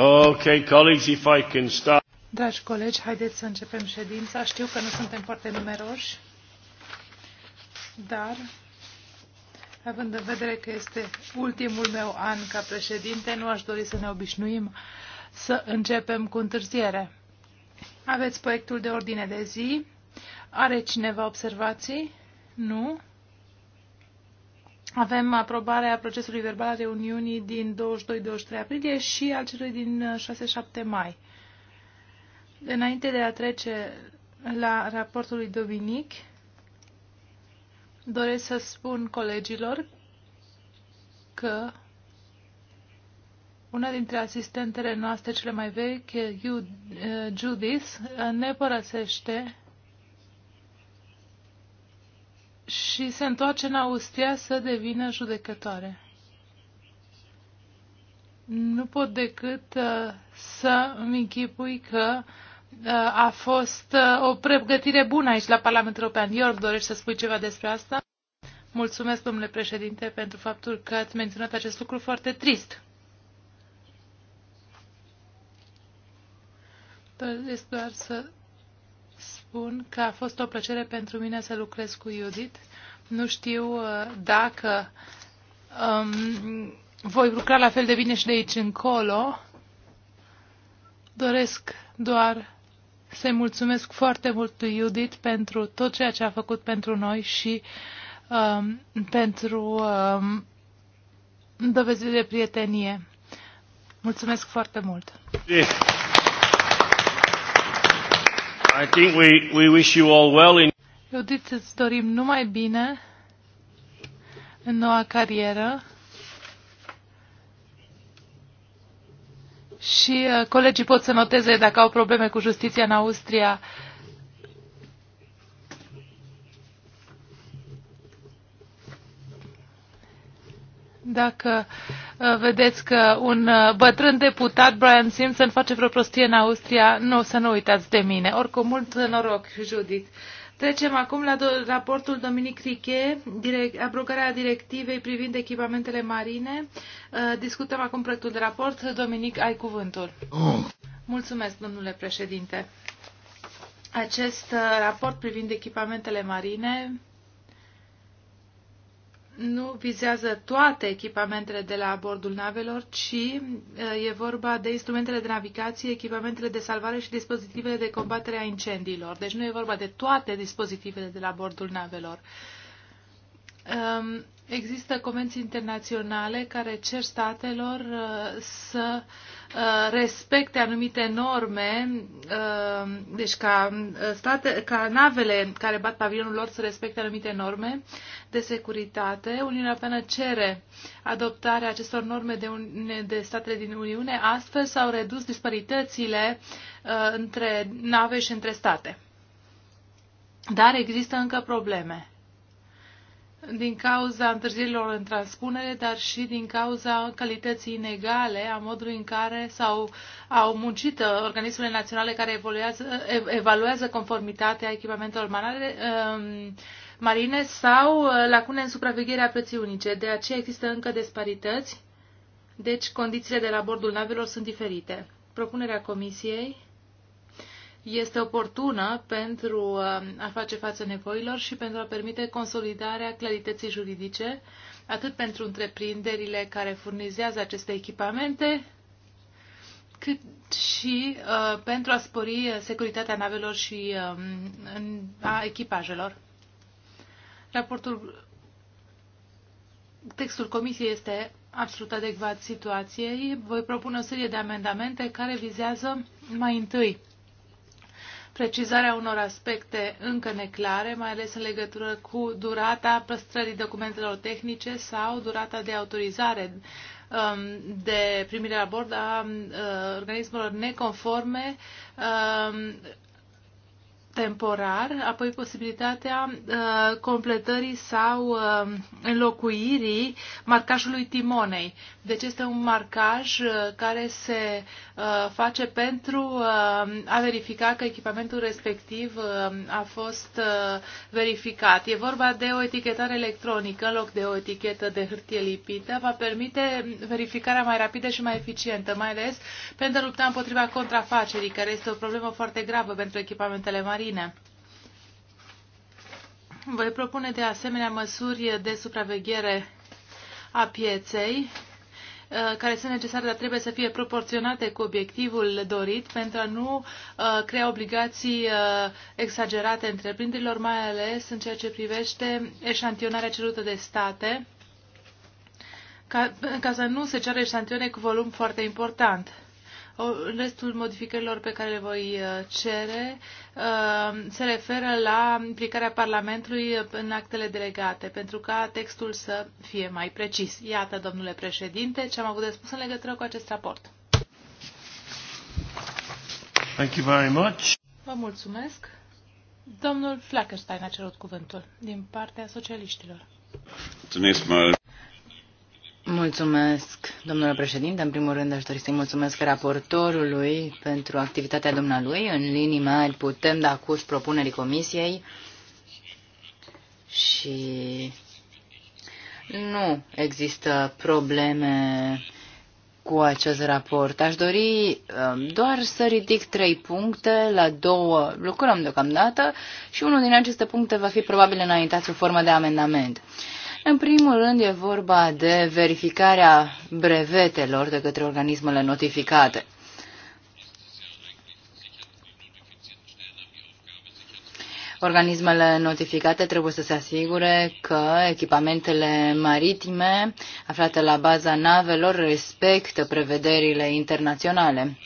Okay, colleagues, if I can start. Dragi colegi, haideți să începem ședința. Știu că nu suntem foarte numeroși, dar având în vedere că este ultimul meu an ca președinte, nu aș dori să ne obișnuim să începem cu întârziere. Aveți proiectul de ordine de zi. Are cineva observații? Nu. Avem aprobarea procesului verbal a reuniunii din 22-23 aprilie și al celui din 6-7 mai. Înainte de a trece la raportul lui Dominic, doresc să spun colegilor că una dintre asistentele noastre cele mai vechi, Judith, ne părăsește și se întoarce în Austria să devină judecătoare. Nu pot decât să îmi închipui că a fost o pregătire bună aici la Parlamentul European. Ior, dorești să spui ceva despre asta? Mulțumesc, domnule președinte, pentru faptul că ați menționat acest lucru foarte trist. Doresc doar să spun că a fost o plăcere pentru mine să lucrez cu Judith. Nu știu uh, dacă um, voi lucra la fel de bine și de aici încolo. Doresc doar să-i mulțumesc foarte mult lui Judith pentru tot ceea ce a făcut pentru noi și um, pentru um, dovezile de prietenie. Mulțumesc foarte mult! Yeah. I think we, we wish you all well in... Judith, îți dorim numai bine în noua carieră. Și uh, colegii pot să noteze dacă au probleme cu justiția în Austria. Dacă uh, Uh, vedeți că un uh, bătrân deputat, Brian Simpson, face vreo prostie în Austria, nu, să nu uitați de mine. Oricum, mult noroc, Judith. Trecem acum la do- raportul Dominic Riche, direct, abrogarea directivei privind echipamentele marine. Uh, discutăm acum proiectul de raport. Dominic, ai cuvântul. Oh. Mulțumesc, domnule președinte. Acest uh, raport privind echipamentele marine nu vizează toate echipamentele de la bordul navelor, ci uh, e vorba de instrumentele de navigație, echipamentele de salvare și dispozitivele de combatere a incendiilor. Deci nu e vorba de toate dispozitivele de la bordul navelor. Um, Există convenții internaționale care cer statelor uh, să uh, respecte anumite norme, uh, deci ca, state, ca navele care bat pavilionul lor să respecte anumite norme de securitate. Uniunea Europeană cere adoptarea acestor norme de, un, de statele din Uniune, astfel s-au redus disparitățile între nave și între state. Dar există încă probleme din cauza întârzierilor în transpunere, dar și din cauza calității inegale a modului în care s-au au muncit uh, organismele naționale care evoluează, evaluează conformitatea echipamentelor manare, um, marine sau uh, lacune în supravegherea plății unice. De aceea există încă disparități, deci condițiile de la bordul navelor sunt diferite. Propunerea Comisiei este oportună pentru uh, a face față nevoilor și pentru a permite consolidarea clarității juridice, atât pentru întreprinderile care furnizează aceste echipamente, cât și uh, pentru a spori securitatea navelor și uh, a echipajelor. Raportul, textul comisiei este absolut adecvat situației. Voi propune o serie de amendamente care vizează mai întâi precizarea unor aspecte încă neclare, mai ales în legătură cu durata păstrării documentelor tehnice sau durata de autorizare um, de primire la bord a um, organismelor neconforme um, temporar, apoi posibilitatea uh, completării sau înlocuirii marcașului timonei. Deci este un marcaj uh, care se uh, face pentru uh, a verifica că echipamentul respectiv a fost verificat. E vorba de o etichetare electronică în loc de o etichetă de hârtie lipită. Va permite verificarea mai rapidă și mai eficientă, mai ales pentru a lupta împotriva contrafacerii, care este o problemă foarte gravă pentru echipamentele marine. Voi propune de asemenea măsuri de supraveghere a pieței Uh, care sunt necesare, dar trebuie să fie proporționate cu obiectivul dorit pentru a nu uh, crea obligații uh, exagerate întreprinderilor, mai ales în ceea ce privește eșantionarea cerută de state, ca, ca să nu se ceară eșantione cu volum foarte important. Restul modificărilor pe care le voi uh, cere uh, se referă la implicarea Parlamentului în actele delegate, pentru ca textul să fie mai precis. Iată, domnule președinte, ce am avut de spus în legătură cu acest raport. Thank you very much. Vă mulțumesc. Domnul Flackerstein a cerut cuvântul din partea socialiștilor. Mulțumesc, Mulțumesc, domnule președinte. În primul rând, aș dori să-i mulțumesc raportorului pentru activitatea dumnealui. În linii mari putem da curs propunerii comisiei și nu există probleme cu acest raport. Aș dori um, doar să ridic trei puncte la două lucrăm deocamdată și unul din aceste puncte va fi probabil înaintat sub formă de amendament. În primul rând e vorba de verificarea brevetelor de către organismele notificate. Organismele notificate trebuie să se asigure că echipamentele maritime aflate la baza navelor respectă prevederile internaționale.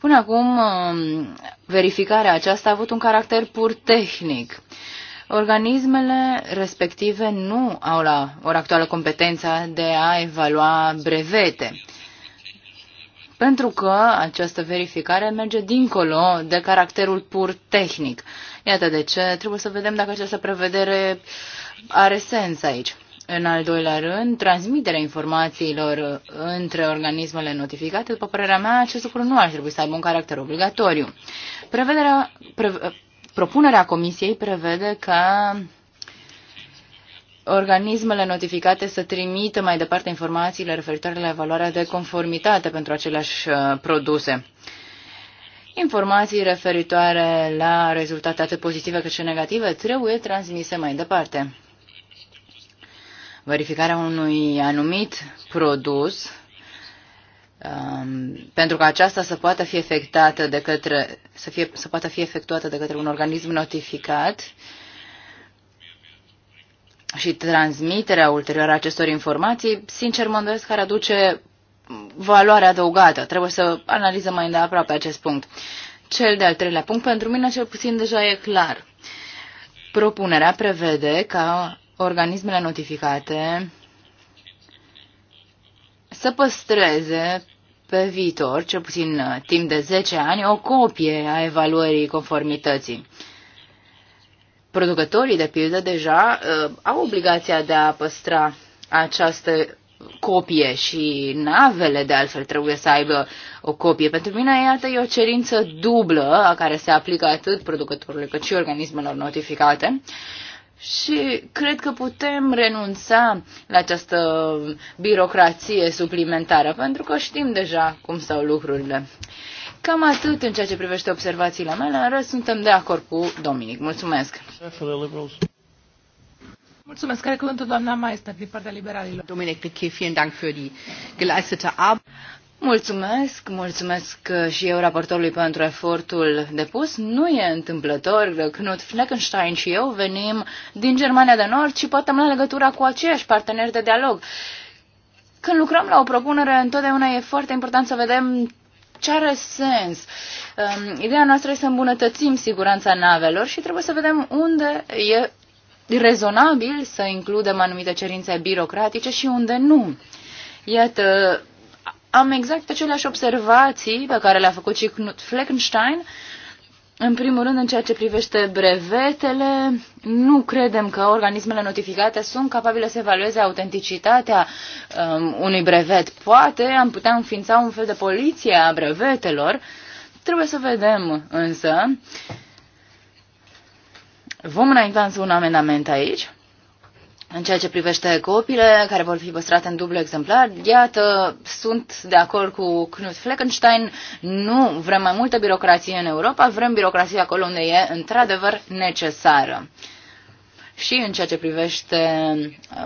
Până acum, um, verificarea aceasta a avut un caracter pur tehnic. Organismele respective nu au la ora actuală competența de a evalua brevete, pentru că această verificare merge dincolo de caracterul pur tehnic. Iată de ce trebuie să vedem dacă această prevedere are sens aici. În al doilea rând, transmiterea informațiilor între organismele notificate, după părerea mea, acest lucru nu ar trebui să aibă un caracter obligatoriu. Prevederea, pre, propunerea Comisiei prevede că organismele notificate să trimită mai departe informațiile referitoare la evaluarea de conformitate pentru aceleași uh, produse. Informații referitoare la rezultate atât pozitive cât și negative trebuie transmise mai departe. Verificarea unui anumit produs Um, pentru că aceasta să poată fi efectuată de către, să fie, să poată fi efectuată de către un organism notificat și transmiterea ulterioară a acestor informații, sincer mă îndoiesc care aduce valoare adăugată. Trebuie să analizăm mai îndeaproape acest punct. Cel de-al treilea punct, pentru mine cel puțin deja e clar. Propunerea prevede ca organismele notificate să păstreze pe viitor, cel puțin uh, timp de 10 ani, o copie a evaluării conformității. Producătorii, de pildă, deja uh, au obligația de a păstra această copie și navele, de altfel, trebuie să aibă o copie. Pentru mine, iată, e o cerință dublă a care se aplică atât producătorului cât și organismelor notificate. Uh, și cred că putem renunța la această birocrație suplimentară, pentru că știm deja cum stau lucrurile. Cam atât în ceea ce privește observațiile mele, în rest suntem de acord cu Dominic. Mulțumesc! Mulțumesc. Care cuvântul doamna Meister din partea liberalilor. Dominic Piquet, vielen Dank für die geleistete Arbeit. Mulțumesc, mulțumesc uh, și eu raportorului pentru efortul depus. Nu e întâmplător, că Knut Fleckenstein și eu venim din Germania de Nord și poate am legătura cu aceiași parteneri de dialog. Când lucrăm la o propunere, întotdeauna e foarte important să vedem ce are sens. Um, ideea noastră este să îmbunătățim siguranța navelor și trebuie să vedem unde e rezonabil să includem anumite cerințe birocratice și unde nu. Iată, am exact aceleași observații pe care le-a făcut și Knut Fleckenstein. În primul rând, în ceea ce privește brevetele, nu credem că organismele notificate sunt capabile să evalueze autenticitatea um, unui brevet. Poate am putea înființa un fel de poliție a brevetelor. Trebuie să vedem însă. Vom înainta însă un amendament aici în ceea ce privește copiile care vor fi păstrate în dublu exemplar, iată, sunt de acord cu Knut Fleckenstein, nu vrem mai multă birocrație în Europa, vrem birocrație acolo unde e într-adevăr necesară. Și în ceea ce privește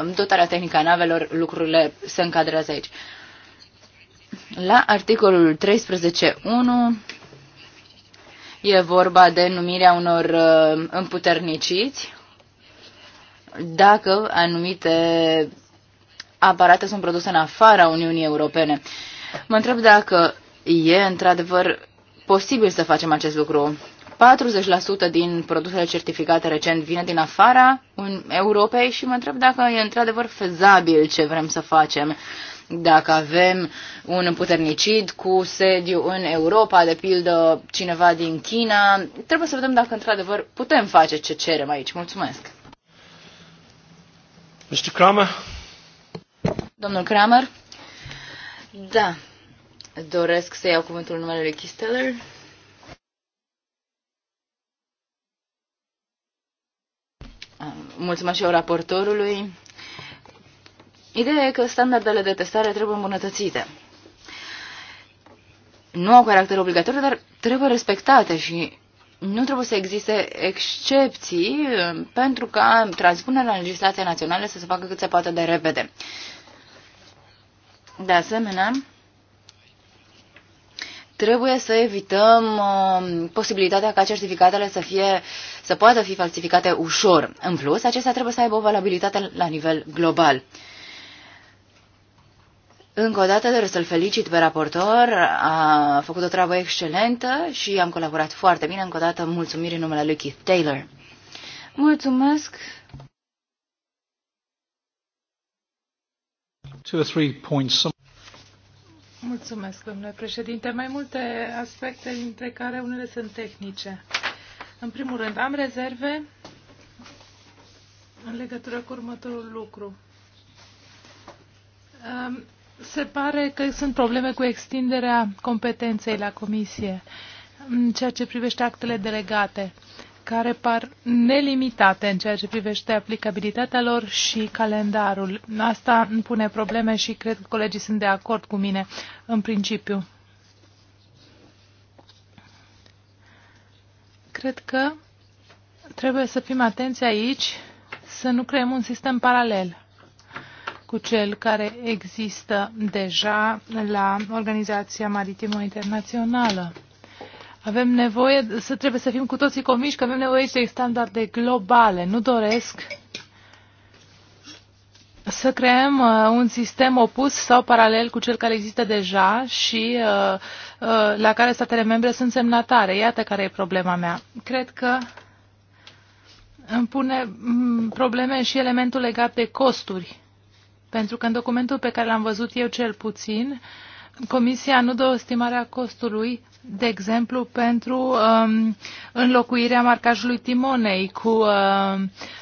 um, dotarea tehnică a navelor, lucrurile se încadrează aici. La articolul 13.1 e vorba de numirea unor uh, împuterniciți, dacă anumite aparate sunt produse în afara Uniunii Europene. Mă întreb dacă e într-adevăr posibil să facem acest lucru. 40% din produsele certificate recent vine din afara Europei și mă întreb dacă e într-adevăr fezabil ce vrem să facem. Dacă avem un puternicid cu sediu în Europa, de pildă cineva din China, trebuie să vedem dacă într-adevăr putem face ce cerem aici. Mulțumesc! Mr. Kramer? Domnul Kramer? Da. Doresc să iau cuvântul numele lui Kisteller. Mulțumesc și eu raportorului. Ideea e că standardele de testare trebuie îmbunătățite. Nu au caracter obligatoriu, dar trebuie respectate și nu trebuie să existe excepții uh, pentru ca transpunerea în legislația națională să se facă cât se poate de repede. De asemenea, trebuie să evităm uh, posibilitatea ca certificatele să, fie, să poată fi falsificate ușor. În plus, acestea trebuie să aibă o valabilitate la nivel global. Uh, încă o dată doresc să-l felicit pe raportor, a făcut o treabă excelentă și am colaborat foarte bine. Încă o dată mulțumiri în numele lui Keith Taylor. Mulțumesc! Mulțumesc, domnule președinte. Mai multe aspecte, dintre care unele sunt tehnice. În primul rând, am rezerve în legătură cu următorul lucru. Se pare că sunt probleme cu extinderea competenței la comisie în ceea ce privește actele delegate, care par nelimitate în ceea ce privește aplicabilitatea lor și calendarul. Asta îmi pune probleme și cred că colegii sunt de acord cu mine în principiu. Cred că trebuie să fim atenți aici să nu creăm un sistem paralel cu cel care există deja la Organizația Maritimă Internațională. Avem nevoie, să trebuie să fim cu toții comiși, că avem nevoie de standarde globale. Nu doresc să creăm uh, un sistem opus sau paralel cu cel care există deja și uh, uh, la care statele membre sunt semnatare. Iată care e problema mea. Cred că îmi pune mm, probleme și elementul legat de costuri. Pentru că în documentul pe care l-am văzut eu cel puțin, Comisia nu dă o estimare a costului, de exemplu, pentru um, înlocuirea marcajului timonei cu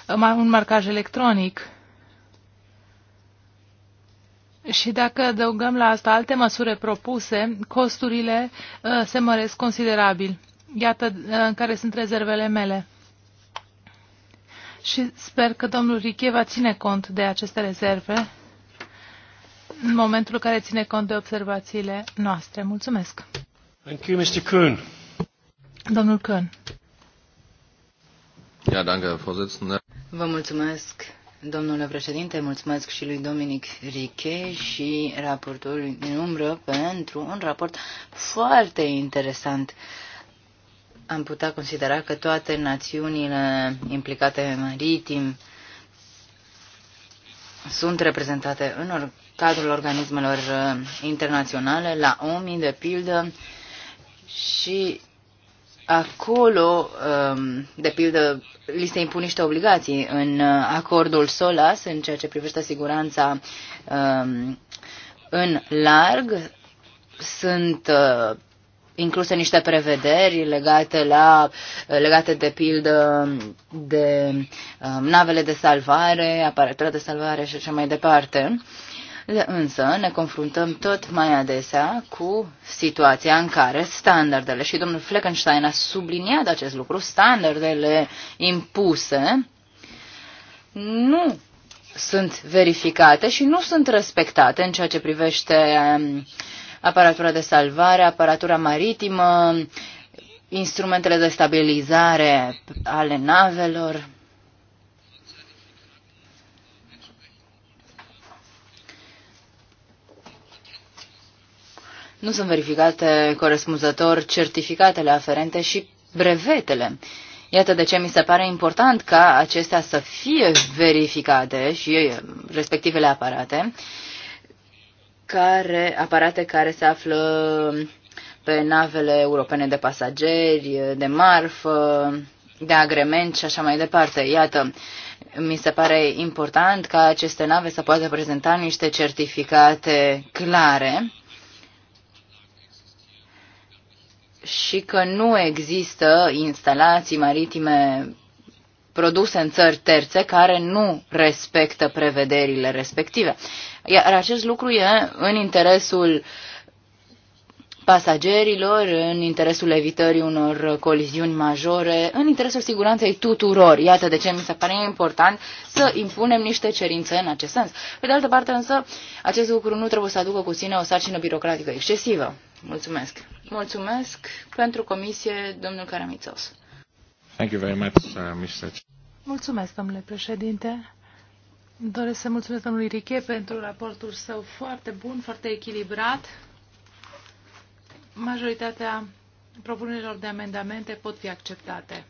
um, un marcaj electronic. Și dacă adăugăm la asta alte măsuri propuse, costurile uh, se măresc considerabil. Iată uh, care sunt rezervele mele. Și sper că domnul Riche va ține cont de aceste rezerve în momentul care ține cont de observațiile noastre. Mulțumesc! Thank you, Mr. Kuhn. Domnul Kuhn. Ja, danke, Vă mulțumesc, domnule președinte, mulțumesc și lui Dominic Riche și raportul din umbră pentru un raport foarte interesant. Am putea considera că toate națiunile implicate maritim, sunt reprezentate în cadrul organismelor uh, internaționale, la OMI, de pildă, și acolo, um, de pildă, li se impun niște obligații în uh, acordul SOLAS, în ceea ce privește siguranța um, în larg, sunt uh, incluse niște prevederi legate, la, legate de pildă de um, navele de salvare, aparatura de salvare și așa mai departe. Însă ne confruntăm tot mai adesea cu situația în care standardele, și domnul Fleckenstein a subliniat acest lucru, standardele impuse nu sunt verificate și nu sunt respectate în ceea ce privește um, aparatura de salvare, aparatura maritimă, instrumentele de stabilizare ale navelor. Nu sunt verificate corespunzător certificatele aferente și brevetele. Iată de ce mi se pare important ca acestea să fie verificate și respectivele aparate care, aparate care se află pe navele europene de pasageri, de marfă, de agrement și așa mai departe. Iată, mi se pare important ca aceste nave să poată prezenta niște certificate clare și că nu există instalații maritime produse în țări terțe care nu respectă prevederile respective. Iar acest lucru e în interesul pasagerilor, în interesul evitării unor coliziuni majore, în interesul siguranței tuturor. Iată de ce mi se pare important să impunem niște cerințe în acest sens. Pe de altă parte însă, acest lucru nu trebuie să aducă cu sine o sarcină birocratică excesivă. Mulțumesc. Mulțumesc pentru comisie, domnul Caramițos. Thank you very much, uh, Mr. Mulțumesc, domnule președinte. Doresc să mulțumesc domnului Riche pentru raportul său foarte bun, foarte echilibrat. Majoritatea propunerilor de amendamente pot fi acceptate.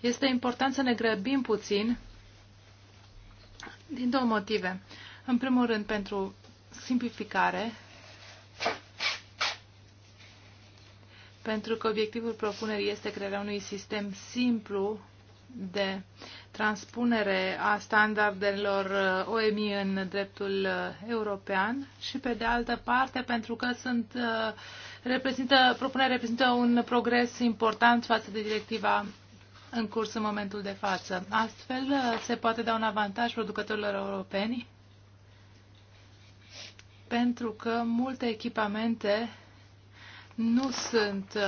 Este important să ne grăbim puțin din două motive. În primul rând, pentru simplificare, pentru că obiectivul propunerii este crearea unui sistem simplu de transpunere a standardelor uh, OMI în dreptul uh, european și pe de altă parte pentru că sunt, uh, reprezintă, propunerea reprezintă un progres important față de directiva în curs în momentul de față. Astfel se poate da un avantaj producătorilor europeni pentru că multe echipamente nu sunt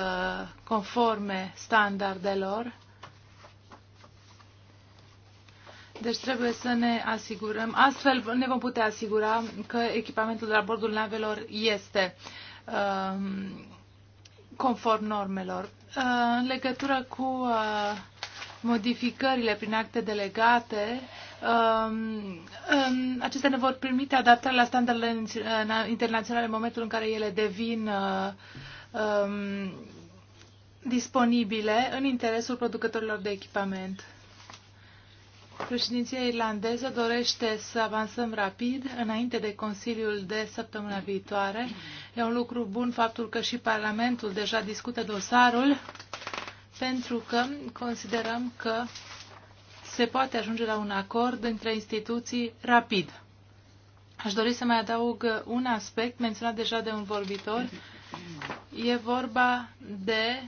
conforme standardelor Deci trebuie să ne asigurăm, astfel ne vom putea asigura că echipamentul de la bordul navelor este um, conform normelor. Uh, în legătură cu uh, modificările prin acte delegate, um, um, acestea ne vor permite adaptarea la standardele internaționale în momentul în care ele devin uh, disponibile în interesul producătorilor de echipament. Președinția irlandeză dorește să avansăm rapid înainte de Consiliul de săptămâna viitoare. E un lucru bun faptul că și Parlamentul deja discută dosarul, pentru că considerăm că se poate ajunge la un acord între instituții rapid. Aș dori să mai adaug un aspect menționat deja de un vorbitor. E vorba de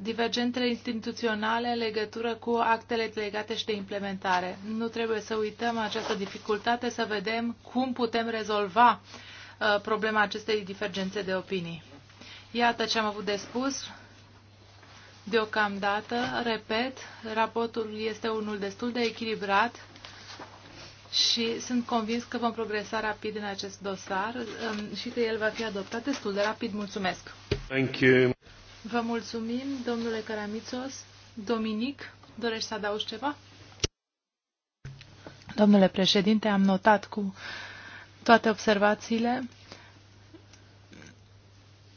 divergențele instituționale în legătură cu actele legate și de implementare. Nu trebuie să uităm această dificultate să vedem cum putem rezolva uh, problema acestei divergențe de opinii. Iată ce am avut de spus. Deocamdată, repet, raportul este unul destul de echilibrat și sunt convins că vom progresa rapid în acest dosar um, și că el va fi adoptat destul de rapid. Mulțumesc! Thank you. Vă mulțumim, domnule Caramițos. Dominic, dorești să adaugi ceva? Domnule președinte, am notat cu toate observațiile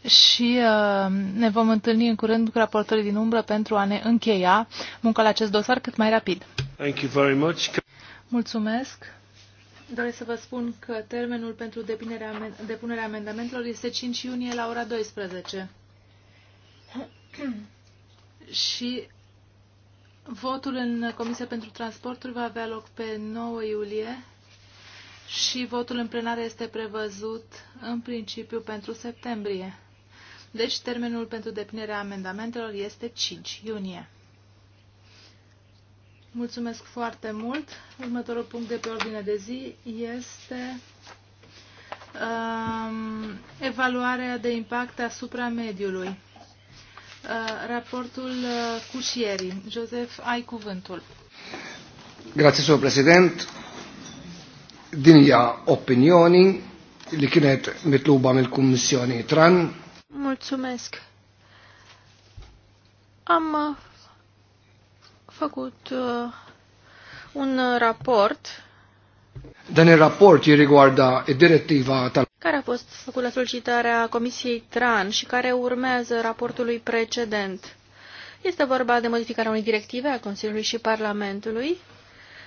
și uh, ne vom întâlni în curând cu raportorii din umbră pentru a ne încheia munca la acest dosar cât mai rapid. Thank you very much. Mulțumesc. Doresc să vă spun că termenul pentru depunerea amendamentelor este 5 iunie la ora 12. și votul în Comisia pentru Transporturi va avea loc pe 9 iulie și votul în plenare este prevăzut în principiu pentru septembrie. Deci termenul pentru depunerea amendamentelor este 5 iunie. Mulțumesc foarte mult. Următorul punct de pe ordine de zi este um, evaluarea de impact asupra mediului. Uh, raportul uh, Cușieri. Joseph, ai cuvântul. Grazie, signor Presidente. Din hija opinjoni li metluba mel mill-Kummissjoni Tran. Mulțumesc. Am uh, făcut un raport. Dar în raport rapport jirrigwarda e directiva tal care a fost făcută solicitarea Comisiei TRAN și care urmează raportului precedent. Este vorba de modificarea unei directive a Consiliului și Parlamentului,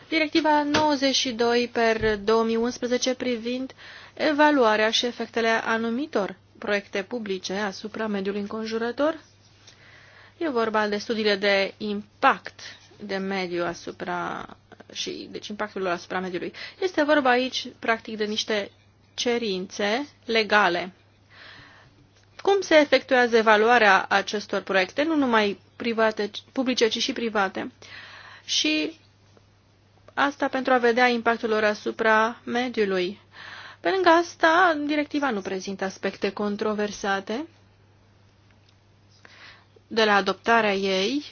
Directiva 92 per 2011 privind evaluarea și efectele anumitor proiecte publice asupra mediului înconjurător. E vorba de studiile de impact de mediu asupra și deci impactul lor asupra mediului. Este vorba aici practic de niște cerințe legale. Cum se efectuează evaluarea acestor proiecte, nu numai private, publice, ci și private? Și asta pentru a vedea impactul lor asupra mediului. Pe lângă asta, directiva nu prezintă aspecte controversate. De la adoptarea ei,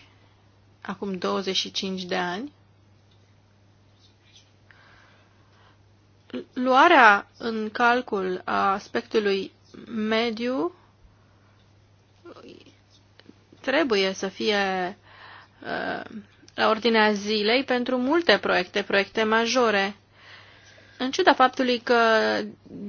acum 25 de ani, luarea în calcul a aspectului mediu trebuie să fie uh, la ordinea zilei pentru multe proiecte, proiecte majore. În ciuda faptului că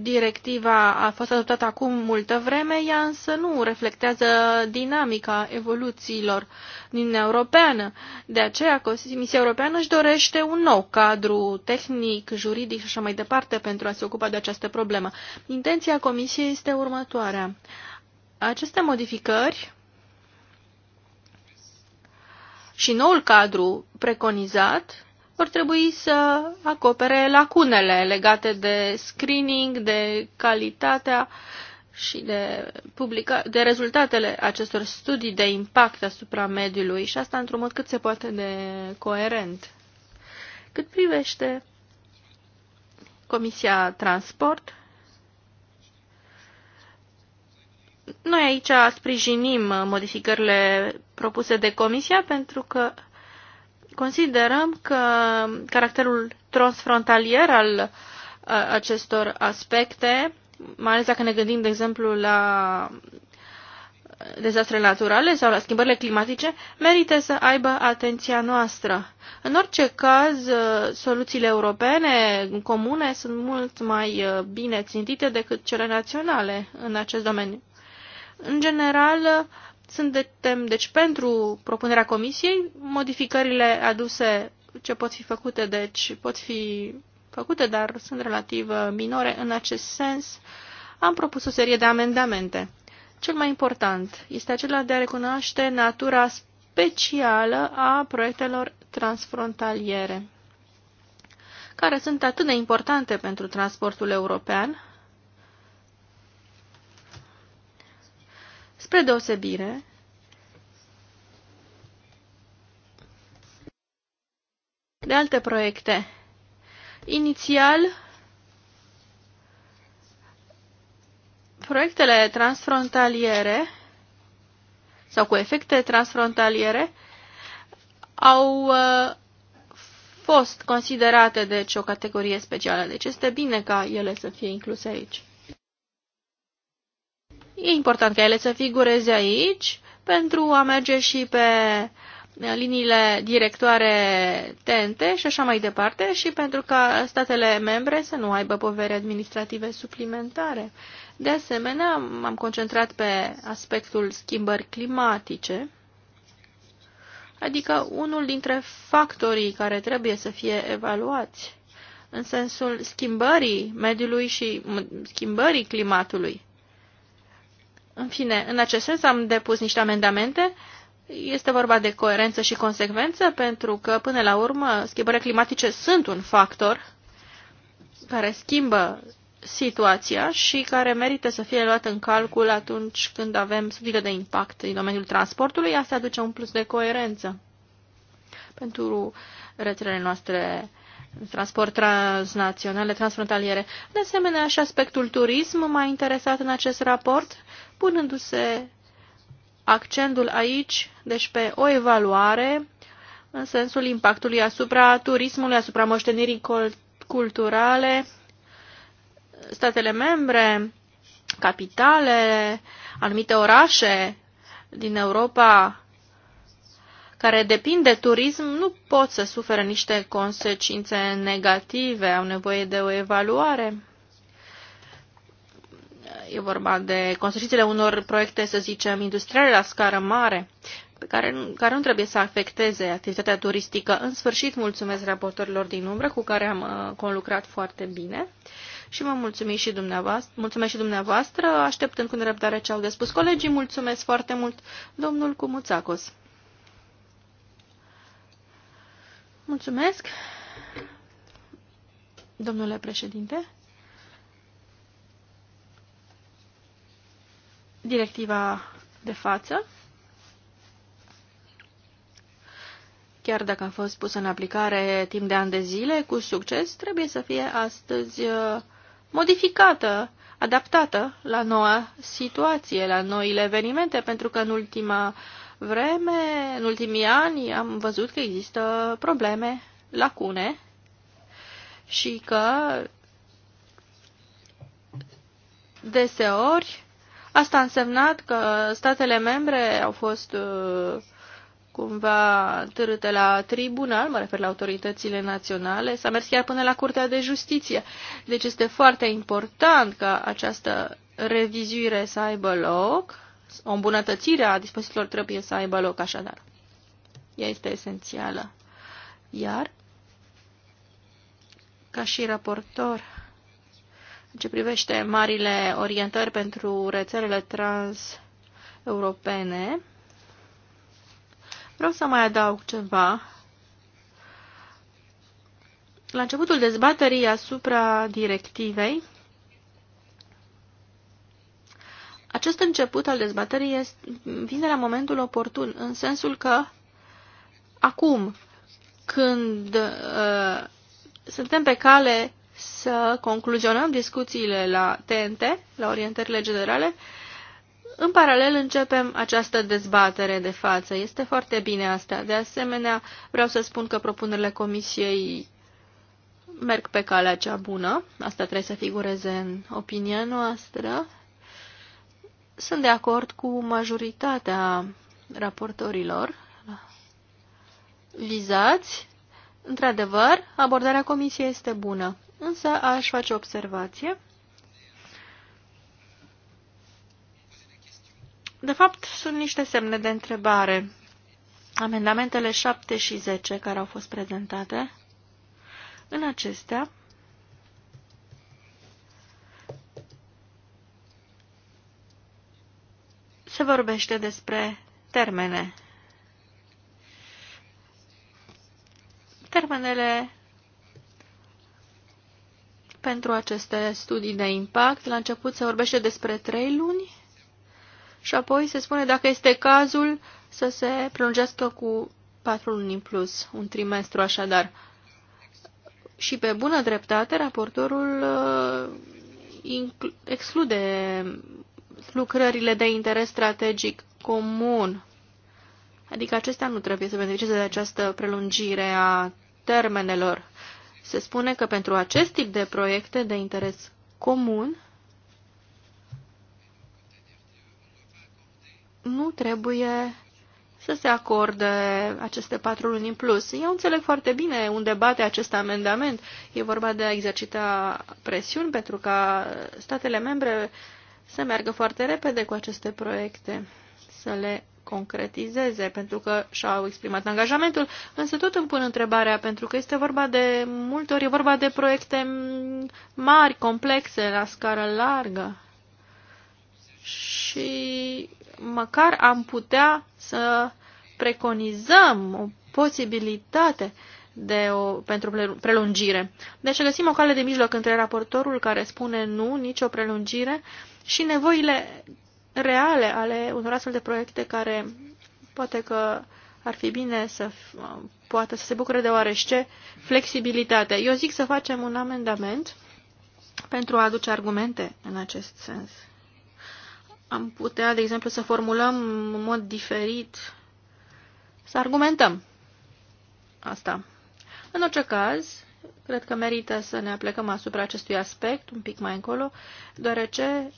directiva a fost adoptată acum multă vreme, ea însă nu reflectează dinamica evoluțiilor din Europeană. De aceea, Comisia Europeană își dorește un nou cadru tehnic, juridic și așa mai departe pentru a se ocupa de această problemă. Intenția Comisiei este următoarea. Aceste modificări și noul cadru preconizat vor trebui să acopere lacunele legate de screening, de calitatea și de, publica- de rezultatele acestor studii de impact asupra mediului și asta într-un mod cât se poate de coerent. Cât privește Comisia Transport, noi aici sprijinim modificările propuse de Comisia pentru că Considerăm că caracterul transfrontalier al uh, acestor aspecte, mai ales dacă ne gândim, de exemplu, la dezastre naturale sau la schimbările climatice, merită să aibă atenția noastră. În orice caz, uh, soluțiile europene comune sunt mult mai uh, bine țintite decât cele naționale în acest domeniu. În general, suntem, deci, pentru propunerea comisiei, modificările aduse ce pot fi făcute, deci, pot fi făcute, dar sunt relativ uh, minore în acest sens. Am propus o serie de amendamente. Cel mai important este acela de a recunoaște natura specială a proiectelor transfrontaliere, care sunt atât de importante pentru transportul european, spre deosebire de alte proiecte. Inițial, proiectele transfrontaliere sau cu efecte transfrontaliere au uh, fost considerate deci o categorie specială. Deci este bine ca ele să fie incluse aici. E important ca ele să figureze aici pentru a merge și pe liniile directoare tente și așa mai departe și pentru ca statele membre să nu aibă povere administrative suplimentare. De asemenea, m-am concentrat pe aspectul schimbări climatice, adică unul dintre factorii care trebuie să fie evaluați în sensul schimbării mediului și schimbării climatului. În fine, în acest sens am depus niște amendamente. Este vorba de coerență și consecvență, pentru că, până la urmă, schimbările climatice sunt un factor care schimbă situația și care merită să fie luat în calcul atunci când avem studiile de impact în domeniul transportului. Asta aduce un plus de coerență pentru rețelele noastre transport transnaționale, transfrontaliere. De asemenea, și aspectul turism m-a interesat în acest raport, punându-se accentul aici, deci pe o evaluare în sensul impactului asupra turismului, asupra moștenirii culturale, statele membre, capitale, anumite orașe din Europa care depind de turism nu pot să suferă niște consecințe negative, au nevoie de o evaluare. E vorba de consecințele unor proiecte, să zicem, industriale la scară mare, pe care, care nu trebuie să afecteze activitatea turistică. În sfârșit, mulțumesc raportorilor din umbră cu care am uh, conlucrat foarte bine și vă mulțumim și dumneavoastră, mulțumesc și dumneavoastră, așteptând cu nerăbdare ce au de spus colegii. Mulțumesc foarte mult, domnul Cumuțacos. Mulțumesc, domnule președinte. Directiva de față, chiar dacă a fost pusă în aplicare timp de ani de zile, cu succes, trebuie să fie astăzi uh, modificată, adaptată la noua situație, la noile evenimente, pentru că în ultima uh, vreme, în ultimii ani, am văzut că există probleme, lacune și că deseori asta a însemnat că statele membre au fost uh, cumva târâte la tribunal, mă refer la autoritățile naționale, s-a mers chiar până la Curtea de Justiție. Deci este foarte important ca această revizuire să aibă loc o îmbunătățire a dispozițiilor trebuie să aibă loc așadar. Ea este esențială. Iar, ca și raportor, în ce privește marile orientări pentru rețelele trans-europene, vreau să mai adaug ceva. La începutul dezbaterii asupra directivei, Acest început al dezbaterii vine la momentul oportun, în sensul că acum, când uh, suntem pe cale să concluzionăm discuțiile la TNT, la orientările generale, în paralel începem această dezbatere de față. Este foarte bine asta. De asemenea, vreau să spun că propunerile comisiei merg pe calea cea bună. Asta trebuie să figureze în opinia noastră. Sunt de acord cu majoritatea raportorilor vizați. Într-adevăr, abordarea comisiei este bună, însă aș face observație. De fapt, sunt niște semne de întrebare. Amendamentele 7 și 10 care au fost prezentate, în acestea, se vorbește despre termene. Termenele pentru aceste studii de impact, la început se vorbește despre trei luni și apoi se spune dacă este cazul să se prelungească cu patru luni în plus, un trimestru așadar. Și pe bună dreptate, raportorul uh, exclude lucrările de interes strategic comun. Adică acestea nu trebuie să beneficieze de această prelungire a termenelor. Se spune că pentru acest tip de proiecte de interes comun nu trebuie să se acorde aceste patru luni în plus. Eu înțeleg foarte bine unde bate acest amendament. E vorba de a exercita presiuni pentru ca statele membre să meargă foarte repede cu aceste proiecte, să le concretizeze, pentru că și-au exprimat angajamentul, însă tot îmi pun întrebarea, pentru că este vorba de, multe ori e vorba de proiecte mari, complexe, la scară largă. Și măcar am putea să preconizăm o posibilitate de o, pentru prelungire. Deci găsim o cale de mijloc între raportorul care spune nu, nicio prelungire, și nevoile reale ale unor astfel de proiecte care poate că ar fi bine să poată să se bucure de oarește flexibilitate. Eu zic să facem un amendament pentru a aduce argumente în acest sens. Am putea, de exemplu, să formulăm în mod diferit, să argumentăm asta. În orice caz, cred că merită să ne aplecăm asupra acestui aspect un pic mai încolo, deoarece,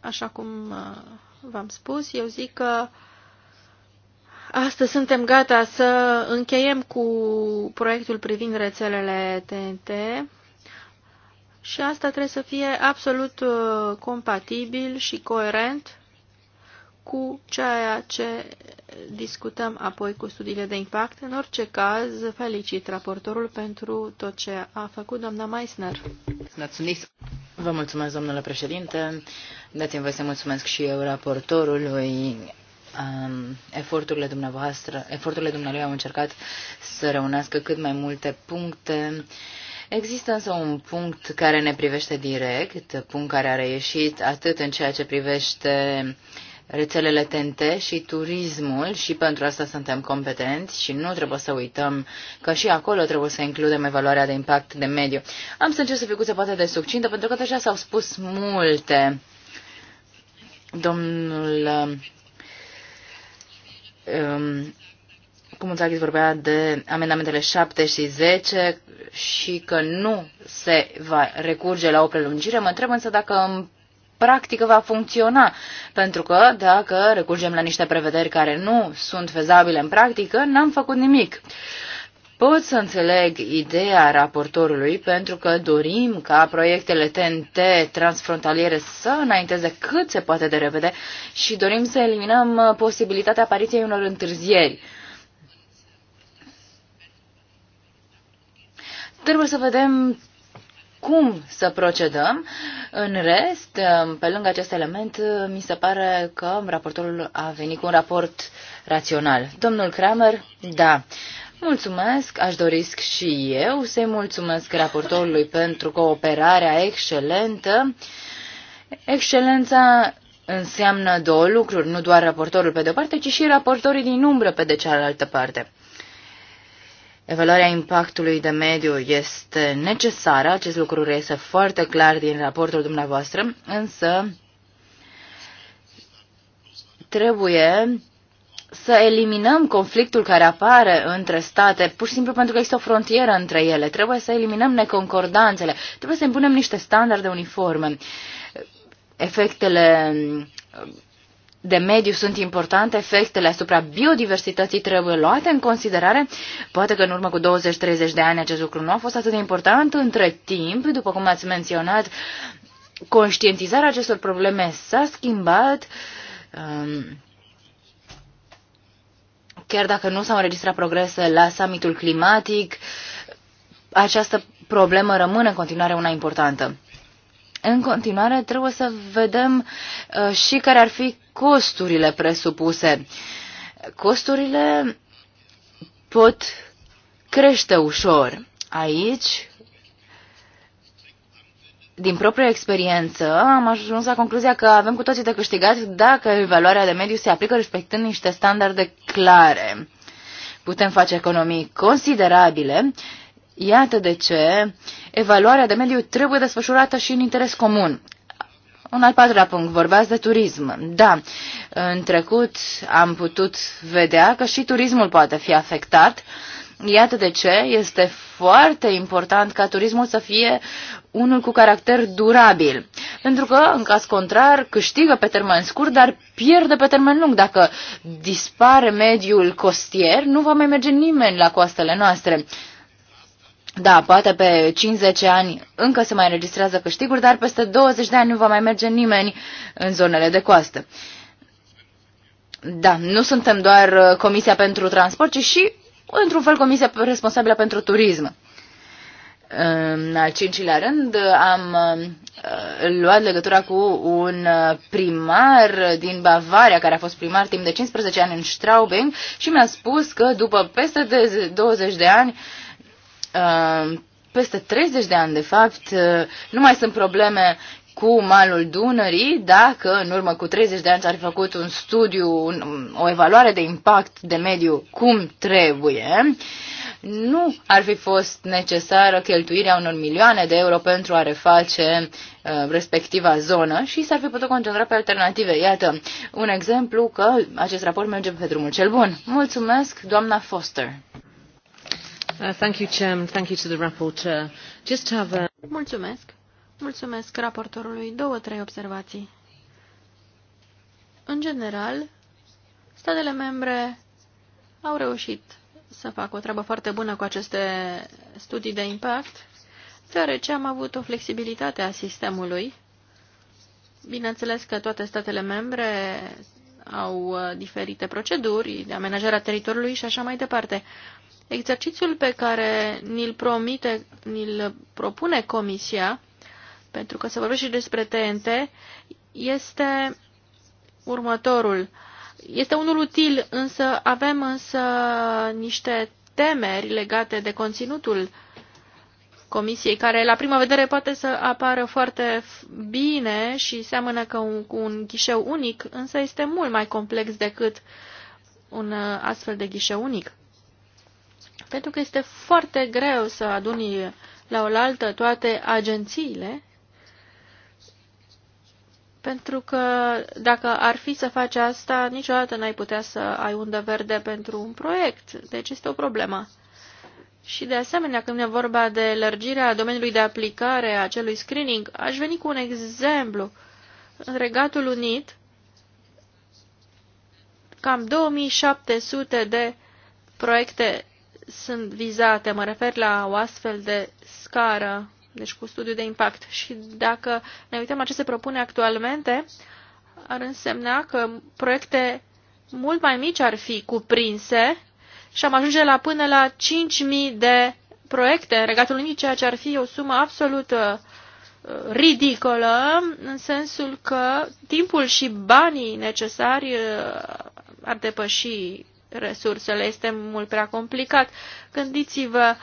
așa cum uh, v-am spus, eu zic că astăzi suntem gata să încheiem cu proiectul privind rețelele TNT și asta trebuie să fie absolut uh, compatibil și coerent cu ceea ce discutăm apoi cu studiile de impact. În orice caz, felicit raportorul pentru tot ce a făcut doamna Meissner. Vă mulțumesc, domnule președinte. Dați-mi voi să mulțumesc și eu raportorului. Um, eforturile dumneavoastră, eforturile dumnealui au încercat să reunească cât mai multe puncte. Există însă un punct care ne privește direct, punct care a reieșit atât în ceea ce privește uh, rețelele TNT și turismul și pentru asta suntem competenți și nu trebuie să uităm că și acolo trebuie să includem evaluarea de impact de mediu. Am să încerc să fiu cât poate de succintă pentru că deja s-au spus multe. Domnul um, um Cumuțachis vorbea de amendamentele 7 și 10 și că nu se va recurge la o prelungire. Mă întreb însă dacă practică va funcționa, pentru că dacă recurgem la niște prevederi care nu sunt fezabile în practică, n-am făcut nimic. Pot să înțeleg ideea raportorului pentru că dorim ca proiectele TNT transfrontaliere să înainteze cât se poate de repede și dorim să eliminăm uh, posibilitatea apariției unor întârzieri. Trebuie să vedem cum să procedăm. În rest, um, pe lângă acest element, uh, mi se pare că raportorul a venit cu un raport rațional. Domnul Kramer, da. Mulțumesc, aș dori și eu să-i mulțumesc raportorului pentru cooperarea excelentă. Excelența înseamnă două lucruri, nu doar raportorul pe de-o parte, ci și raportorii din umbră pe de cealaltă parte. Evaluarea impactului de mediu este necesară, acest lucru reiese foarte clar din raportul dumneavoastră, însă trebuie să eliminăm conflictul care apare între state, pur și simplu pentru că există o frontieră între ele. Trebuie să eliminăm neconcordanțele, trebuie să impunem niște standarde uniforme. Efectele de mediu sunt importante, efectele asupra biodiversității trebuie luate în considerare. Poate că în urmă cu 20-30 de ani acest lucru nu a fost atât de important. Între timp, după cum ați menționat, conștientizarea acestor probleme s-a schimbat. Um, chiar dacă nu s-au înregistrat progrese la summitul climatic, această problemă rămâne în continuare una importantă. În continuare, trebuie să vedem uh, și care ar fi costurile presupuse. Costurile pot crește ușor. Aici, din propria experiență, am ajuns la concluzia că avem cu toții de câștigat dacă evaluarea de mediu se aplică respectând niște standarde clare. Putem face economii considerabile Iată de ce evaluarea de mediu trebuie desfășurată și în interes comun. Un al patrulea punct, vorbeați de turism. Da, în trecut am putut vedea că și turismul poate fi afectat. Iată de ce este foarte important ca turismul să fie unul cu caracter durabil. Pentru că, în caz contrar, câștigă pe termen scurt, dar pierde pe termen lung. Dacă dispare mediul costier, nu va mai merge nimeni la coastele noastre. Da, poate pe 50 ani încă se mai înregistrează câștiguri, dar peste 20 de ani nu va mai merge nimeni în zonele de coastă. Da, nu suntem doar uh, Comisia pentru Transport, ci și, într-un fel, Comisia responsabilă pentru turism. În al cincilea rând, am uh, luat legătura cu un uh, primar din Bavaria, care a fost primar timp de 15 ani în Straubing și mi-a spus că după peste de 20 de ani, Uh, peste 30 de ani, de fapt, uh, nu mai sunt probleme cu malul Dunării, dacă în urmă cu 30 de ani s-ar fi făcut un studiu, un, o evaluare de impact de mediu cum trebuie, nu ar fi fost necesară cheltuirea unor milioane de euro pentru a reface uh, respectiva zonă și s-ar fi putut concentra pe alternative. Iată, un exemplu că acest raport merge pe drumul cel bun. Mulțumesc, doamna Foster. Mulțumesc. Mulțumesc raportorului. Două, trei observații. În general, statele membre au reușit să facă o treabă foarte bună cu aceste studii de impact, deoarece am avut o flexibilitate a sistemului. Bineînțeles că toate statele membre au uh, diferite proceduri de amenajare a teritoriului și așa mai departe. Exercițiul pe care ni-l promite, ni-l propune Comisia, pentru că se vorbește și despre TNT, este următorul. Este unul util, însă avem însă niște temeri legate de conținutul Comisiei, care la prima vedere poate să apară foarte bine și seamănă că un, cu un ghișeu unic, însă este mult mai complex decât un uh, astfel de ghișeu unic pentru că este foarte greu să aduni la oaltă toate agențiile, pentru că dacă ar fi să faci asta, niciodată n-ai putea să ai undă verde pentru un proiect, deci este o problemă. Și de asemenea, când e vorba de lărgirea domeniului de aplicare a acelui screening, aș veni cu un exemplu. În Regatul Unit, cam 2700 de proiecte sunt vizate. Mă refer la o astfel de scară, deci cu studiu de impact. Și dacă ne uităm la ce se propune actualmente, ar însemna că proiecte mult mai mici ar fi cuprinse și am ajunge la până la 5.000 de proiecte în Regatul unic ceea ce ar fi o sumă absolut uh, ridicolă, în sensul că timpul și banii necesari uh, ar depăși resursele. Este mult prea complicat. Gândiți-vă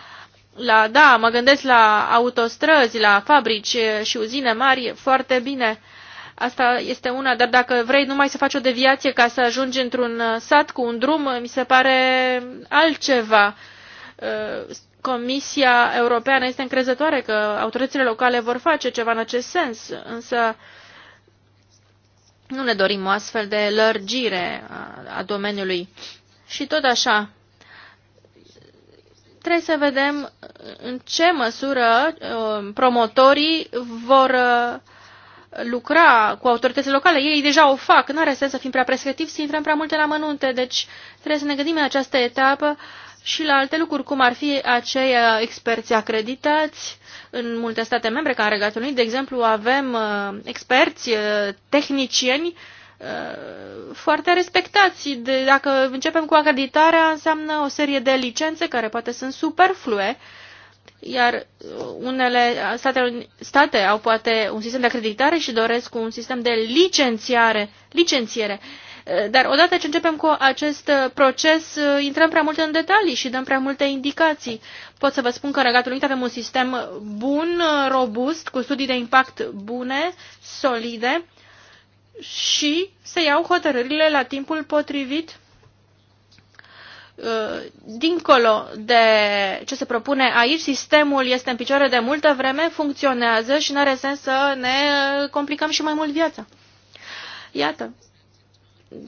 la, da, mă gândesc la autostrăzi, la fabrici și uzine mari, foarte bine. Asta este una, dar dacă vrei numai să faci o deviație ca să ajungi într-un sat cu un drum, mi se pare altceva. Comisia Europeană este încrezătoare că autoritățile locale vor face ceva în acest sens, însă nu ne dorim o astfel de lărgire a domeniului și tot așa, trebuie să vedem în ce măsură uh, promotorii vor uh, lucra cu autoritățile locale. Ei deja o fac, nu are sens să fim prea prescriptivi, să intrăm prea multe la mănunte, deci trebuie să ne gândim în această etapă și la alte lucruri, cum ar fi acei uh, experți acreditați în multe state membre, ca în Regatul Unit, de exemplu, avem experți, tehnicieni Uh, foarte respectați. De, dacă începem cu acreditarea, înseamnă o serie de licențe care poate sunt superflue, iar unele state, state au poate un sistem de acreditare și doresc un sistem de licențiare, licențiere. Uh, dar odată ce începem cu acest proces, uh, intrăm prea multe în detalii și dăm prea multe indicații. Pot să vă spun că în Regatul Unit avem un sistem bun, robust, cu studii de impact bune, solide, și se iau hotărârile la timpul potrivit uh, dincolo de ce se propune aici, sistemul este în picioare de multă vreme, funcționează și nu are sens să ne complicăm și mai mult viața. Iată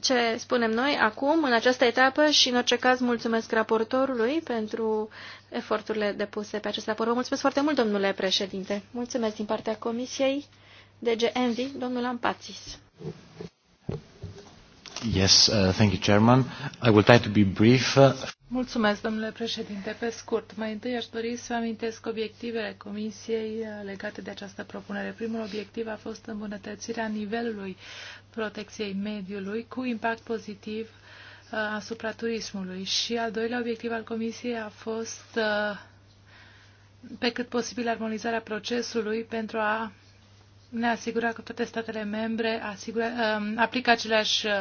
ce spunem noi acum, în această etapă și în orice caz mulțumesc raportorului pentru eforturile depuse pe acest raport. Vă mulțumesc foarte mult, domnule președinte. Mulțumesc din partea Comisiei DG Envi, domnul Ampatis. Yes, uh, thank you, Chairman. I will try to be brief. Mulțumesc, domnule președinte. Pe scurt, mai întâi aș dori să amintesc obiectivele Comisiei uh, legate de această propunere. Primul obiectiv a fost îmbunătățirea nivelului protecției mediului cu impact pozitiv uh, asupra turismului. Și al doilea obiectiv al Comisiei a fost uh, pe cât posibil armonizarea procesului pentru a ne asigura că toate statele membre asigura, um, aplică aceleași uh,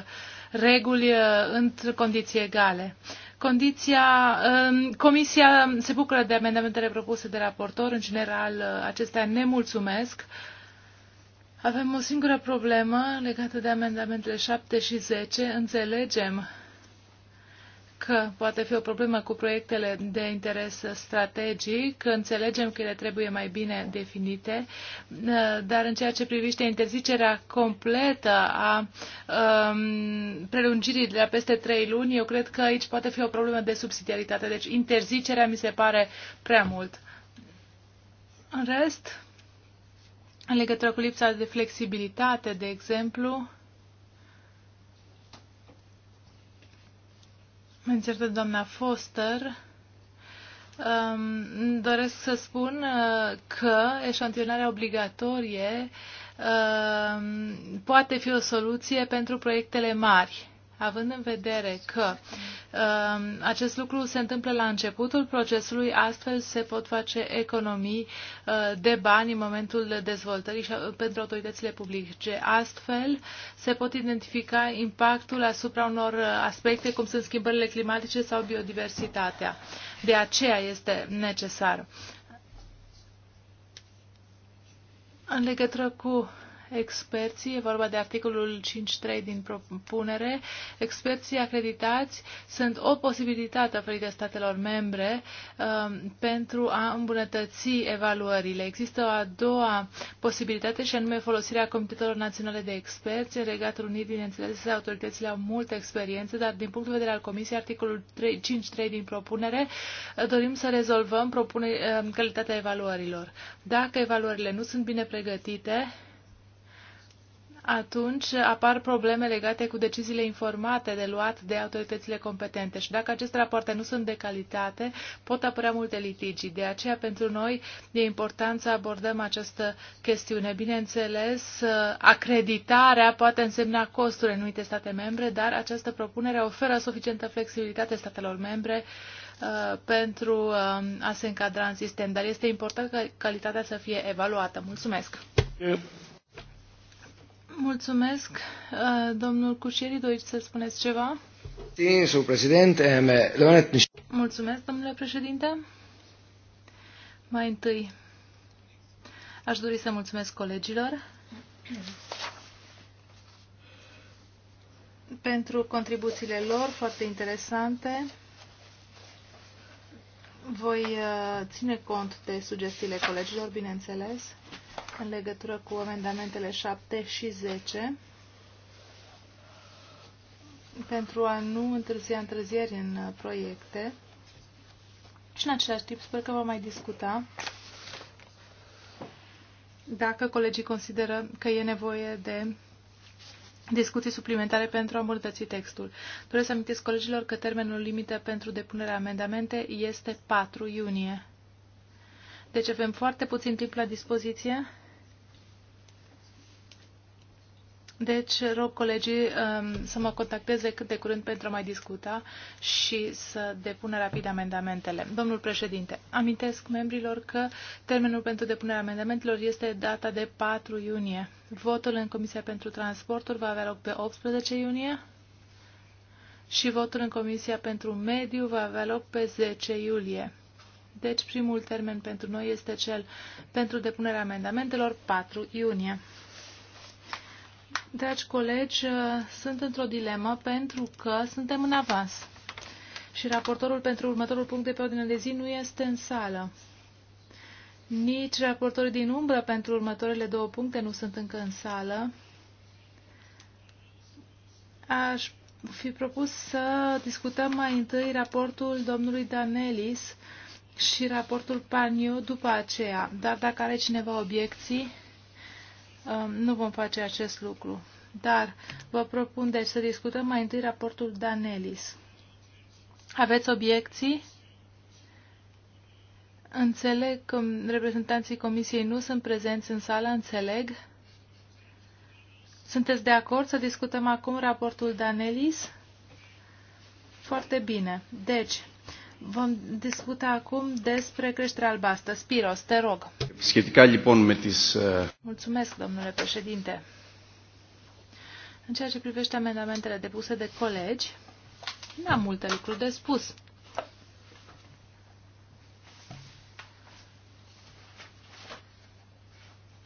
reguli uh, într condiții egale. Condiția, um, comisia se bucură de amendamentele propuse de raportor. În general, uh, acestea ne mulțumesc. Avem o singură problemă legată de amendamentele 7 și 10. Înțelegem că poate fi o problemă cu proiectele de interes strategic, înțelegem că ele trebuie mai bine definite, dar în ceea ce privește interzicerea completă a um, prelungirii de la peste trei luni, eu cred că aici poate fi o problemă de subsidiaritate. Deci interzicerea mi se pare prea mult. În rest, în legătură cu lipsa de flexibilitate, de exemplu, menționată doamna Foster, um, doresc să spun uh, că eșantionarea obligatorie uh, poate fi o soluție pentru proiectele mari având în vedere că um, acest lucru se întâmplă la începutul procesului, astfel se pot face economii uh, de bani în momentul dezvoltării și, uh, pentru autoritățile publice. Astfel se pot identifica impactul asupra unor uh, aspecte, cum sunt schimbările climatice sau biodiversitatea. De aceea este necesar. În legătură cu experții, e vorba de articolul 5.3 din propunere, experții acreditați sunt o posibilitate oferită statelor membre um, pentru a îmbunătăți evaluările. Există o a doua posibilitate și anume folosirea Comitetelor Naționale de Experți. În Regatul Unit, bineînțeles, autoritățile au multă experiență, dar din punct de vedere al Comisiei, articolul 5.3 din propunere, dorim să rezolvăm propune, um, calitatea evaluărilor. Dacă evaluările nu sunt bine pregătite, atunci apar probleme legate cu deciziile informate de luat de autoritățile competente și dacă aceste rapoarte nu sunt de calitate, pot apărea multe litigii. De aceea, pentru noi, e important să abordăm această chestiune. Bineînțeles, acreditarea poate însemna costuri în anumite state membre, dar această propunere oferă suficientă flexibilitate statelor membre uh, pentru uh, a se încadra în sistem, dar este important ca calitatea să fie evaluată. Mulțumesc! Mulțumesc. Uh, domnul Cușeri, doriți să spuneți ceva? Mulțumesc, domnule președinte. Mai întâi, aș dori să mulțumesc colegilor pentru contribuțiile lor foarte interesante. Voi uh, ține cont de sugestiile colegilor, bineînțeles în legătură cu amendamentele 7 și 10 pentru a nu întârzia întârzieri în proiecte. Și în același timp sper că vom mai discuta dacă colegii consideră că e nevoie de discuții suplimentare pentru a îmbunătăți textul. Doresc să amintesc colegilor că termenul limită pentru depunerea amendamente este 4 iunie. Deci avem foarte puțin timp la dispoziție Deci, rog colegii um, să mă contacteze cât de curând pentru a mai discuta și să depună rapid amendamentele. Domnul președinte, amintesc membrilor că termenul pentru depunerea amendamentelor este data de 4 iunie. Votul în Comisia pentru Transporturi va avea loc pe 18 iunie și votul în Comisia pentru Mediu va avea loc pe 10 iulie. Deci primul termen pentru noi este cel pentru depunerea amendamentelor 4 iunie. Dragi colegi, uh, sunt într-o dilemă pentru că suntem în avans și raportorul pentru următorul punct de pe ordine de zi nu este în sală. Nici raportorii din umbră pentru următoarele două puncte nu sunt încă în sală. Aș fi propus să discutăm mai întâi raportul domnului Danelis și raportul Paniu după aceea. Dar dacă are cineva obiecții, Um, nu vom face acest lucru. Dar vă propun deci să discutăm mai întâi raportul Danelis. Aveți obiecții? Înțeleg că reprezentanții Comisiei nu sunt prezenți în sală, înțeleg. Sunteți de acord să discutăm acum raportul Danelis? Foarte bine. Deci, Vom discuta acum despre creșterea albastră. Spiros, te rog. Mulțumesc, domnule președinte. În ceea ce privește amendamentele depuse de colegi, nu am multe lucruri de spus.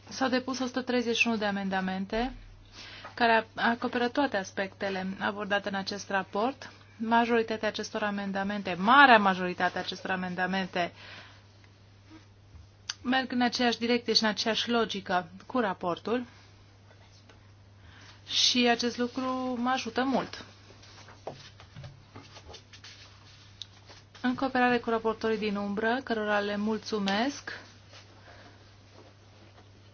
S-au depus 131 de amendamente care acoperă toate aspectele abordate în acest raport majoritatea acestor amendamente, marea majoritate a acestor amendamente, merg în aceeași direcție și în aceeași logică cu raportul și acest lucru mă ajută mult. În cooperare cu raportorii din umbră, cărora le mulțumesc,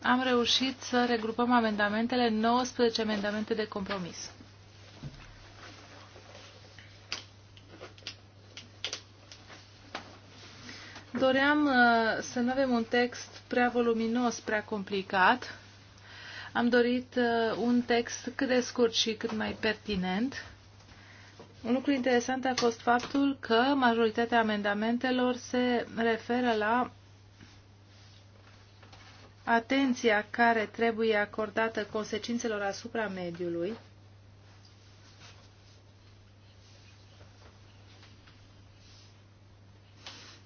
am reușit să regrupăm amendamentele, 19 amendamente de compromis. Doream uh, să nu avem un text prea voluminos, prea complicat. Am dorit uh, un text cât de scurt și cât mai pertinent. Un lucru interesant a fost faptul că majoritatea amendamentelor se referă la atenția care trebuie acordată consecințelor asupra mediului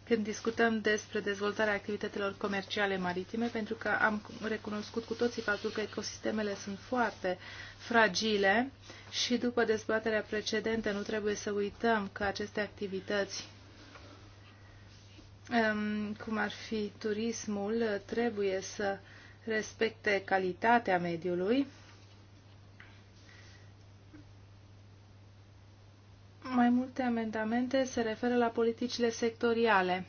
când discutăm despre dezvoltarea activităților comerciale maritime, pentru că am recunoscut cu toții faptul că ecosistemele sunt foarte fragile și după dezbaterea precedentă nu trebuie să uităm că aceste activități, um, cum ar fi turismul, trebuie să respecte calitatea mediului Mai multe amendamente se referă la politicile sectoriale.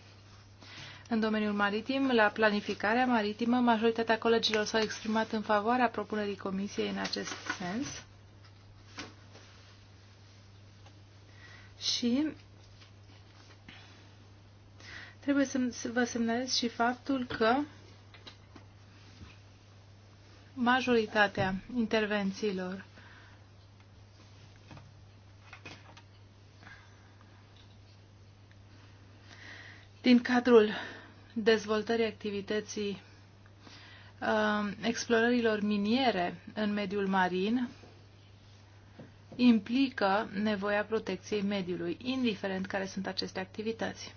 În domeniul maritim, la planificarea maritimă, majoritatea colegilor s-au exprimat în favoarea propunerii Comisiei în acest sens. Și trebuie să vă semnalez și faptul că majoritatea intervențiilor din cadrul dezvoltării activității uh, explorărilor miniere în mediul marin implică nevoia protecției mediului, indiferent care sunt aceste activități.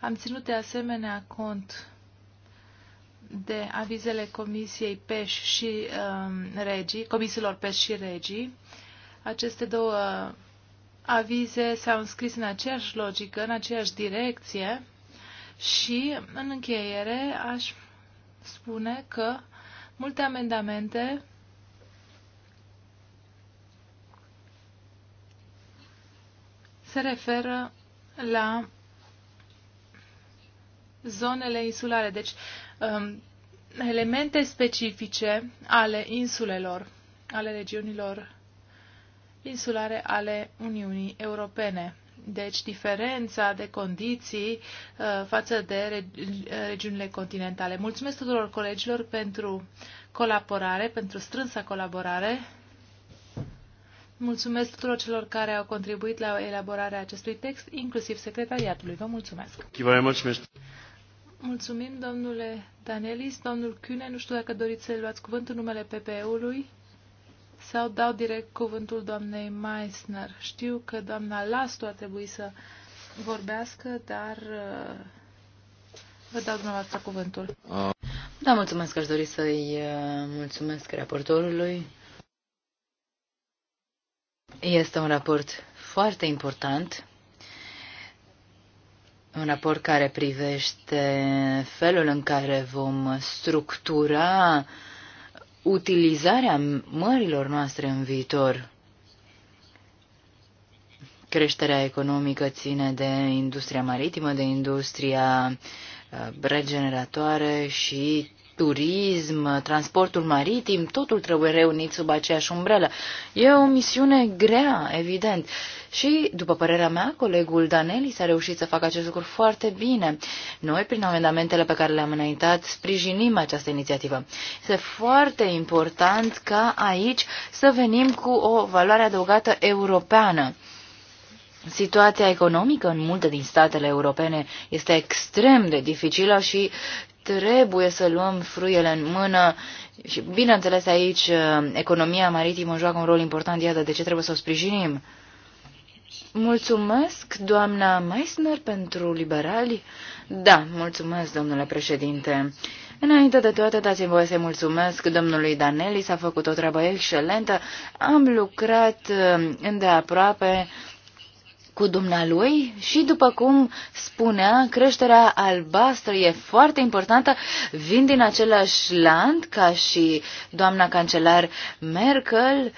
Am ținut de asemenea cont de avizele Comisiei PEș și um, Regii, Comisiilor PEș și Regii. Aceste două avize s-au înscris în aceeași logică, în aceeași direcție și, în încheiere, aș spune că multe amendamente se referă la zonele insulare, deci um, elemente specifice ale insulelor, ale regiunilor insulare ale Uniunii Europene. Deci diferența de condiții uh, față de uh, regiunile continentale. Mulțumesc tuturor colegilor pentru colaborare, pentru strânsa colaborare. Mulțumesc tuturor celor care au contribuit la elaborarea acestui text, inclusiv secretariatului. Vă mulțumesc. Mulțumim, domnule Danelis. Domnul Cune, nu știu dacă doriți să luați cuvântul numele PPE-ului sau dau direct cuvântul doamnei Meissner. Știu că doamna Lastu ar trebui să vorbească, dar uh, vă dau dumneavoastră cuvântul. Da, mulțumesc. Aș dori să-i uh, mulțumesc raportorului. Este un raport foarte important, un raport care privește felul în care vom structura uh, utilizarea mărilor noastre în viitor. Creșterea economică ține de industria maritimă, de industria uh, regeneratoare și turism, transportul maritim, totul trebuie reunit sub aceeași umbrelă. E o misiune grea, evident. Și, după părerea mea, colegul Daneli s-a reușit să facă acest lucru foarte bine. Noi, prin amendamentele pe care le-am înaintat, sprijinim această inițiativă. Este foarte important ca aici să venim cu o valoare adăugată europeană. Situația economică în multe din statele europene este extrem de dificilă și trebuie să luăm fruiele în mână și, bineînțeles, aici uh, economia maritimă joacă un rol important, iată de ce trebuie să o sprijinim. Mulțumesc, doamna Meissner, pentru liberali. Da, mulțumesc, domnule președinte. Înainte de toate, dați-mi voie să-i mulțumesc domnului Danelli, s-a făcut o treabă excelentă. Am lucrat uh, îndeaproape aproape cu dumnealui și, după cum spunea, creșterea albastră e foarte importantă, vin din același land ca și doamna cancelar Merkel,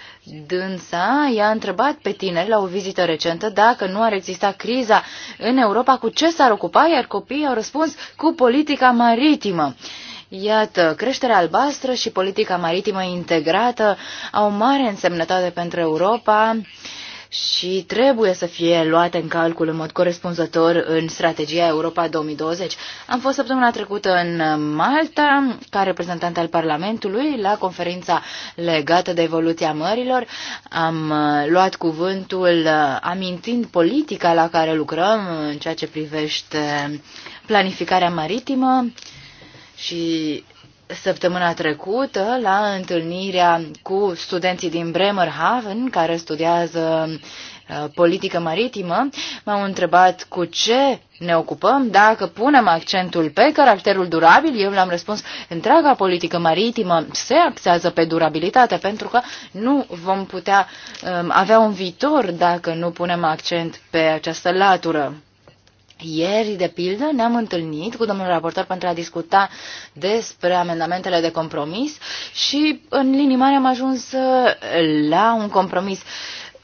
dânsa i-a întrebat pe tineri la o vizită recentă dacă nu ar exista criza în Europa, cu ce s-ar ocupa, iar copiii au răspuns cu politica maritimă. Iată, creșterea albastră și politica maritimă integrată au mare însemnătate pentru Europa și trebuie să fie luate în calcul în mod corespunzător în strategia Europa 2020. Am fost săptămâna trecută în Malta ca reprezentant al Parlamentului la conferința legată de evoluția mărilor. Am uh, luat cuvântul uh, amintind politica la care lucrăm uh, în ceea ce privește planificarea maritimă și săptămâna trecută la întâlnirea cu studenții din Bremerhaven care studiază uh, politică maritimă, m-au întrebat cu ce ne ocupăm, dacă punem accentul pe caracterul durabil, eu le-am răspuns, întreaga politică maritimă se axează pe durabilitate, pentru că nu vom putea um, avea un viitor dacă nu punem accent pe această latură. Ieri, de pildă, ne-am întâlnit cu domnul raportor pentru a discuta despre amendamentele de compromis și, în linii mari, am ajuns uh, la un compromis.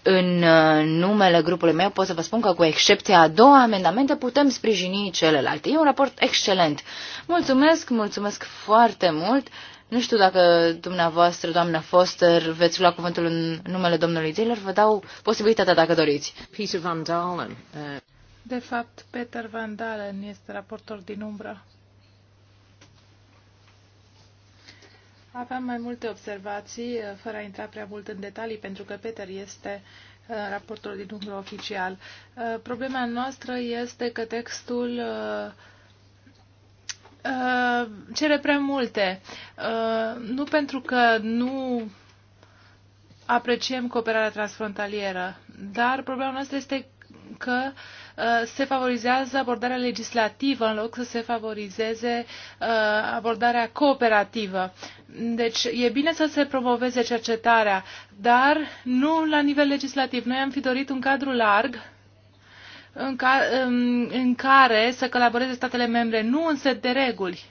În uh, numele grupului meu pot să vă spun că, cu excepția a două amendamente, putem sprijini celelalte. E un raport excelent. Mulțumesc, mulțumesc foarte mult. Nu știu dacă dumneavoastră, doamna Foster, veți lua cuvântul în numele domnului Taylor. Vă dau posibilitatea dacă doriți. Peter Van Dalen. Uh... De fapt, Peter Van Dalen este raportor din umbră. Aveam mai multe observații, eh, fără a intra prea mult în detalii, pentru că Peter este eh, raportor din umbră oficial. Eh, problema noastră este că textul cere prea multe. Nu pentru că nu apreciem cooperarea transfrontalieră, dar problema noastră este că uh, Uh, se favorizează abordarea legislativă în loc să se favorizeze uh, abordarea cooperativă. Deci e bine să se promoveze cercetarea, dar nu la nivel legislativ. Noi am fi dorit un cadru larg în, ca, în, um, în care să colaboreze statele membre, nu în set de reguli.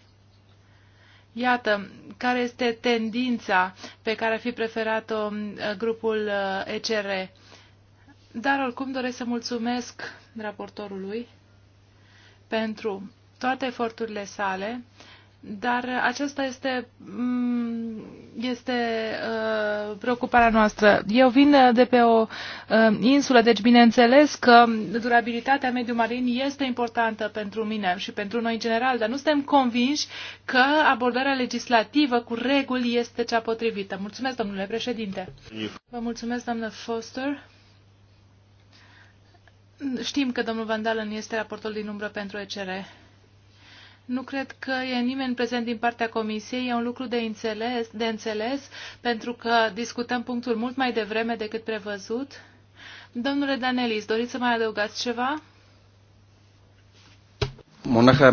Iată, care este tendința pe care ar fi preferat-o uh, grupul ECR. Dar oricum doresc să mulțumesc raportorului pentru toate eforturile sale, dar aceasta este, mm, este uh, preocuparea noastră. Eu vin de pe o uh, insulă, deci bineînțeles că durabilitatea mediului marin este importantă pentru mine și pentru noi în general, dar nu suntem convinși că abordarea legislativă cu reguli este cea potrivită. Mulțumesc, domnule președinte. Vă mulțumesc, doamnă Foster. Știm că domnul Van Dalen este raportul din umbră pentru ECR. Nu cred că e nimeni prezent din partea comisiei. E un lucru de înțeles, de înțeles pentru că discutăm punctul mult mai devreme decât prevăzut. Domnule Danelis, doriți să mai adăugați ceva? Μονάχα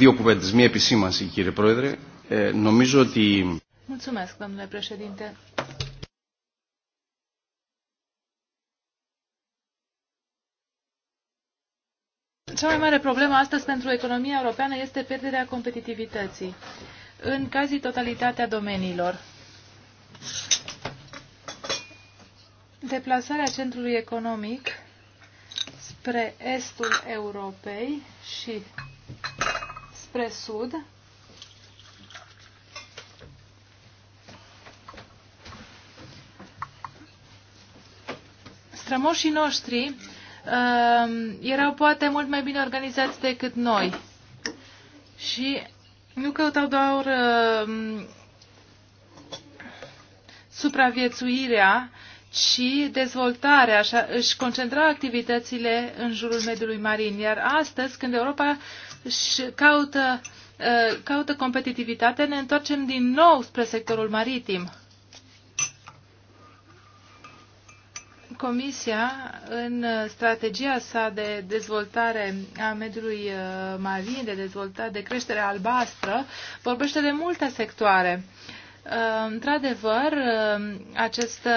două cuvinte, μία επισήμανση κύριε Πρόεδρε. Νομίζω ότι... Mulțumesc, domnule președinte. Cea mai mare problemă astăzi pentru economia europeană este pierderea competitivității în cazii totalitatea domeniilor. Deplasarea centrului economic spre estul Europei și spre sud strămoșii noștri uh, erau poate mult mai bine organizați decât noi și nu căutau doar uh, supraviețuirea, ci dezvoltarea, așa, își concentra activitățile în jurul mediului marin. Iar astăzi, când Europa își caută, uh, caută competitivitate, ne întoarcem din nou spre sectorul maritim. Comisia, în strategia sa de dezvoltare a mediului uh, marin, de dezvoltare, de creștere albastră, vorbește de multe sectoare. Uh, într-adevăr, uh, acest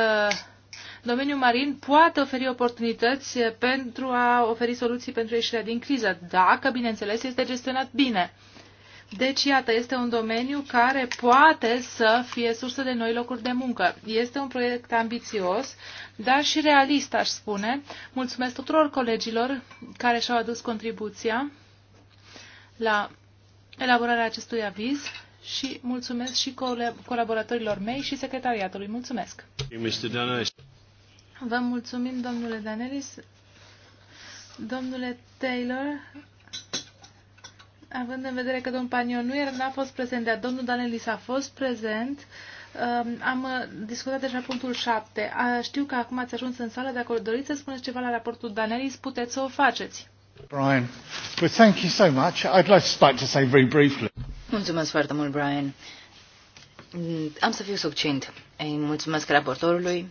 domeniul marin poate oferi oportunități pentru a oferi soluții pentru ieșirea din criză, dacă, bineînțeles, este gestionat bine. Deci, iată, este un domeniu care poate să fie sursă de noi locuri de muncă. Este un proiect ambițios, dar și realist, aș spune. Mulțumesc tuturor colegilor care și-au adus contribuția la elaborarea acestui aviz și mulțumesc și colaboratorilor mei și secretariatului. Mulțumesc! Vă mulțumim, domnule Danelis. Domnule Taylor, având în vedere că domnul Panion nu era, n-a fost prezent, dar domnul Danelis a fost prezent, um, am uh, discutat deja punctul 7. Știu că acum ați ajuns în sală, dacă doriți să spuneți ceva la raportul Danelis, puteți să o faceți. Brian, well, thank you so much. I'd like to say very briefly. Mulțumesc foarte mult, Brian. Am să fiu succint. Îi mulțumesc raportorului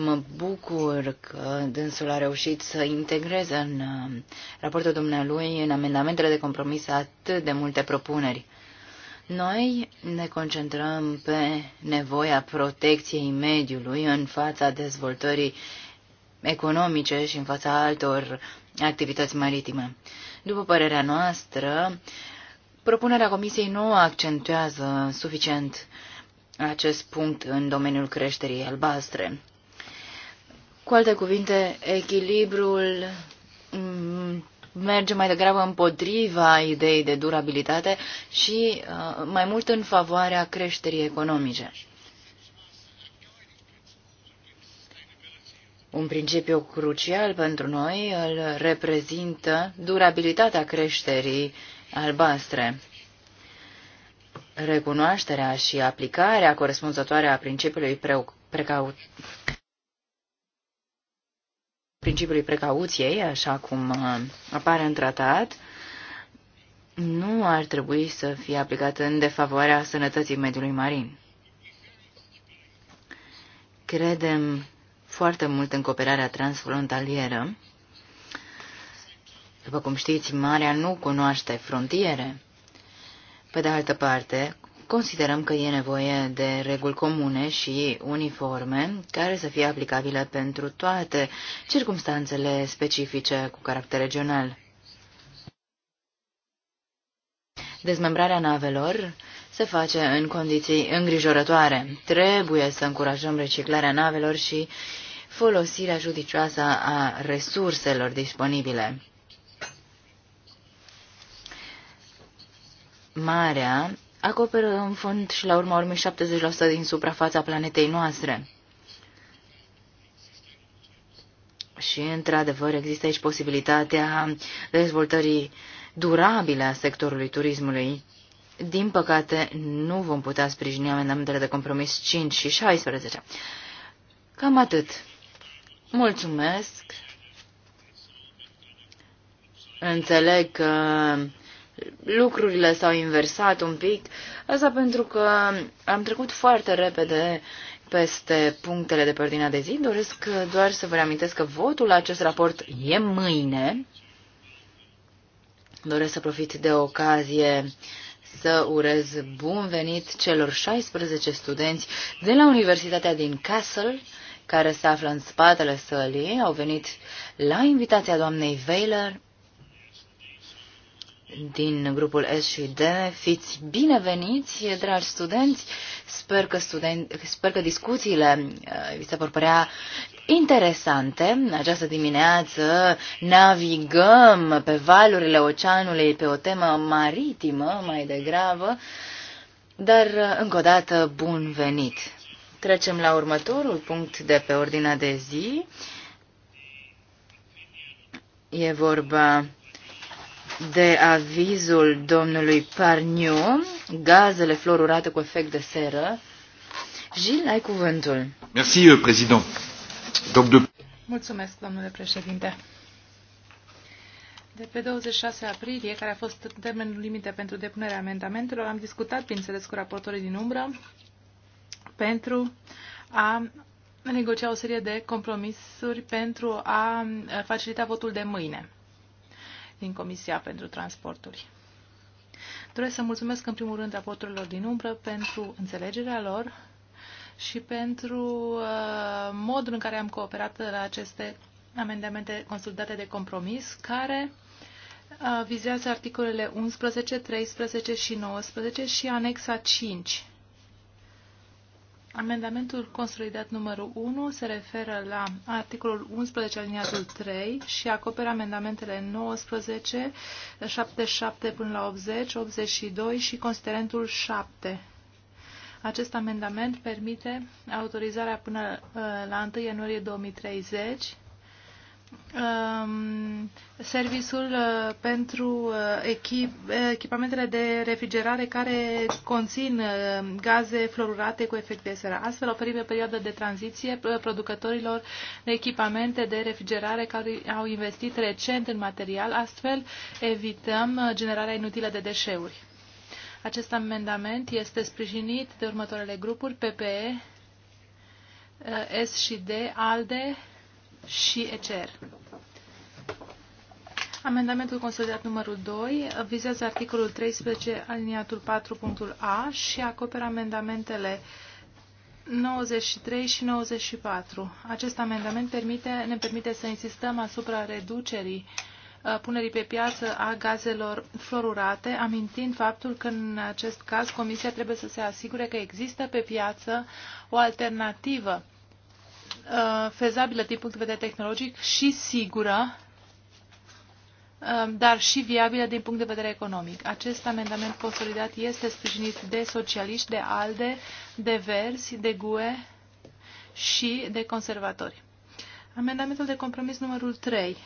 Mă bucur că dânsul a reușit să integreze în uh, raportul dumnealui, în amendamentele de compromis, atât de multe propuneri. Noi ne concentrăm pe nevoia protecției mediului în fața dezvoltării economice și în fața altor activități maritime. După părerea noastră, propunerea Comisiei nu accentuează suficient acest punct în domeniul creșterii albastre. Cu alte cuvinte, echilibrul mm, merge mai degrabă împotriva ideii de durabilitate și uh, mai mult în favoarea creșterii economice. Un principiu crucial pentru noi îl reprezintă durabilitatea creșterii albastre. Recunoașterea și aplicarea corespunzătoare a principiului precaut. precau, principiului precauției, așa cum uh, apare în tratat, nu ar trebui să fie aplicat în defavoarea sănătății mediului marin. Credem foarte mult în cooperarea transfrontalieră. După cum știți, marea nu cunoaște frontiere. Pe de altă parte, Considerăm că e nevoie de reguli comune și uniforme care să fie aplicabile pentru toate circumstanțele specifice cu caracter regional. Dezmembrarea navelor se face în condiții îngrijorătoare. Trebuie să încurajăm reciclarea navelor și folosirea judicioasă a resurselor disponibile. Marea acoperă în fond și la urma urmei 70% din suprafața planetei noastre. Și, într-adevăr, există aici posibilitatea dezvoltării durabile a sectorului turismului. Din păcate, nu vom putea sprijini amendamentele de compromis 5 și 16. Cam atât. Mulțumesc. Înțeleg că lucrurile s-au inversat un pic, asta pentru că am trecut foarte repede peste punctele de pe ordinea de zi. Doresc doar să vă reamintesc că votul la acest raport e mâine. Doresc să profit de ocazie să urez bun venit celor 16 studenți de la Universitatea din Castle, care se află în spatele sălii. Au venit la invitația doamnei Weiler din grupul S și D. Fiți bineveniți, dragi studenți. Sper că, studen... sper că discuțiile uh, vi se vor părea interesante. Această dimineață navigăm pe valurile oceanului pe o temă maritimă mai degrabă, dar uh, încă o dată bun venit. Trecem la următorul punct de pe ordinea de zi. E vorba de avizul domnului Parniu, gazele florurate cu efect de seră. Gilles, ai cuvântul. Merci, euh, président. Mulțumesc, domnule președinte. De pe 26 aprilie, care a fost termenul limite pentru depunerea amendamentelor, am discutat, bineînțeles, cu raportorii din umbră pentru a negocia o serie de compromisuri pentru a facilita votul de mâine din Comisia pentru Transporturi. Doresc să mulțumesc în primul rând raporturilor din umbră pentru înțelegerea lor și pentru uh, modul în care am cooperat la aceste amendamente consultate de compromis, care uh, vizează articolele 11, 13 și 19 și anexa 5 Amendamentul consolidat numărul 1 se referă la articolul 11 aliniatul 3 și acoperă amendamentele 19, 77 până la 80, 82 și considerentul 7. Acest amendament permite autorizarea până uh, la 1 ianuarie 2030 Um, serviciul uh, pentru uh, echipamentele de refrigerare care conțin uh, gaze fluorurate cu efect de seră. Astfel oferim o perioadă de tranziție producătorilor de echipamente de refrigerare care au investit recent în material, astfel evităm generarea inutilă de deșeuri. Acest amendament este sprijinit de următoarele grupuri PPE, S și D, ALDE, și ECR. Amendamentul consolidat numărul 2 vizează articolul 13 aliniatul 4.a și acoperă amendamentele 93 și 94. Acest amendament permite, ne permite să insistăm asupra reducerii uh, punerii pe piață a gazelor fluorurate, amintind faptul că în acest caz Comisia trebuie să se asigure că există pe piață o alternativă Uh, fezabilă din punct de vedere tehnologic și sigură, um, dar și viabilă din punct de vedere economic. Acest amendament consolidat este sprijinit de socialiști, de ALDE, de Verzi, de GUE și de conservatori. Amendamentul de compromis numărul 3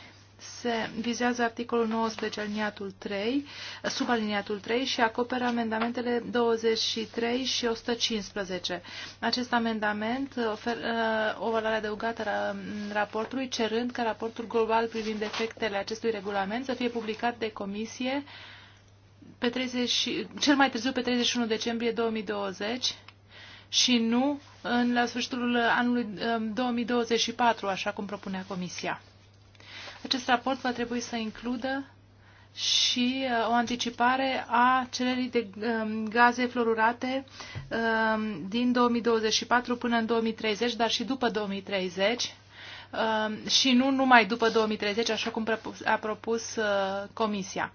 se vizează articolul 19 aliniatul 3, subaliniatul 3 și acoperă amendamentele 23 și 115. Acest amendament oferă uh, o valoare adăugată a raportului, cerând ca raportul global privind efectele acestui regulament să fie publicat de comisie pe 30, cel mai târziu pe 31 decembrie 2020 și nu în la sfârșitul anului 2024, um, așa cum propunea Comisia. Acest raport va trebui să includă și uh, o anticipare a cererii de um, gaze fluorurate um, din 2024 până în 2030, dar și după 2030 um, și nu numai după 2030, așa cum a propus uh, Comisia.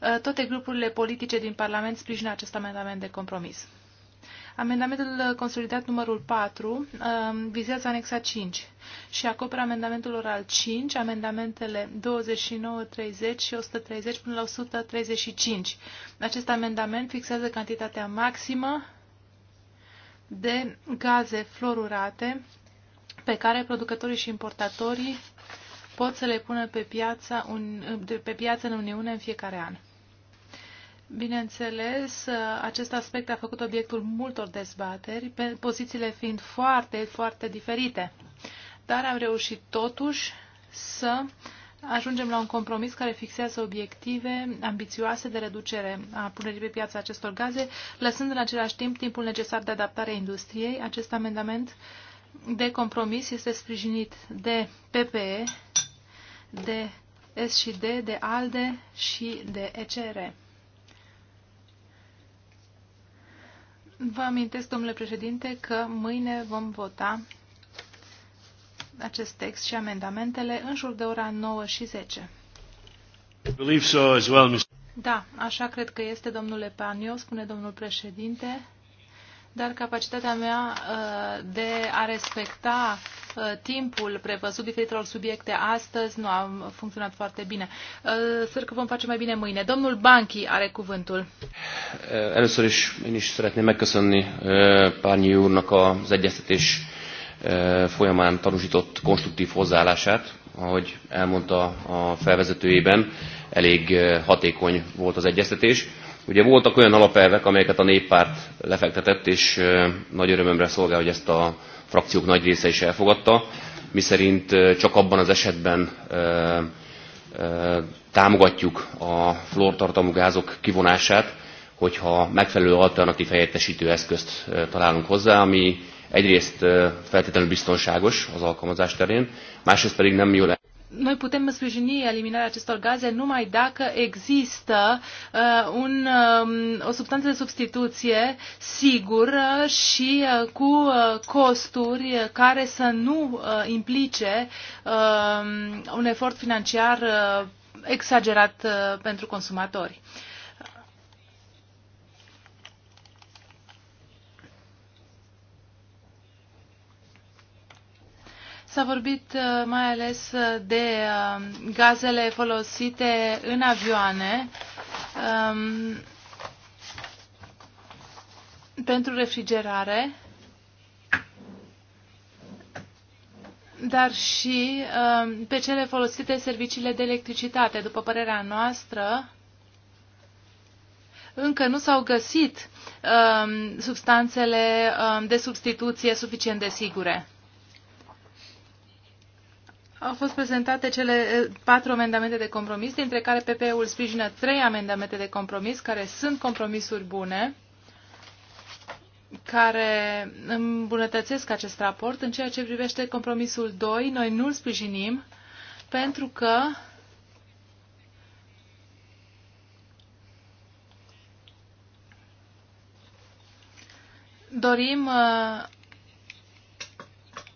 Uh, toate grupurile politice din Parlament sprijină acest amendament de compromis. Amendamentul uh, consolidat numărul 4 um, vizează anexa 5 și acoperă amendamentul oral 5, amendamentele 29, 30 și 130 până la 135. Acest amendament fixează cantitatea maximă de gaze fluorurate pe care producătorii și importatorii pot să le pună pe piață, un, pe piață în Uniune în fiecare an. Bineînțeles, acest aspect a făcut obiectul multor dezbateri, pozițiile fiind foarte, foarte diferite. Dar am reușit totuși să ajungem la un compromis care fixează obiective ambițioase de reducere a punerii pe piață acestor gaze, lăsând în același timp timpul necesar de adaptare a industriei. Acest amendament de compromis este sprijinit de PPE, de SD, de ALDE și de ECR. Vă amintesc, domnule președinte, că mâine vom vota acest text și amendamentele în jur de ora 9 și 10. Da, așa cred că este, domnule Panio, spune domnul președinte, dar capacitatea mea uh, de a respecta Uh, timpul prevăzut diferitelor subiecte astăzi nu a funcționat foarte bine. Uh, sper că vom face mai bine mâine. Domnul Banchi are cuvântul. Uh, először is én is szeretném megköszönni Pányi úrnak az egyeztetés folyamán tanúsított konstruktív hozzáállását. Ahogy elmondta a felvezetőjében, elég hatékony volt az egyeztetés. Ugye voltak olyan alapelvek, amelyeket a néppárt lefektetett, és nagy örömömre szolgál, hogy ezt a frakciók nagy része is elfogadta, miszerint csak abban az esetben támogatjuk a flortartalmú gázok kivonását, hogyha megfelelő alternatív helyettesítő eszközt találunk hozzá, ami egyrészt feltétlenül biztonságos az alkalmazás terén, másrészt pedig nem jól noi putem sprijini eliminarea acestor gaze numai dacă există uh, un, um, o substanță de substituție sigură și uh, cu uh, costuri care să nu uh, implice uh, un efort financiar uh, exagerat uh, pentru consumatori. Uh, S-a vorbit uh, mai ales uh, de um, gazele folosite în avioane um, pentru refrigerare, dar și um, pe cele folosite serviciile de electricitate. După părerea noastră, încă nu s-au găsit um, substanțele um, de substituție suficient de sigure. Au fost prezentate cele eh, patru amendamente de compromis, dintre care PPE-ul sprijină trei amendamente de compromis, care sunt compromisuri bune, care îmbunătățesc acest raport. În ceea ce privește compromisul 2, noi nu îl sprijinim pentru că dorim eh,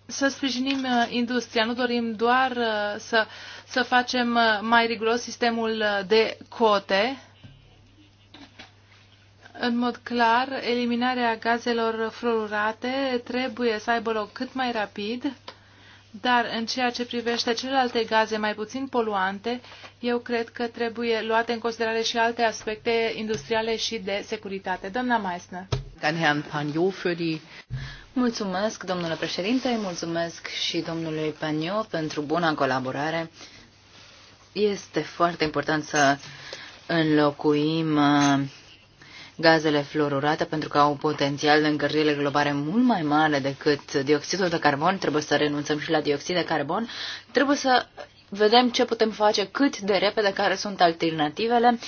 să sprijinim uh, industria. Nu dorim doar uh, să, să facem uh, mai riguros sistemul de cote. În mod clar, eliminarea gazelor fluorurate trebuie să aibă loc cât mai rapid, dar în ceea ce privește celelalte gaze mai puțin poluante, eu cred că trebuie luate în considerare și alte aspecte industriale și de securitate. Doamna Meissner. Mulțumesc, domnule președinte, mulțumesc și domnului Panio pentru buna colaborare. Este foarte important să înlocuim uh, gazele fluorurate pentru că au un potențial de încălzire globale mult mai mare decât dioxidul de carbon, trebuie să renunțăm și la dioxid de carbon, trebuie să vedem ce putem face, cât de repede, care sunt alternativele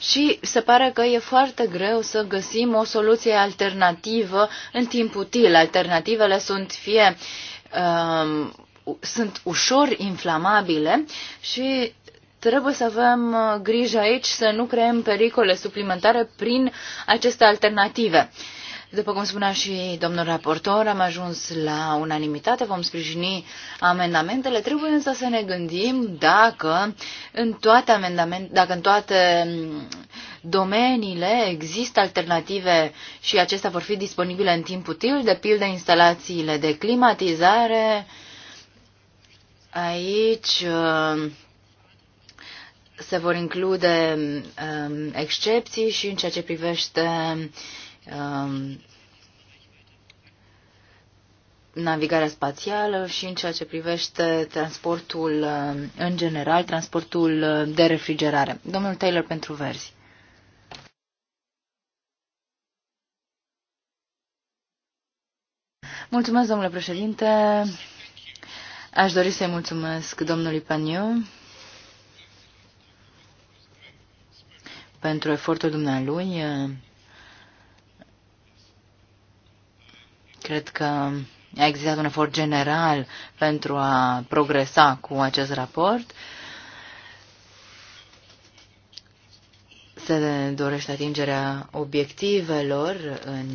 și se pare că e foarte greu să găsim o soluție alternativă în timp util. Alternativele sunt fie um, sunt ușor inflamabile și trebuie să avem uh, grijă aici să nu creăm pericole suplimentare prin aceste alternative. Uh, după cum spunea și domnul raportor, am ajuns la unanimitate, vom sprijini amendamentele. Trebuie însă să ne gândim dacă în toate, amendament, dacă în toate mm, domeniile există alternative și acestea vor fi disponibile în timp util, de pildă instalațiile de climatizare. Aici mm, se vor include mm, excepții și în ceea ce privește um, navigarea spațială și în ceea ce privește transportul um, în general, transportul um, de refrigerare. Domnul Taylor pentru verzi. Mulțumesc, domnule președinte. Aș dori să-i mulțumesc domnului Paniu pentru efortul dumnealui Cred că a existat un efort general pentru a progresa cu acest raport. Se dorește atingerea obiectivelor în,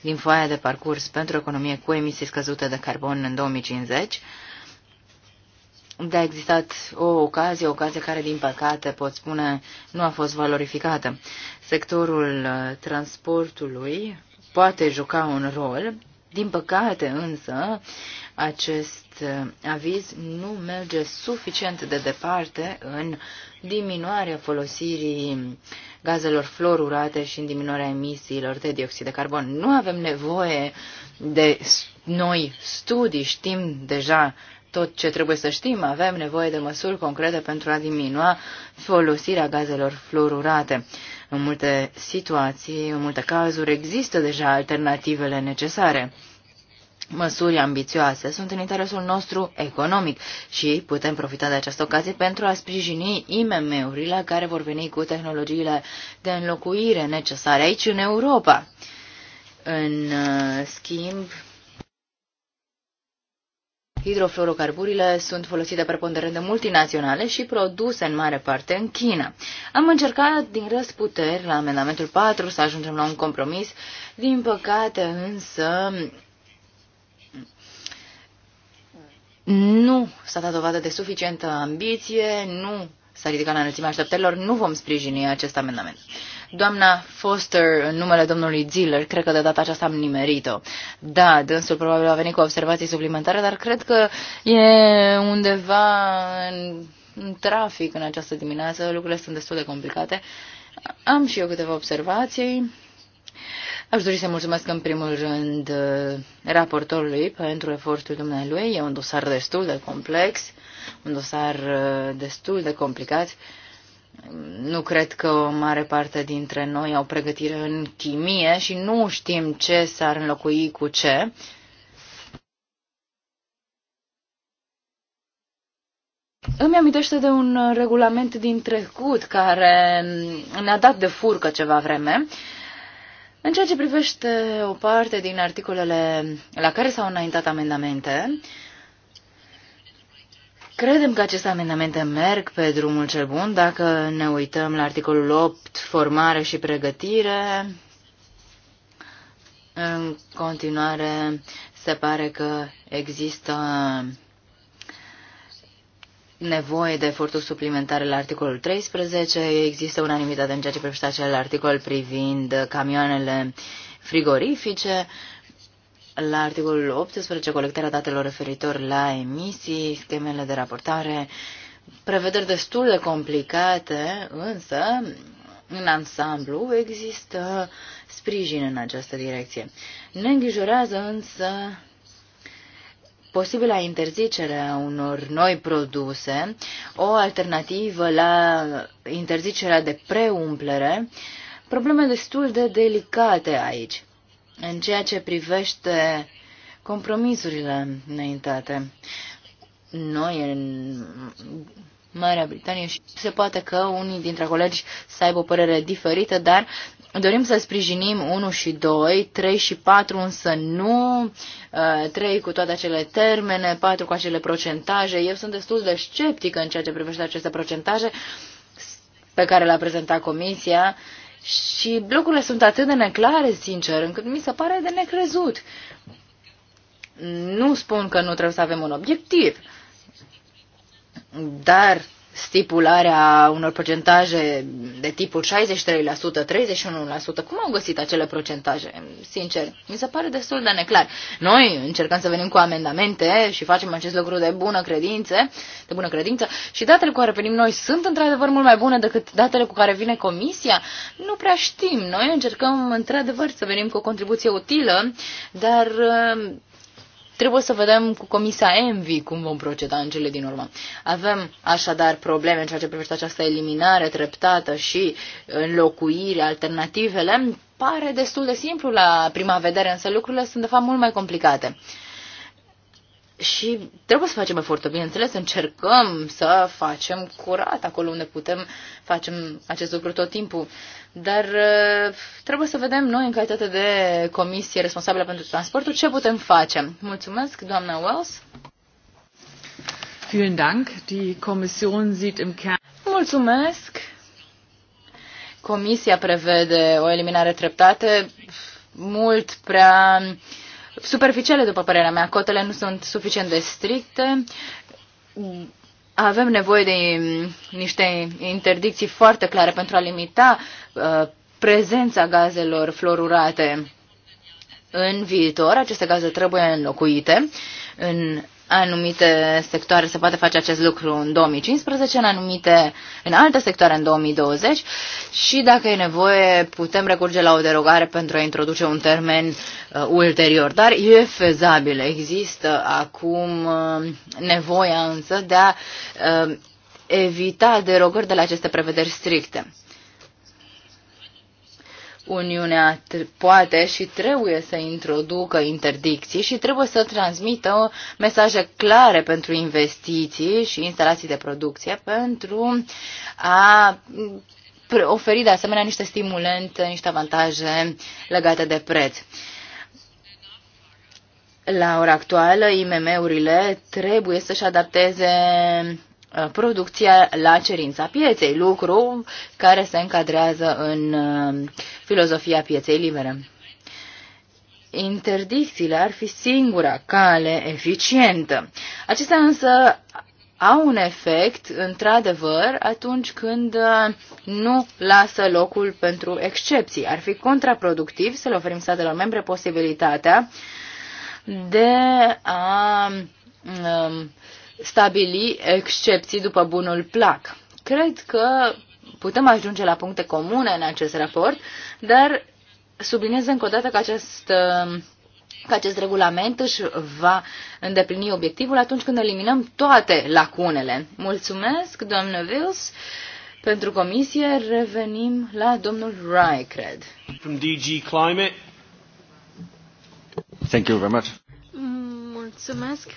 din foaia de parcurs pentru economie cu emisii scăzute de carbon în 2050. De a existat o ocazie, o ocazie care, din păcate, pot spune, nu a fost valorificată. Sectorul uh, transportului poate juca un rol. Din păcate însă, acest uh, aviz nu merge suficient de departe în diminuarea folosirii gazelor florurate și în diminuarea emisiilor de dioxid de carbon. Nu avem nevoie de noi studii, știm deja tot ce trebuie să știm, avem nevoie de măsuri concrete pentru a diminua folosirea gazelor fluorurate. În multe situații, în multe cazuri, există deja alternativele necesare. Măsuri ambițioase sunt în interesul nostru economic și putem profita de această ocazie pentru a sprijini IMM-urile care vor veni cu tehnologiile de înlocuire necesare aici în Europa. În uh, schimb, Hidrofluorocarburile sunt folosite preponderent de multinaționale și produse în mare parte în China. Am încercat din răsputeri la amendamentul 4 să ajungem la un compromis. Din păcate însă nu s-a dat dovadă de suficientă ambiție, nu s-a ridicat la înălțimea așteptărilor, nu vom sprijini acest amendament. Doamna Foster, în numele domnului Ziller, cred că de data aceasta am nimerit-o. Da, dânsul probabil a venit cu observații suplimentare, dar cred că e undeva în, în trafic în această dimineață, lucrurile sunt destul de complicate. Am și eu câteva observații. Aș dori să mulțumesc în primul rând uh, raportorului pentru efortul dumnealui. E un dosar destul de complex, un dosar uh, destul de complicat nu cred că o mare parte dintre noi au pregătire în chimie și nu știm ce s-ar înlocui cu ce. Îmi amintește de un regulament din trecut care ne-a dat de furcă ceva vreme. În ceea ce privește o parte din articolele la care s-au înaintat amendamente, uh, Credem că aceste amendamente merg pe drumul cel bun. Dacă ne uităm la articolul 8, formare și pregătire, în continuare se pare că există nevoie de eforturi suplimentare la articolul 13, există unanimitate în ceea ce privește acel articol privind camioanele frigorifice, la articolul 18, colectarea datelor referitor la emisii, schemele de raportare, prevederi destul de complicate, însă, în ansamblu, există sprijin în această direcție. Ne îngrijorează însă posibilă interzicere a unor noi produse, o alternativă la interzicerea de preumplere, probleme destul de delicate aici în ceea ce privește compromisurile înaintate. Noi, în Marea Britanie, și se poate că unii dintre colegi să aibă o părere diferită, dar dorim să sprijinim 1 și 2, 3 și 4, însă nu 3 uh, cu toate acele termene, 4 cu acele procentaje. Eu sunt destul de sceptică în ceea ce privește aceste procentaje pe care le-a prezentat Comisia și lucrurile sunt atât de neclare, sincer, încât mi se pare de necrezut. Nu spun că nu trebuie să avem un obiectiv, dar stipularea unor procentaje de tipul 63%, 31%. Cum au găsit acele procentaje? Sincer, mi se pare destul de neclar. Noi încercăm să venim cu amendamente și facem acest lucru de bună credință, de bună credință și datele cu care venim noi sunt într-adevăr mult mai bune decât datele cu care vine comisia? Nu prea știm. Noi încercăm într-adevăr să venim cu o contribuție utilă, dar Trebuie să vedem cu Comisia Envi cum vom proceda în cele din urmă. Avem așadar probleme în ceea ce privește această eliminare treptată și înlocuire, alternativele. Pare destul de simplu la prima vedere, însă lucrurile sunt de fapt mult mai complicate. Și trebuie să facem efortul, bineînțeles, încercăm să facem curat acolo unde putem, facem acest lucru tot timpul. Dar uh, trebuie să vedem noi, în calitate de comisie responsabilă pentru transportul, ce putem face. Mulțumesc, doamna Wells. Vielen Dank. Die Kommission sieht im Kern. Mulțumesc. Comisia prevede o eliminare treptată mult prea superficiale, după părerea mea. Cotele nu sunt suficient de stricte avem nevoie de mm, niște interdicții foarte clare pentru a limita uh, prezența gazelor florurate în viitor. Aceste gaze trebuie înlocuite. În anumite sectoare se poate face acest lucru în 2015, în anumite, în alte sectoare în 2020 și dacă e nevoie putem recurge la o derogare pentru a introduce un termen uh, ulterior. Dar e fezabil, există acum uh, nevoia însă de a uh, evita derogări de la aceste prevederi stricte. Uniunea poate și trebuie să introducă interdicții și trebuie să transmită mesaje clare pentru investiții și instalații de producție pentru a oferi de asemenea niște stimulente, niște avantaje legate de preț. La ora actuală, IMM-urile trebuie să-și adapteze ă, producția la cerința pieței, lucru care se încadrează în uh, filozofia pieței libere. Interdicțiile ar fi singura cale eficientă. Acestea însă au un efect, într-adevăr, atunci când uh, nu lasă locul pentru excepții. Ar fi contraproductiv să le oferim statelor membre posibilitatea de a um, stabili excepții după bunul plac. Cred că putem ajunge la puncte comune în acest raport, dar subliniez încă o dată că acest um, că acest regulament își va îndeplini obiectivul atunci când eliminăm toate lacunele. Mulțumesc, doamnă Vils. Pentru comisie revenim la domnul Rai, From DG Climate. Thank you very much. Mulțumesc.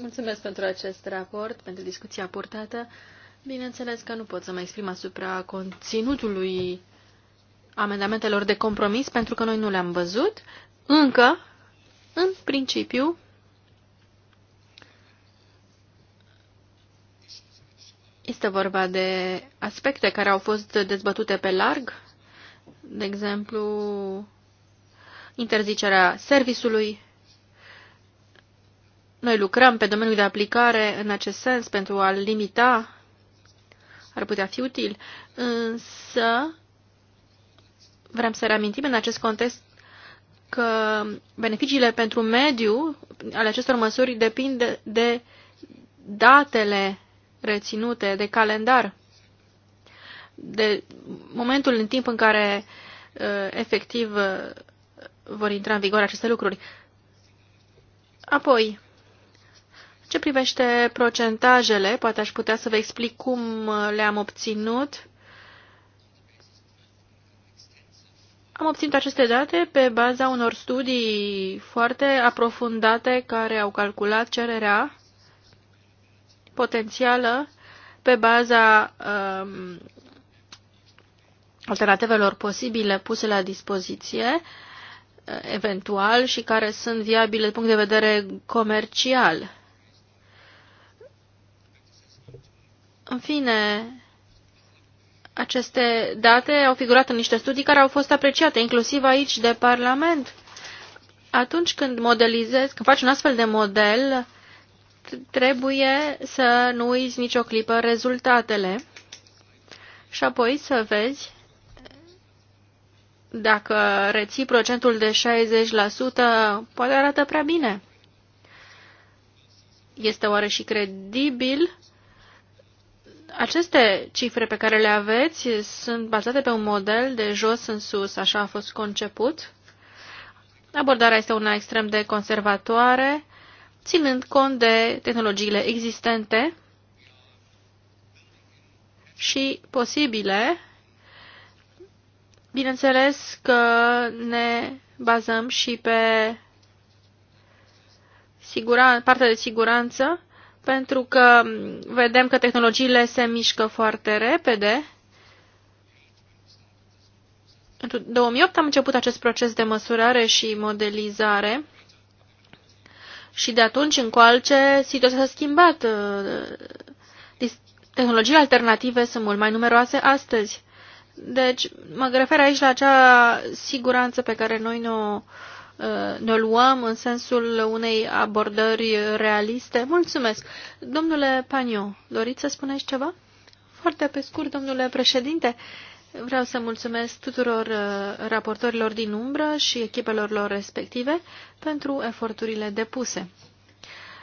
Mulțumesc pentru acest raport, pentru discuția purtată. Bineînțeles că nu pot să mă exprim asupra conținutului amendamentelor de compromis, pentru că noi nu le-am văzut. Încă, în principiu, este vorba de aspecte care au fost dezbătute pe larg, de exemplu, interzicerea servisului noi lucrăm pe domeniul de aplicare în acest sens pentru a limita, ar putea fi util, însă vrem să reamintim în acest context că beneficiile pentru mediu ale acestor măsuri depind de datele reținute, de calendar, de momentul în timp în care uh, efectiv uh, vor intra în vigoare aceste lucruri. Apoi, ce privește procentajele, poate aș putea să vă explic cum uh, le-am obținut. Am obținut aceste date pe baza unor studii foarte aprofundate care au calculat cererea potențială pe baza um, alternativelor posibile puse la dispoziție, uh, eventual, și care sunt viabile din punct de vedere comercial. În fine, aceste date au figurat în niște studii care au fost apreciate, inclusiv aici de Parlament. Atunci când modelizezi, când faci un astfel de model, trebuie să nu uiți nicio clipă rezultatele și apoi să vezi dacă reții procentul de 60%, poate arată prea bine. Este oare și credibil aceste cifre pe care le aveți sunt bazate pe un model de jos în sus, așa a fost conceput. Abordarea este una extrem de conservatoare, ținând cont de tehnologiile existente și posibile. Bineînțeles că ne bazăm și pe siguran- partea de siguranță pentru că vedem că tehnologiile se mișcă foarte repede. În 2008 am început acest proces de măsurare și modelizare și de atunci încoace situația s-a schimbat. Tehnologiile alternative sunt mult mai numeroase astăzi. Deci mă refer aici la acea siguranță pe care noi nu o Uh, ne luăm în sensul unei abordări realiste. Mulțumesc. Domnule Paniu, doriți să spuneți ceva? Foarte pe scurt, domnule președinte, vreau să mulțumesc tuturor uh, raportorilor din umbră și echipelor lor respective pentru eforturile depuse.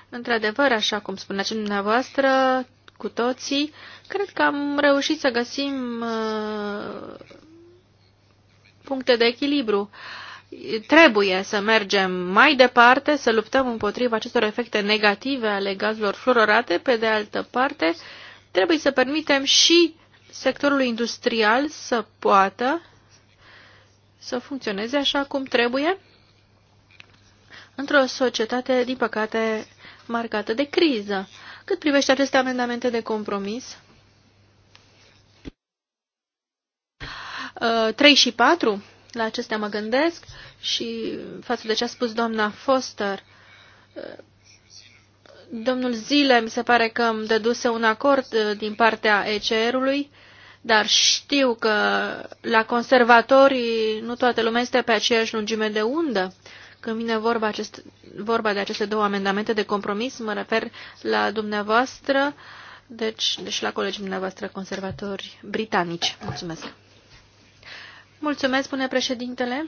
Într-adevăr, așa cum spuneați dumneavoastră, cu toții, cred că am reușit să găsim uh, puncte de echilibru. Uh, trebuie să mergem mai departe, să luptăm împotriva acestor efecte negative ale gazelor fluorate. Pe de altă parte, trebuie să permitem și sectorului industrial să poată să funcționeze așa cum trebuie într-o societate, din păcate, marcată de criză. Cât privește aceste amendamente de compromis, 3 uh, și 4, la acestea mă gândesc și față de ce a spus doamna Foster, domnul Zile mi se pare că îmi dăduse un acord uh, din partea ECR-ului, dar știu că la conservatorii nu toată lumea este pe aceeași lungime de undă. Când vine vorba, acest, vorba de aceste două amendamente de compromis, mă refer la dumneavoastră, deci, deci la colegii dumneavoastră conservatori britanici. Mulțumesc! Mulțumesc, bune președintele.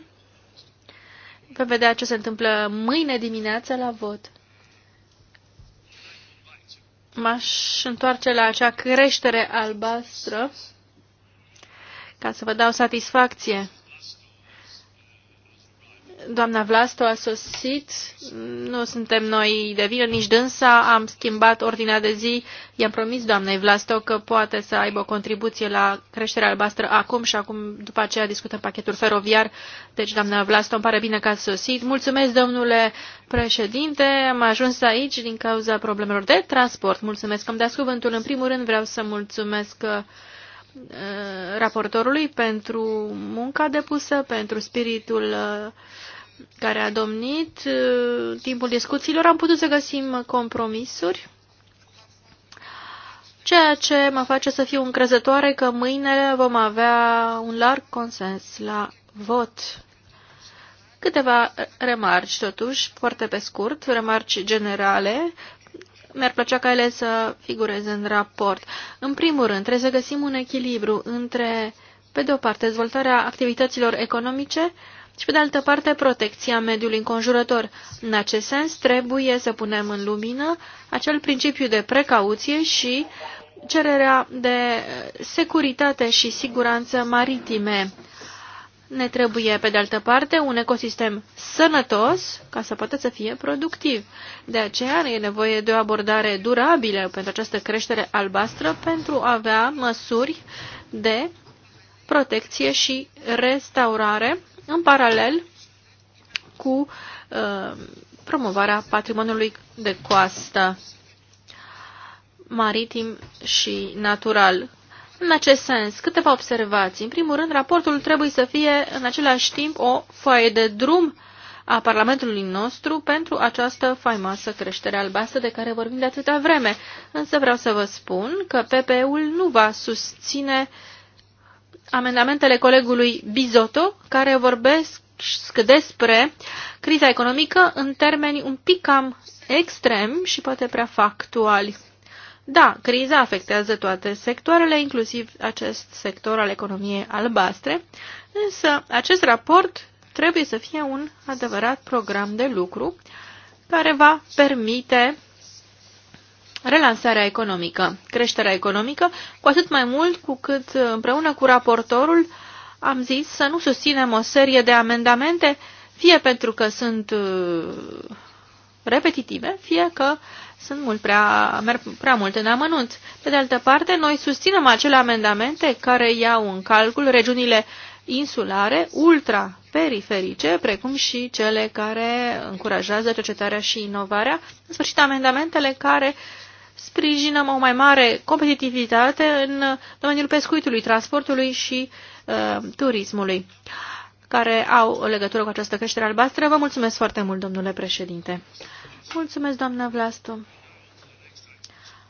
Vă vedea ce se întâmplă mâine dimineață la vot. M-aș întoarce la acea creștere albastră ca să vă dau satisfacție doamna Vlasto a sosit, nu suntem noi de vină, nici dânsa, am schimbat ordinea de zi, i-am promis doamnei Vlasto că poate să aibă o contribuție la creșterea albastră acum și acum după aceea discutăm pachetul feroviar, deci doamna Vlasto, îmi pare bine că ați sosit. Mulțumesc, domnule președinte, am ajuns aici din cauza problemelor de transport. Mulțumesc că îmi dați cuvântul. În primul rând vreau să mulțumesc uh, raportorului pentru munca depusă, pentru spiritul uh, care a domnit în uh, timpul discuțiilor, am putut să găsim compromisuri, ceea ce mă face să fiu încrezătoare că mâine vom avea un larg consens la vot. Câteva remarci, totuși, foarte pe scurt, remarci generale, mi-ar plăcea ca ele să figureze în raport. În primul rând, trebuie să găsim un echilibru între, pe de o parte, dezvoltarea activităților economice, și, pe de altă parte, protecția mediului înconjurător. În acest sens, trebuie să punem în lumină acel principiu de precauție și cererea de securitate și siguranță maritime. Ne trebuie, pe de altă parte, un ecosistem sănătos ca să poată să fie productiv. De aceea e nevoie de o abordare durabilă pentru această creștere albastră pentru a avea măsuri de protecție și restaurare în paralel cu uh, promovarea patrimoniului de coastă maritim și natural. În acest sens, câteva observații. În primul rând, raportul trebuie să fie în același timp o foaie de drum a Parlamentului nostru pentru această faimoasă creștere albastră de care vorbim de atâta vreme. Însă vreau să vă spun că PPE-ul nu va susține uh, amendamentele colegului Bizotto, care vorbesc despre criza economică în termeni un pic cam extrem și poate prea factuali. Da, criza afectează toate sectoarele, inclusiv acest sector al economiei albastre, însă acest raport trebuie să fie un adevărat program de lucru care va permite relansarea economică, creșterea economică, cu atât mai mult cu cât uh, împreună cu raportorul am zis să nu susținem o serie de amendamente, fie pentru că sunt uh, repetitive, fie că sunt mult prea, merg prea mult în amănunt. Pe de altă parte, noi susținem acele amendamente care iau în calcul regiunile insulare, ultraperiferice, precum și cele care încurajează cercetarea și inovarea, în sfârșit amendamentele care uh, sprijinăm o mai mare competitivitate în domeniul pescuitului, transportului și uh, turismului, care au o legătură cu această creștere albastră. Vă mulțumesc foarte mult, domnule președinte. Mulțumesc, doamna Vlastu.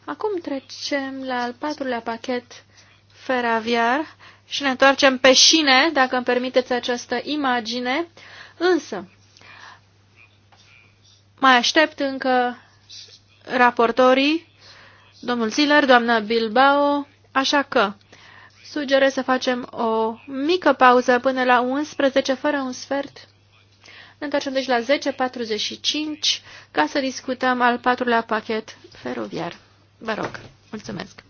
Acum trecem la al patrulea pachet feraviar și ne întoarcem pe șine, dacă îmi permiteți această imagine. Însă, mai aștept încă raportorii domnul Ziller, doamna Bilbao, așa că sugerez să facem o mică pauză până la 11, fără un sfert. Ne întoarcem deci la 10.45 ca să discutăm al patrulea pachet feroviar. Vă rog, mulțumesc!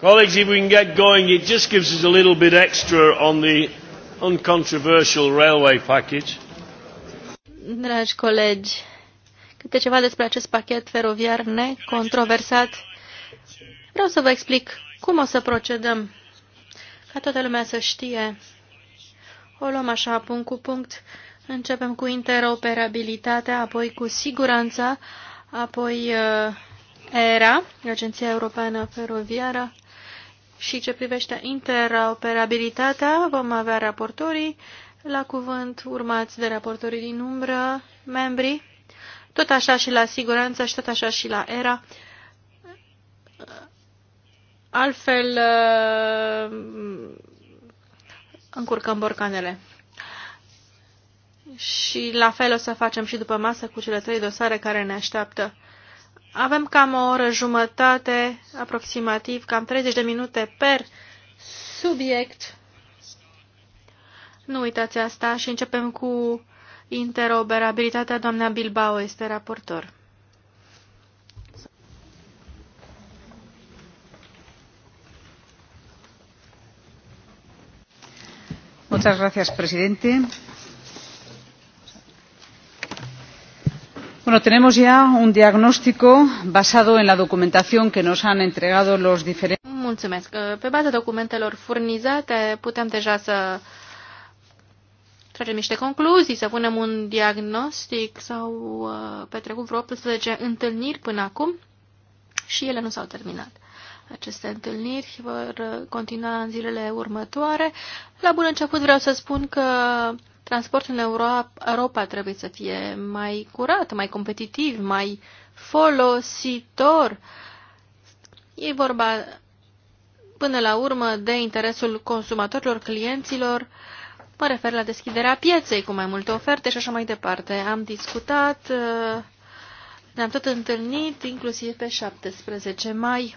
Colleagues, if we can get going, it just gives us a little bit extra on the uncontroversial railway package. Dragi colegi, câte ceva despre acest pachet feroviar necontroversat. Vreau să vă explic cum o să procedăm, ca toată lumea să știe. O luăm așa, punct cu punct. Începem cu interoperabilitatea, apoi cu siguranța, apoi uh, ERA, Agenția Europeană Feroviară, și ce privește interoperabilitatea, vom avea raportorii la cuvânt urmați de raportorii din umbră, membrii, tot așa și la siguranță și tot așa și la era. Altfel, uh, încurcăm borcanele. Și la fel o să facem și după masă cu cele trei dosare care ne așteaptă. Avem cam o oră jumătate, aproximativ, cam 30 de minute per subiect. Nu uitați asta și începem cu interoperabilitatea. Doamna Bilbao este raportor. Muchas gracias, presidente. Bueno, tenemos ya un diagnóstico basado en la documentación que nos han entregado los diferentes. Mulțumesc. Pe baza documentelor furnizate putem deja să tragem niște concluzii, să punem un diagnostic sau uh, petrecut vreo 18 întâlniri până acum și ele nu s-au terminat. Aceste întâlniri vor continua în zilele următoare. La bun început vreau să spun că transportul în Europa, trebuie să fie mai curat, mai competitiv, mai folositor. E vorba până la urmă de interesul consumatorilor, clienților, mă refer la deschiderea pieței cu mai multe oferte și așa mai departe. Am discutat, uh, ne-am tot întâlnit, inclusiv pe 17 mai,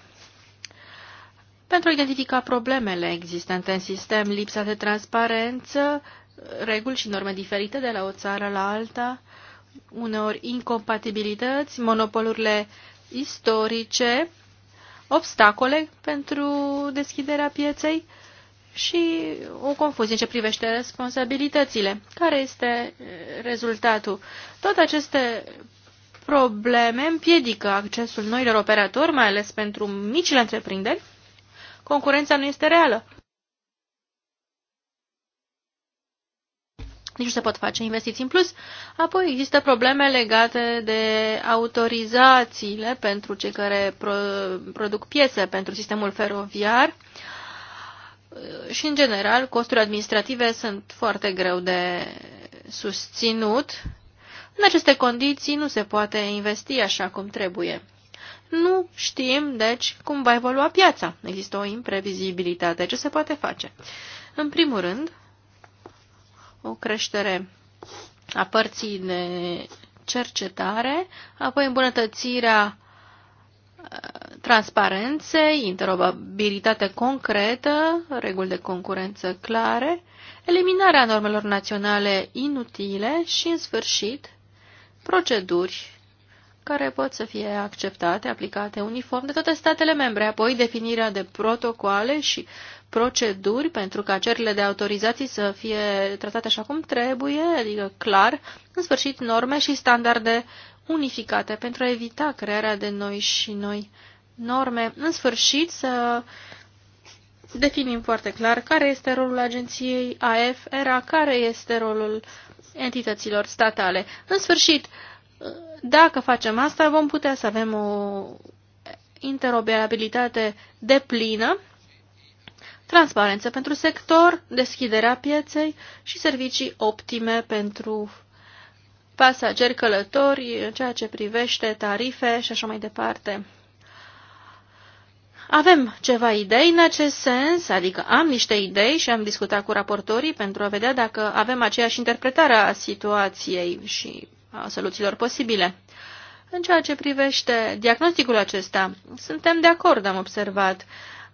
pentru a identifica problemele existente în sistem, lipsa de transparență, reguli și norme diferite de la o țară la alta, uneori incompatibilități, monopolurile istorice, obstacole pentru deschiderea pieței și o confuzie ce privește responsabilitățile. Care este rezultatul? Toate aceste probleme împiedică accesul noilor operatori, mai ales pentru micile întreprinderi. Concurența nu este reală. nici deci nu se pot face investiții în plus. Apoi există probleme legate de autorizațiile pentru cei care produc piese pentru sistemul feroviar și, în general, costurile administrative sunt foarte greu de susținut. În aceste condiții nu se poate investi așa cum trebuie. Nu știm, deci, cum va evolua piața. Există o imprevizibilitate. Ce se poate face? În primul rând, o creștere a părții de cercetare, apoi îmbunătățirea uh, transparenței, interoperabilitate concretă, reguli de concurență clare, eliminarea normelor naționale inutile și, în sfârșit, proceduri care pot să fie acceptate, aplicate uniform de toate statele membre, apoi definirea de protocoale și proceduri pentru ca cererile de autorizații să fie tratate așa cum trebuie, adică clar, în sfârșit norme și standarde unificate pentru a evita crearea de noi și noi norme. În sfârșit să definim foarte clar care este rolul agenției AF, era care este rolul entităților statale. În sfârșit, dacă facem asta, vom putea să avem o interoperabilitate deplină transparență pentru sector, deschiderea pieței și servicii optime pentru pasageri călători în ceea ce privește tarife și așa mai departe. Avem ceva idei în acest sens, adică am niște idei și am discutat cu raportorii pentru a vedea dacă avem aceeași interpretare a situației și a soluțiilor posibile. În ceea ce privește diagnosticul acesta, suntem de acord, am observat.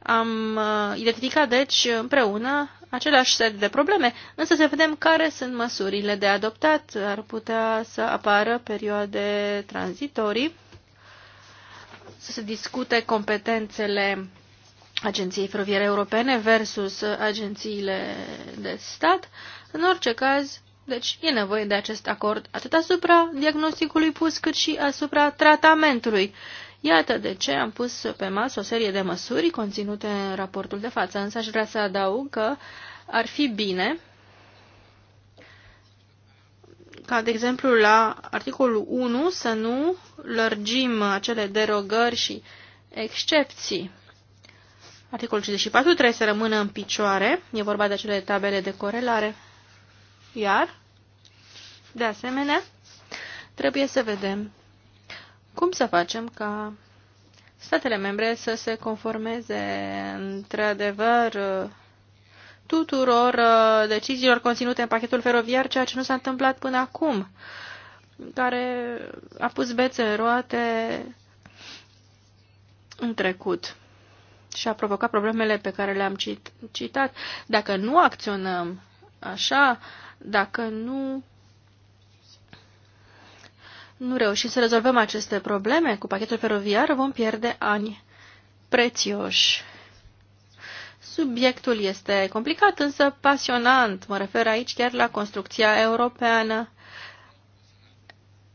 Am uh, identificat, deci, împreună același set de probleme, însă să vedem care sunt măsurile de adoptat. Ar putea să apară perioade tranzitorii, să se discute competențele Agenției Feroviere Europene versus agențiile de stat. În orice caz, deci e nevoie de acest acord atât asupra diagnosticului pus cât și asupra tratamentului. Iată de ce am pus pe masă o serie de măsuri conținute în raportul de față, însă aș vrea să adaug că ar fi bine ca, de exemplu, la articolul 1 să nu lărgim acele derogări și excepții. Articolul 54 trebuie să rămână în picioare, e vorba de acele tabele de corelare. Iar, de asemenea, trebuie să vedem cum să facem ca statele membre să se conformeze într-adevăr uh, tuturor uh, deciziilor conținute în pachetul feroviar, ceea ce nu s-a întâmplat până acum, care a pus bețe în roate în trecut și a provocat problemele pe care le-am citat. Dacă nu acționăm așa, dacă nu nu reușim să rezolvăm aceste probleme cu pachetul feroviar, vom pierde ani prețioși. Subiectul este complicat, însă pasionant. Mă refer aici chiar la construcția europeană.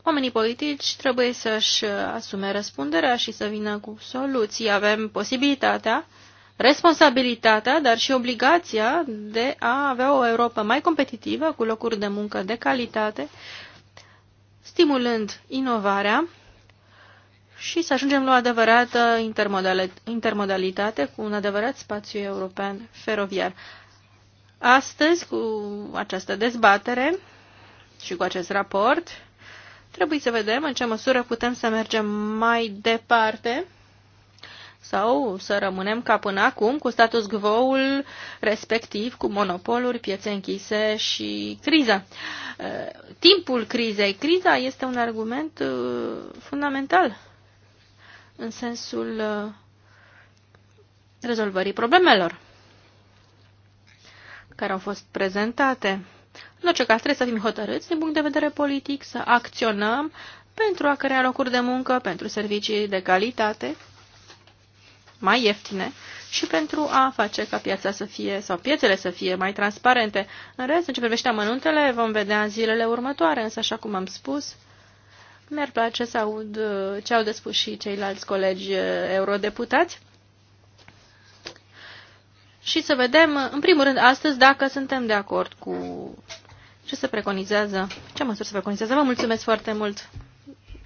Oamenii politici trebuie să-și asume răspunderea și să vină cu soluții. Avem posibilitatea, responsabilitatea, dar și obligația de a avea o Europa mai competitivă, cu locuri de muncă de calitate stimulând inovarea și să ajungem la o adevărată intermodalitate cu un adevărat spațiu european feroviar. Astăzi, cu această dezbatere și cu acest raport, trebuie să vedem în ce măsură putem să mergem mai departe sau să rămânem ca până acum cu status quo-ul respectiv, cu monopoluri, piețe închise și criză. Timpul crizei. Criza este un argument fundamental în sensul rezolvării problemelor care au fost prezentate. În orice caz, trebuie să fim hotărâți din punct de vedere politic, să acționăm pentru a crea locuri de muncă, pentru servicii de calitate mai ieftine și pentru a face ca piața să fie, sau piețele să fie mai transparente. În rest, în ce privește amănuntele, vom vedea în zilele următoare, însă, așa cum am spus, mi-ar place să aud uh, ce au de spus și ceilalți colegi uh, eurodeputați și să vedem, în primul rând, astăzi, dacă suntem de acord cu ce se preconizează, ce măsuri se preconizează. Vă mulțumesc foarte mult!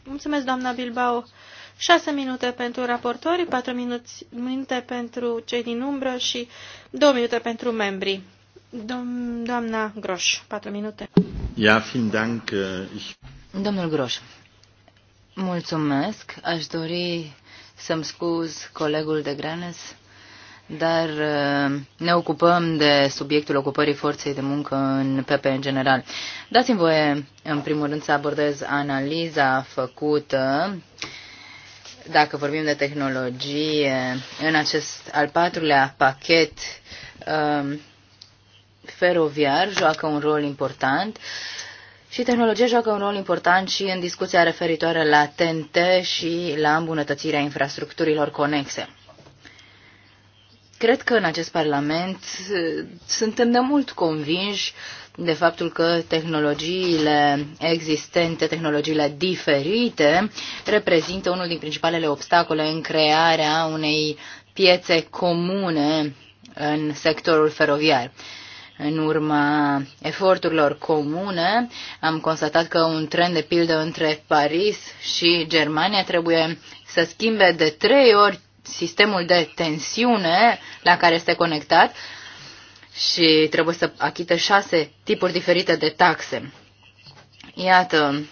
Mulțumesc, doamna Bilbao! 6 minute pentru raportori, 4 minute pentru cei din umbră și 2 minute pentru membri. doamna Groș, 4 minute. Ja, vielen Dank. Äh, Domnul Groș, mulțumesc. Aș dori să-mi scuz colegul de Granes, dar äh, ne ocupăm de subiectul ocupării forței de muncă în PP în general. Dați-mi voie, în primul rând, să abordez analiza făcută uh, dacă vorbim de tehnologie, în acest al patrulea pachet um, feroviar joacă un rol important și tehnologia joacă un rol important și în discuția referitoare la TNT și la îmbunătățirea infrastructurilor conexe. Cred că în acest Parlament uh, suntem de mult convinși de faptul că tehnologiile existente, tehnologiile diferite, reprezintă unul din principalele obstacole în crearea unei piețe comune în sectorul feroviar. În urma eforturilor comune, am constatat că un tren, de pildă, între Paris și Germania trebuie să schimbe de trei ori sistemul de tensiune la care este conectat și trebuie să achită șase tipuri diferite de taxe. Iată,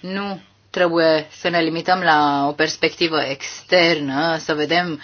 nu trebuie să ne limităm la o perspectivă externă, să vedem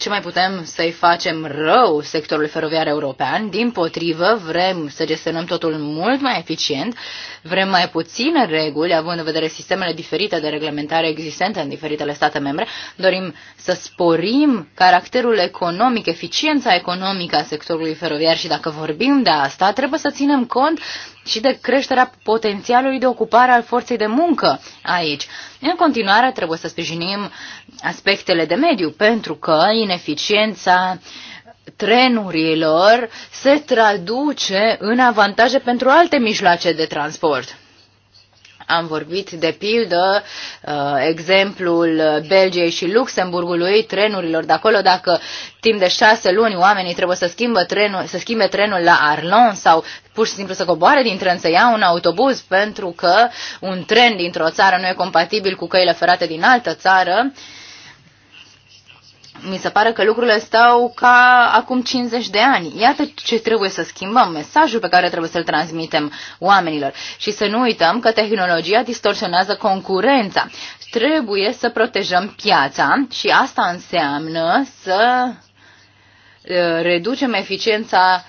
ce mai putem să-i facem rău sectorului feroviar european. Din potrivă, vrem să gestionăm totul mult mai eficient, vrem mai puține reguli, având în vedere sistemele diferite de reglementare existente în diferitele state membre. Dorim să sporim caracterul economic, eficiența economică a sectorului feroviar și dacă vorbim de asta, trebuie să ținem cont și de creșterea potențialului de ocupare al forței de muncă aici. În continuare, trebuie să sprijinim aspectele de mediu, pentru că ineficiența trenurilor se traduce în avantaje pentru alte mijloace de transport. Am vorbit de pildă uh, exemplul Belgiei și Luxemburgului, trenurilor de acolo. Dacă timp de șase luni oamenii trebuie să, schimbă trenul, să schimbe trenul la Arlon sau pur și simplu să coboare din tren, să ia un autobuz pentru că un tren dintr-o țară nu e compatibil cu căile ferate din altă țară, uh, mi se pare că lucrurile stau ca acum 50 de ani. Iată ce trebuie să schimbăm, mesajul pe care trebuie să-l transmitem oamenilor. Și să nu uităm că tehnologia distorsionează concurența. Trebuie să protejăm piața și asta înseamnă să reducem eficiența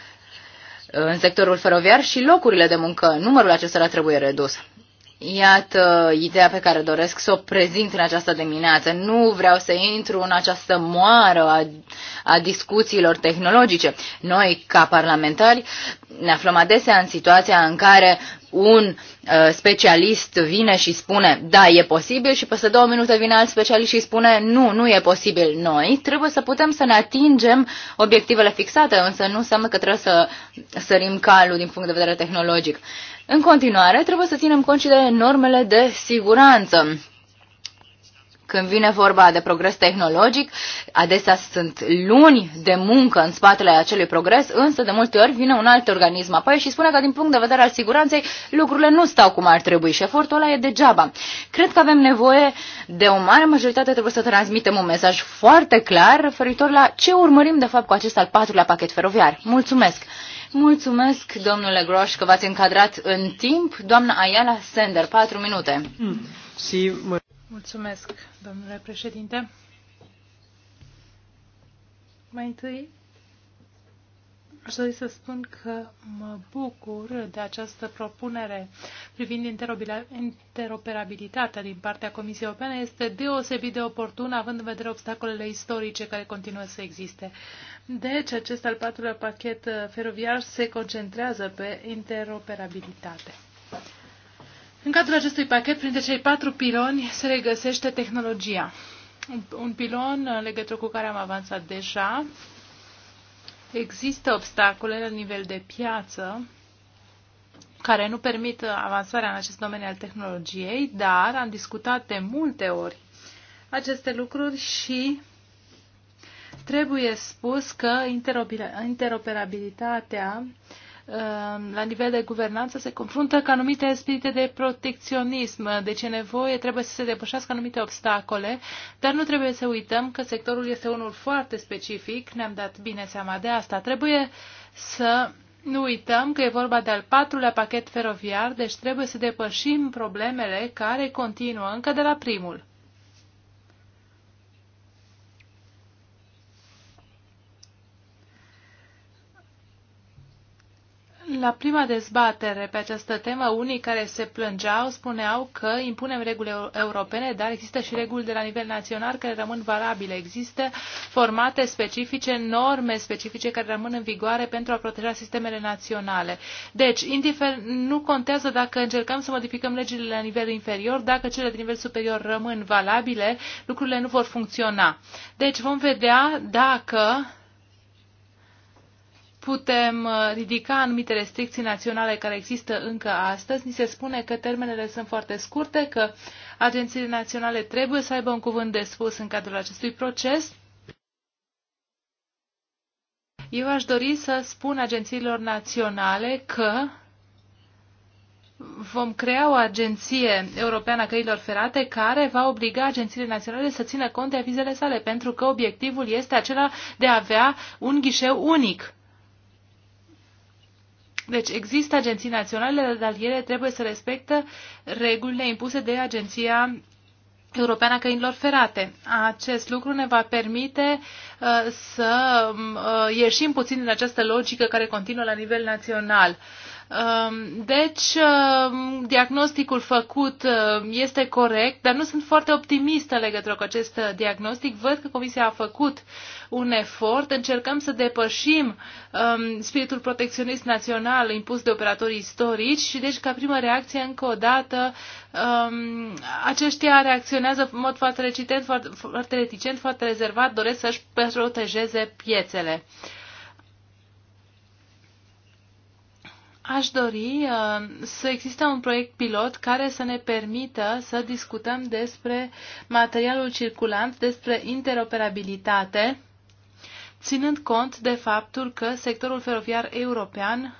în sectorul feroviar și locurile de muncă. Numărul acestora trebuie redus. Iată ideea pe care doresc să o prezint în această dimineață. Nu vreau să intru în această moară a, a discuțiilor tehnologice. Noi, ca parlamentari, ne aflăm adesea în situația în care un uh, specialist vine și spune, da, e posibil și peste două minute vine alt specialist și spune, nu, nu e posibil. Noi trebuie să putem să ne atingem obiectivele fixate, însă nu înseamnă că trebuie să sărim calul din punct de vedere tehnologic. Uh, în continuare, trebuie să ținem cont și de normele de siguranță. Când vine vorba de progres tehnologic, adesea sunt luni de muncă în spatele acelui progres, însă de multe ori vine un alt organism apoi și spune că din punct de vedere al siguranței lucrurile nu stau cum ar trebui și efortul ăla e degeaba. Cred că avem nevoie de o mare majoritate, trebuie să transmitem un mesaj foarte clar referitor la ce urmărim de fapt cu acest al patrulea pachet feroviar. Mulțumesc! Mulțumesc, domnule Groș, că v-ați încadrat în timp. Doamna Ayala Sender, patru minute. Hmm. Mulțumesc, domnule președinte. Mai întâi Aș dori să spun că mă bucur de această propunere privind interoperabilitatea din partea Comisiei Europene. Este deosebit de oportună, având în vedere obstacolele istorice care continuă să existe. Deci, acest al patrulea pachet uh, feroviar se concentrează pe interoperabilitate. În cadrul acestui pachet, printre cei patru piloni, se regăsește tehnologia. Un pilon în legătură cu care am avansat deja, Există obstacole la nivel de piață care nu permit avansarea în acest domeniu al tehnologiei, dar am discutat de multe ori aceste lucruri și trebuie spus că interoperabilitatea Ehm, la nivel de guvernanță se confruntă cu anumite spirite de protecționism. Deci e nevoie, trebuie să se depășească anumite obstacole, dar nu trebuie să uităm că sectorul este unul foarte specific, ne-am dat bine seama de asta. Trebuie să nu uităm că e vorba de al patrulea pachet feroviar, deci trebuie să depășim problemele care continuă încă de la primul. la prima dezbatere pe această temă, unii care se plângeau spuneau că impunem reguli europene, dar există și reguli de la nivel național care rămân valabile. Există formate specifice, norme specifice care rămân în vigoare pentru a proteja sistemele naționale. Deci, indiferent, nu contează dacă încercăm să modificăm legile la nivel inferior, dacă cele de nivel superior rămân valabile, lucrurile nu vor funcționa. Deci vom vedea dacă putem uh, ridica anumite restricții naționale care există încă astăzi. Ni se spune că termenele sunt foarte scurte, că agențiile naționale trebuie să aibă un cuvânt de spus în cadrul acestui proces. Eu aș dori să spun agențiilor naționale că vom crea o agenție europeană a căilor ferate care va obliga agențiile naționale să țină cont de avizele sale, pentru că obiectivul este acela de a avea un ghișeu unic deci există agenții naționale, dar ele trebuie să respectă regulile impuse de Agenția Europeană a Căinilor Ferate. Acest lucru ne va permite uh, să uh, ieșim puțin din această logică care continuă la nivel național. Uh, Um, deci, um, diagnosticul făcut um, este corect, dar nu sunt foarte optimistă în legătură cu acest uh, diagnostic. Văd că Comisia a făcut un efort, încercăm să depășim spiritul protecționist național impus de operatorii istorici și deci ca primă reacție încă o dată um, aceștia reacționează în mod foarte reticent, foarte, foarte reticent, foarte rezervat, doresc să-și protejeze piețele. Uh, Aș dori uh, să existe un proiect pilot care să ne permită să discutăm despre materialul circulant, despre interoperabilitate, ținând cont de faptul că sectorul feroviar european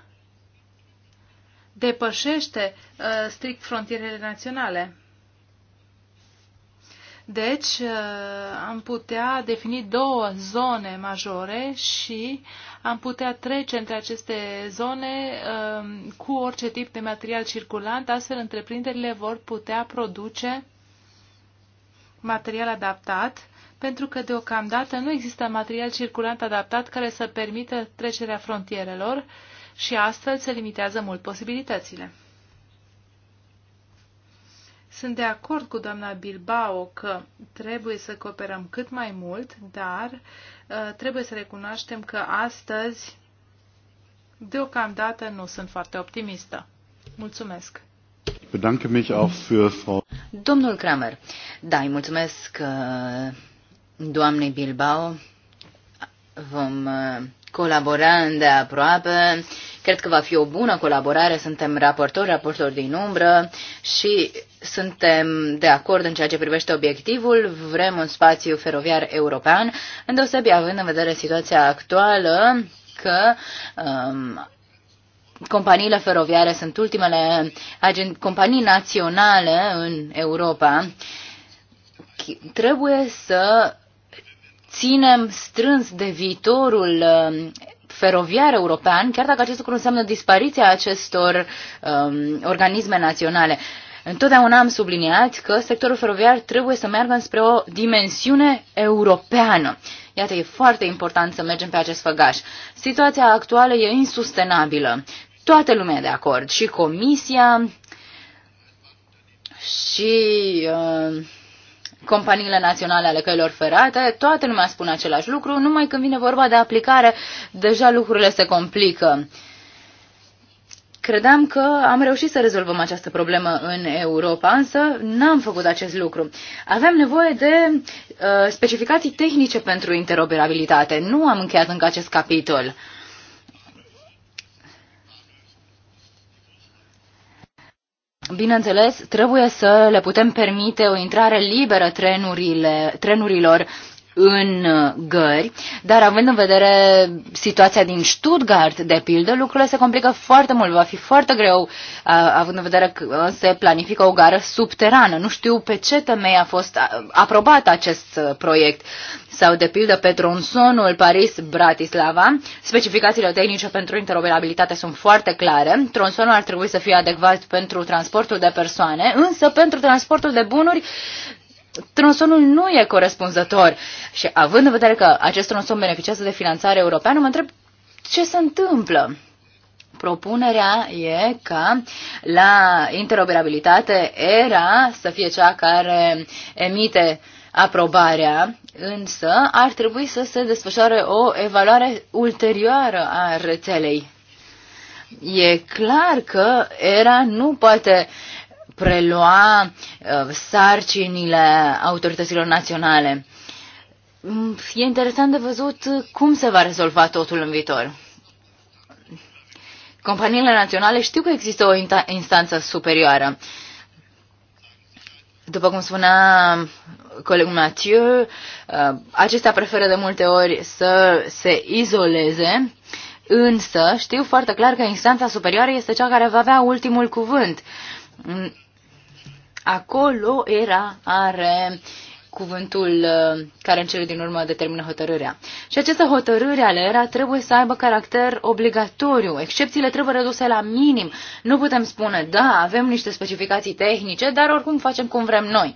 depășește uh, strict frontierele naționale. Deci uh, am putea defini două zone majore și am putea trece între aceste zone um, cu orice tip de material circulant, astfel întreprinderile vor putea produce material adaptat, pentru că deocamdată nu există material circulant adaptat care să permită trecerea frontierelor și astfel se limitează mult posibilitățile. Sunt de acord cu doamna Bilbao că trebuie să cooperăm cât mai mult, dar uh, trebuie să recunoaștem că astăzi, deocamdată, nu sunt foarte optimistă. Mulțumesc! Domnul Kramer, da, îi mulțumesc uh, doamnei Bilbao. Vom uh, colabora îndeaproape. Cred că va fi o bună colaborare. Suntem raportori, raportori din umbră și suntem de acord în ceea ce privește obiectivul, vrem un spațiu feroviar european, îndeosebi având în vedere situația actuală că um, companiile feroviare sunt ultimele companii naționale în Europa. Trebuie să ținem strâns de viitorul um, feroviar european, chiar dacă acest lucru înseamnă dispariția acestor um, organisme naționale. Uh, Întotdeauna am subliniat că sectorul feroviar trebuie să meargă spre o dimensiune europeană. Iată, e foarte important să mergem pe acest făgaș. Situația actuală e insustenabilă. Toată lumea de acord, și Comisia, și uh, companiile naționale ale căilor ferate, toată lumea spune același lucru, numai când vine vorba de aplicare, deja lucrurile se complică. Uh, Credeam că am reușit să rezolvăm această problemă în Europa, însă n-am făcut acest lucru. Avem nevoie de uh, specificații tehnice pentru interoperabilitate. Nu am încheiat încă acest capitol. Bineînțeles, trebuie să le putem permite o intrare liberă trenurile, trenurilor în uh, gări, dar având în vedere situația din Stuttgart, de pildă, lucrurile se complică foarte mult, va fi foarte greu, uh, având în vedere că uh, se planifică o gară subterană. Nu știu pe ce temei a fost aprobat acest proiect. Sau, de pildă, pe tronsonul Paris-Bratislava, specificațiile tehnice pentru interoperabilitate sunt foarte clare. Tronsonul ar trebui să fie adecvat pentru transportul de persoane, însă pentru transportul de bunuri tronsonul nu e corespunzător. Și având în vedere că acest tronson beneficiază de finanțare europeană, mă întreb ce se întâmplă. Propunerea e ca la interoperabilitate era să fie cea care emite aprobarea, însă ar trebui să se desfășoare o evaluare ulterioară a rețelei. E clar că era nu poate uh, prelua uh, sarcinile autorităților naționale. Mm, e interesant de văzut cum se va rezolva totul în viitor. Companiile naționale știu că există o instanță superioară. După cum spunea colegul Mathieu, uh, acestea preferă de multe ori să se izoleze, însă știu foarte clar că instanța superioară este cea care va avea ultimul cuvânt. Mm, acolo era are cuvântul uh, care în cele din urmă determină hotărârea. Și această hotărâre ale era trebuie să aibă caracter obligatoriu. Excepțiile trebuie reduse la minim. Nu putem spune, da, avem niște specificații tehnice, dar oricum facem cum vrem noi.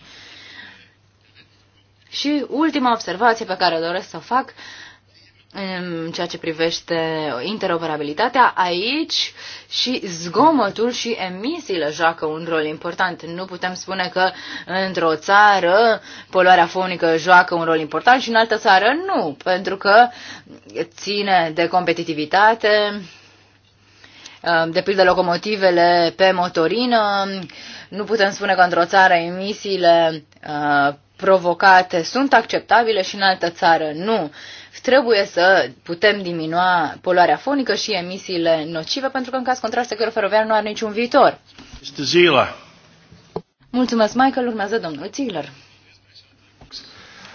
Și ultima observație pe care doresc să o fac în ceea ce privește interoperabilitatea, aici și zgomotul și emisiile joacă un rol important. Nu putem spune că într-o țară poluarea fonică joacă un rol important și în altă țară nu, pentru că ține de competitivitate, de pildă locomotivele pe motorină. Nu putem spune că într-o țară emisiile uh, provocate sunt acceptabile și în altă țară nu trebuie să putem diminua poluarea fonică și emisiile nocive, pentru că în caz contrar sectorul feroviar nu are niciun viitor. Mulțumesc, Michael. Urmează domnul Ziegler.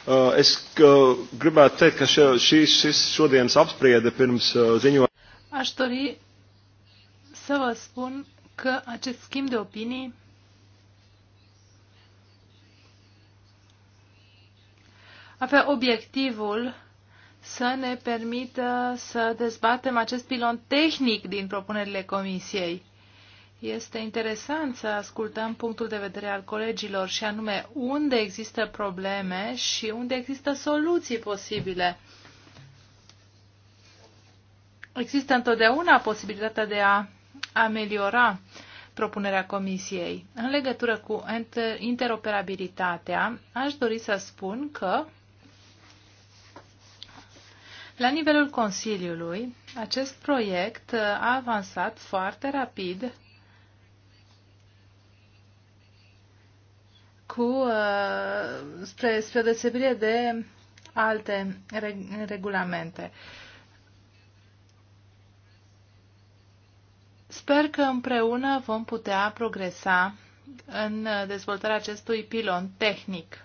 Uh, es uh, gribētu teikt, ka šīs, šis šodienas apspriede pirms uh, ziņojuma. Aș dori să vă spun că acest schimb de opinii avea obiectivul să ne permită să dezbatem acest pilon tehnic din propunerile Comisiei. Este interesant să ascultăm punctul de vedere al colegilor și anume unde există probleme și unde există soluții posibile. Există întotdeauna posibilitatea de a ameliora propunerea Comisiei. În legătură cu interoperabilitatea, aș dori să spun că la nivelul Consiliului, acest proiect a avansat foarte rapid cu, uh, spre, spre desebire de alte regulamente. Sper că împreună vom putea progresa în dezvoltarea acestui pilon tehnic.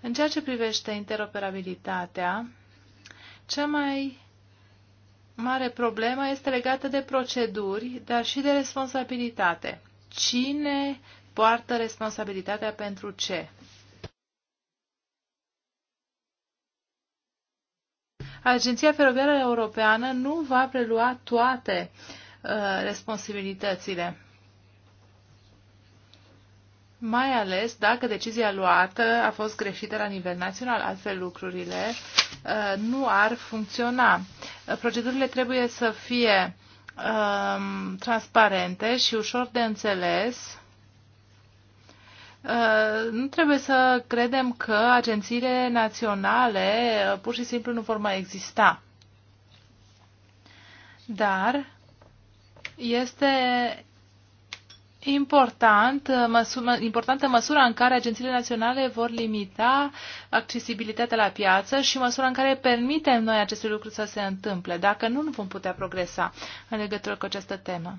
În ceea ce privește interoperabilitatea, cea mai mare problemă este legată de proceduri, dar și de responsabilitate. Cine poartă responsabilitatea pentru ce? Agenția Feroviară Europeană nu va prelua toate uh, responsabilitățile mai ales dacă decizia luată a fost greșită la nivel național, altfel lucrurile uh, nu ar funcționa. Uh, procedurile trebuie să fie um, transparente și ușor de înțeles. Uh, nu trebuie să credem că agențiile naționale pur și simplu nu vor mai exista. Dar este important, uh, măsură, importantă măsura în care agențiile naționale vor limita accesibilitatea la piață și măsura în care permitem noi aceste lucruri să se întâmple. Dacă nu, nu vom putea progresa în legătură cu această temă.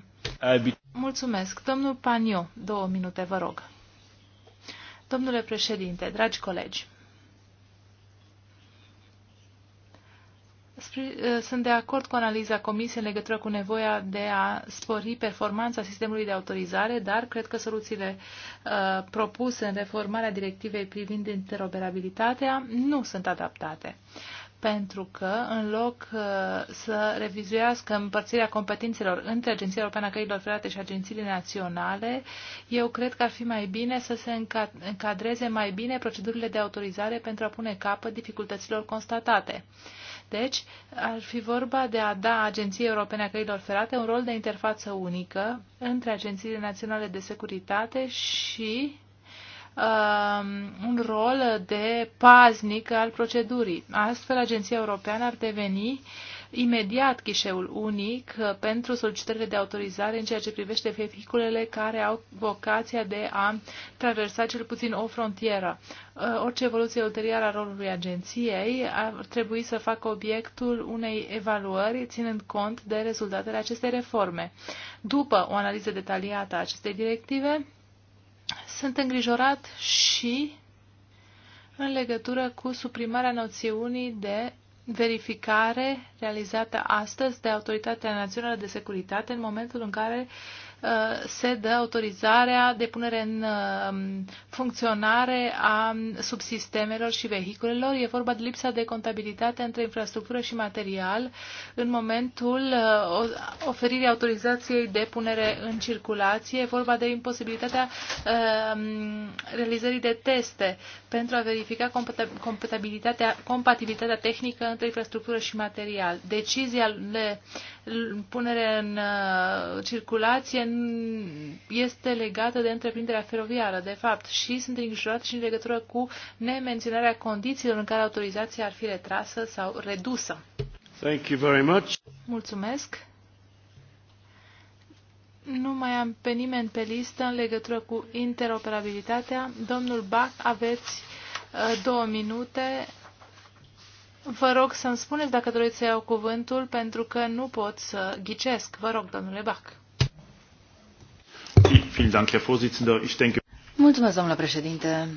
Mulțumesc. Domnul Paniu, două minute, vă rog. Domnule președinte, dragi colegi, Uh, sunt de acord cu analiza Comisiei în legătură cu nevoia de a spori performanța sistemului de autorizare, dar cred că soluțiile uh, propuse în reformarea directivei privind interoperabilitatea nu sunt adaptate. Pentru că, în loc uh, să revizuiască împărțirea competențelor între Agenția Europeană a Căilor Ferate și agențiile naționale, eu cred că ar fi mai bine să se încadreze mai bine procedurile de autorizare pentru a pune capăt dificultăților constatate. Uh, deci, ar fi vorba de a da Agenției Europene a Căilor Ferate un rol de interfață unică între agențiile naționale de securitate și uh, un rol de paznic al procedurii. Astfel, Agenția Europeană ar deveni uh, imediat ghișeul unic uh, pentru solicitările de autorizare în ceea ce privește vehiculele care au vocația de a traversa cel puțin o frontieră. Uh, orice evoluție ulterioară a rolului agenției ar trebui să facă obiectul unei evaluări ținând cont de rezultatele acestei reforme. După o analiză detaliată a acestei directive, sunt îngrijorat și în legătură cu suprimarea noțiunii de verificare realizată astăzi de Autoritatea Națională de Securitate în momentul în care Uh, se dă autorizarea de punere în uh, funcționare a subsistemelor și vehiculelor. E vorba de lipsa de contabilitate între infrastructură și material în momentul uh, oferirii autorizației de punere în circulație. E vorba de imposibilitatea realizării de teste pentru a verifica compatibilitatea, compatibilitatea tehnică între infrastructură și material. Deciziile punere în uh, circulație este legată de întreprinderea feroviară, de fapt, și sunt îngrijorat și în legătură cu nemenționarea condițiilor în care autorizația ar fi retrasă sau redusă. Thank you very much. Mulțumesc. Nu mai am pe nimeni pe listă în legătură cu interoperabilitatea. Domnul Bach, aveți uh, două minute Vă rog să-mi spuneți dacă doriți să iau cuvântul, pentru că nu pot să ghicesc. Vă rog, domnule Bac. Mulțumesc, domnule președinte.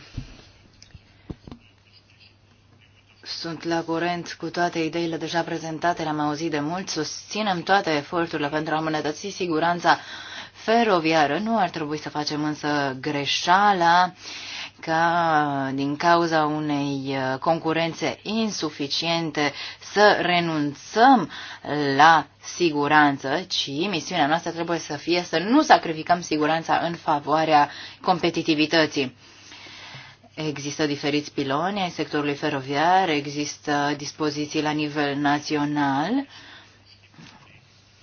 Sunt la curent cu toate ideile deja prezentate, le-am auzit de mult. Susținem toate eforturile pentru a îmbunătăți siguranța feroviară. Nu ar trebui să facem însă greșeala uh, ca din cauza unei uh, concurențe insuficiente să renunțăm la siguranță, ci misiunea noastră trebuie să fie să nu sacrificăm siguranța în favoarea competitivității. Există diferiți piloni ai sectorului feroviar, există dispoziții la nivel național,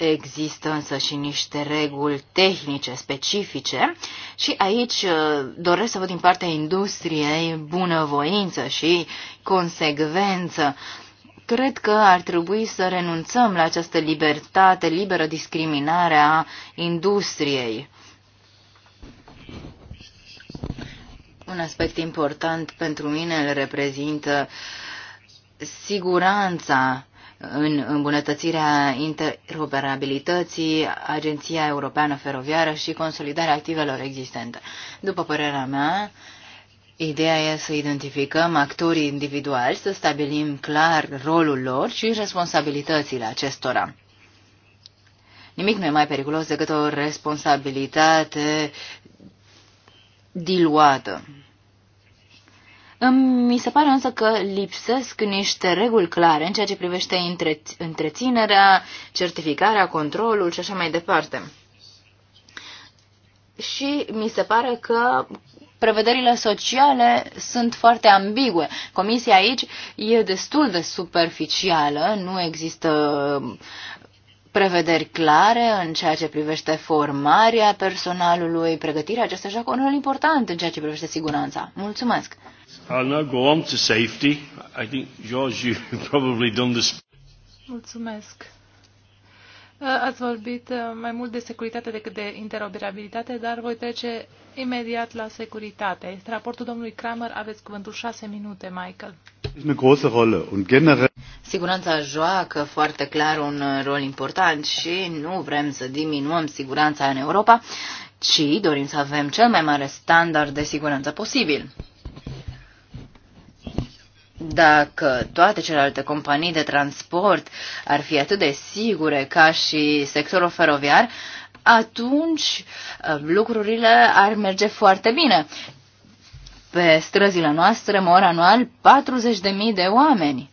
Există însă și niște reguli tehnice specifice și aici uh, doresc să văd din partea industriei bunăvoință și consecvență. Cred că ar trebui să renunțăm la această libertate, liberă discriminare a industriei. Un aspect important pentru mine îl reprezintă siguranța în îmbunătățirea interoperabilității, Agenția Europeană Feroviară și consolidarea activelor existente. După părerea mea, Ideea e să identificăm actorii individuali, să stabilim clar rolul lor și responsabilitățile acestora. Nimic nu e mai periculos decât o responsabilitate diluată. Mi se pare însă că lipsesc niște reguli clare în ceea ce privește între, întreținerea, certificarea, controlul și așa mai departe. Și mi se pare că prevederile sociale sunt foarte ambigue. Comisia aici e destul de superficială, nu există prevederi clare în ceea ce privește formarea personalului, pregătirea acesta joacă un rol important în ceea ce privește siguranța. Mulțumesc! I'll now go on to safety. I think, George, you've probably done this. Mulțumesc. Ați vorbit uh, mai mult de securitate decât de interoperabilitate, dar voi trece imediat la securitate. Este raportul domnului Kramer, aveți cuvântul șase minute, Michael. Siguranța joacă foarte clar un uh, rol important și nu vrem să diminuăm siguranța în Europa, ci dorim să avem cel mai mare standard de siguranță posibil. Dacă toate celelalte companii de transport ar fi atât de sigure ca și sectorul feroviar, atunci um, lucrurile ar merge foarte bine. Pe străzile noastre mor anual 40.000 de oameni.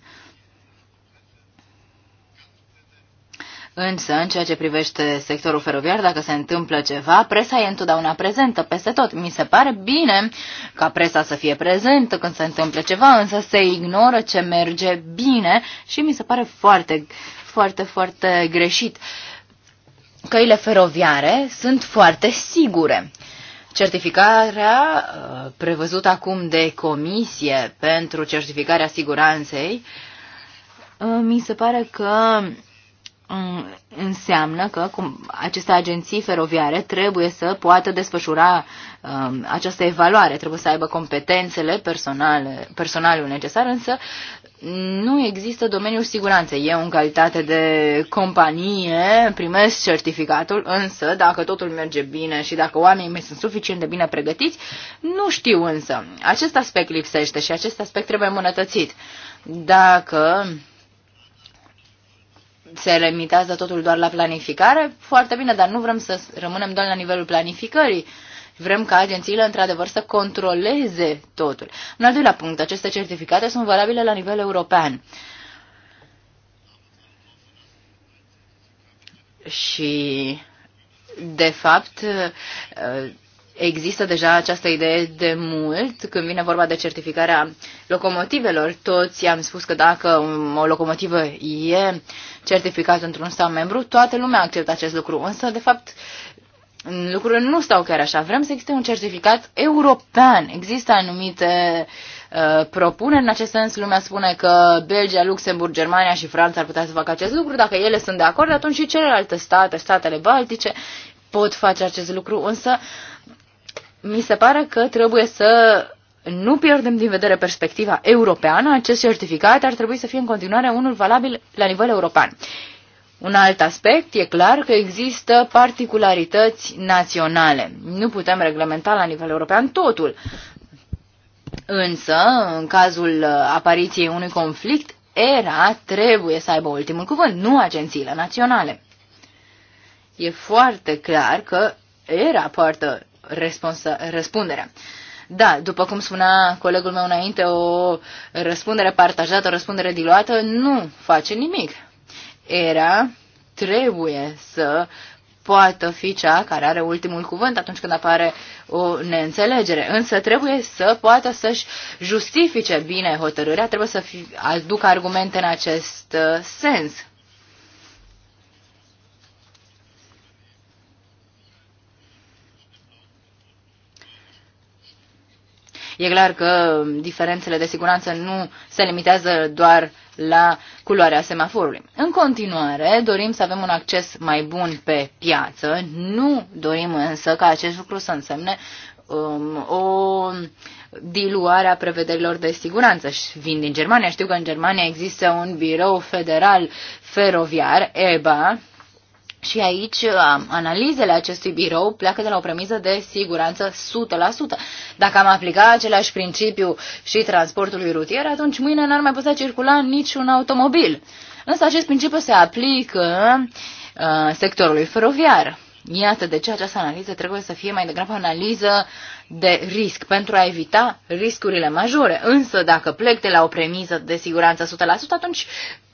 Însă, în ceea ce privește sectorul feroviar, dacă se întâmplă ceva, presa e întotdeauna prezentă peste tot. Mi se pare bine ca presa să fie prezentă când se întâmplă ceva, însă se ignoră ce merge bine și mi se pare foarte, foarte, foarte greșit. Căile feroviare sunt foarte sigure. Certificarea uh, prevăzută acum de Comisie pentru Certificarea Siguranței uh, mi se pare că Mm, înseamnă că aceste agenții feroviare trebuie să poată desfășura mm, această evaluare, trebuie să aibă competențele personale, personalul necesar, însă nu există domeniul siguranței. Eu, în calitate de companie, primesc certificatul, însă dacă totul merge bine și dacă oamenii mei sunt suficient de bine pregătiți, nu știu însă. Acest aspect lipsește și acest aspect trebuie îmbunătățit. Dacă se limitează totul doar la planificare, foarte bine, dar nu vrem să rămânem doar la nivelul planificării. Vrem ca agențiile, într-adevăr, să controleze totul. În al doilea punct, aceste certificate sunt valabile la nivel european. Și, de fapt, Există deja această idee de mult când vine vorba de certificarea locomotivelor. Toți am spus că dacă o locomotivă e certificată într-un stat membru, toată lumea acceptă acest lucru. Însă, de fapt, lucrurile nu stau chiar așa. Vrem să existe un certificat european. Există anumite uh, propuneri în acest sens. Lumea spune că Belgia, Luxemburg, Germania și Franța ar putea să facă acest lucru. Dacă ele sunt de acord, atunci și celelalte state, statele baltice, pot face acest lucru. Însă, uh, mi se pare că trebuie să nu pierdem din vedere perspectiva europeană. Acest certificat ar trebui să fie în continuare unul valabil la nivel european. Un alt aspect, e clar că există particularități naționale. Nu putem reglementa la nivel european totul. Însă, în cazul apariției unui conflict, era trebuie să aibă ultimul cuvânt, nu agențiile naționale. E foarte clar că era poartă răspunderea. Da, după cum spunea colegul meu înainte, o răspundere partajată, o răspundere diluată nu face nimic. Era trebuie să poată fi cea care are ultimul cuvânt atunci când apare o neînțelegere. Însă trebuie să poată să-și justifice bine hotărârea, trebuie să fi, aducă argumente în acest uh, sens. E clar că diferențele de siguranță nu se limitează doar la culoarea semaforului. În continuare, dorim să avem un acces mai bun pe piață, nu dorim însă ca acest lucru să însemne um, o diluare a prevederilor de siguranță. Și vin din Germania, știu că în Germania există un birou federal feroviar, EBA, și aici uh, analizele acestui birou pleacă de la o premiză de siguranță 100%. Dacă am aplica același principiu și transportului rutier, atunci mâine n-ar mai putea circula niciun automobil. Însă acest principiu se aplică uh, sectorului feroviar. Iată de ce această analiză trebuie să fie mai degrabă analiză de risc, pentru a evita riscurile majore. Însă dacă plec de la o premiză de siguranță 100%, atunci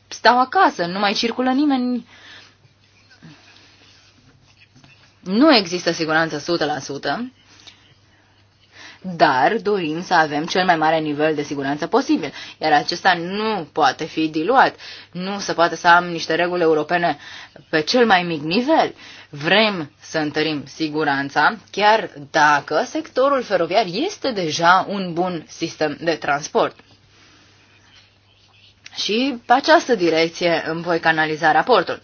stau acasă, nu mai circulă nimeni nu există siguranță 100%, dar dorim să avem cel mai mare nivel de siguranță posibil, iar acesta nu poate fi diluat. Nu se poate să am niște reguli europene pe cel mai mic nivel. Vrem să întărim siguranța, chiar dacă sectorul feroviar este deja un bun sistem de transport. Și pe această direcție îmi voi canaliza raportul.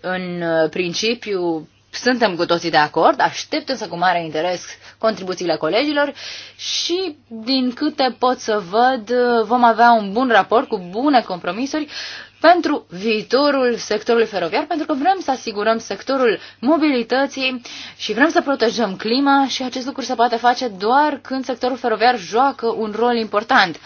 În uh, principiu, suntem cu toții de acord, aștept însă cu mare interes contribuțiile colegilor și din câte pot să văd vom avea un bun raport cu bune compromisuri pentru viitorul sectorului feroviar, pentru că vrem să asigurăm sectorul mobilității și vrem să protejăm clima și acest lucru se poate face doar când sectorul feroviar joacă un rol important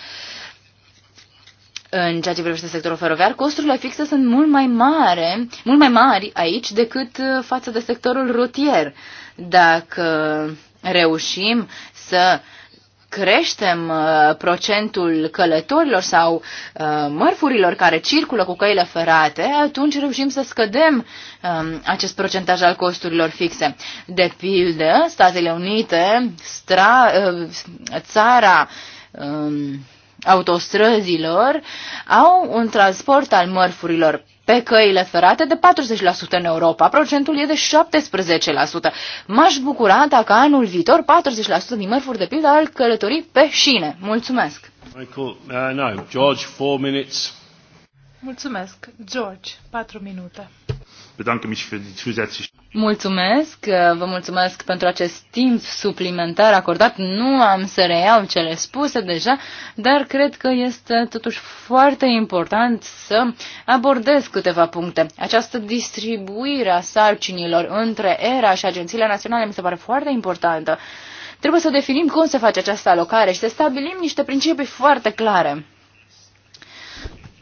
în ceea ce privește sectorul feroviar, costurile fixe sunt mult mai mare, mult mai mari aici decât uh, față de sectorul rutier. Dacă reușim să creștem uh, procentul călătorilor sau uh, mărfurilor care circulă cu căile ferate, atunci reușim să scădem um, acest procentaj al costurilor fixe. De pildă, Statele Unite, stra, țara um, autostrăzilor au un transport al mărfurilor pe căile ferate de 40% în Europa. Procentul e de 17%. M-aș bucura dacă anul viitor 40% din mărfuri de pildă al călătorii pe șine. Mulțumesc! Michael, uh, no. George, four minutes. Mulțumesc. George, 4 minute. Bedanke mich für die zusätzliche... Mulțumesc, vă mulțumesc pentru acest timp suplimentar acordat. Nu am să reiau cele spuse deja, dar cred că este totuși foarte important să abordez câteva puncte. Această distribuire a sarcinilor între ERA și agențiile naționale mi se pare foarte importantă. Trebuie să definim cum se face această alocare și să stabilim niște principii foarte clare.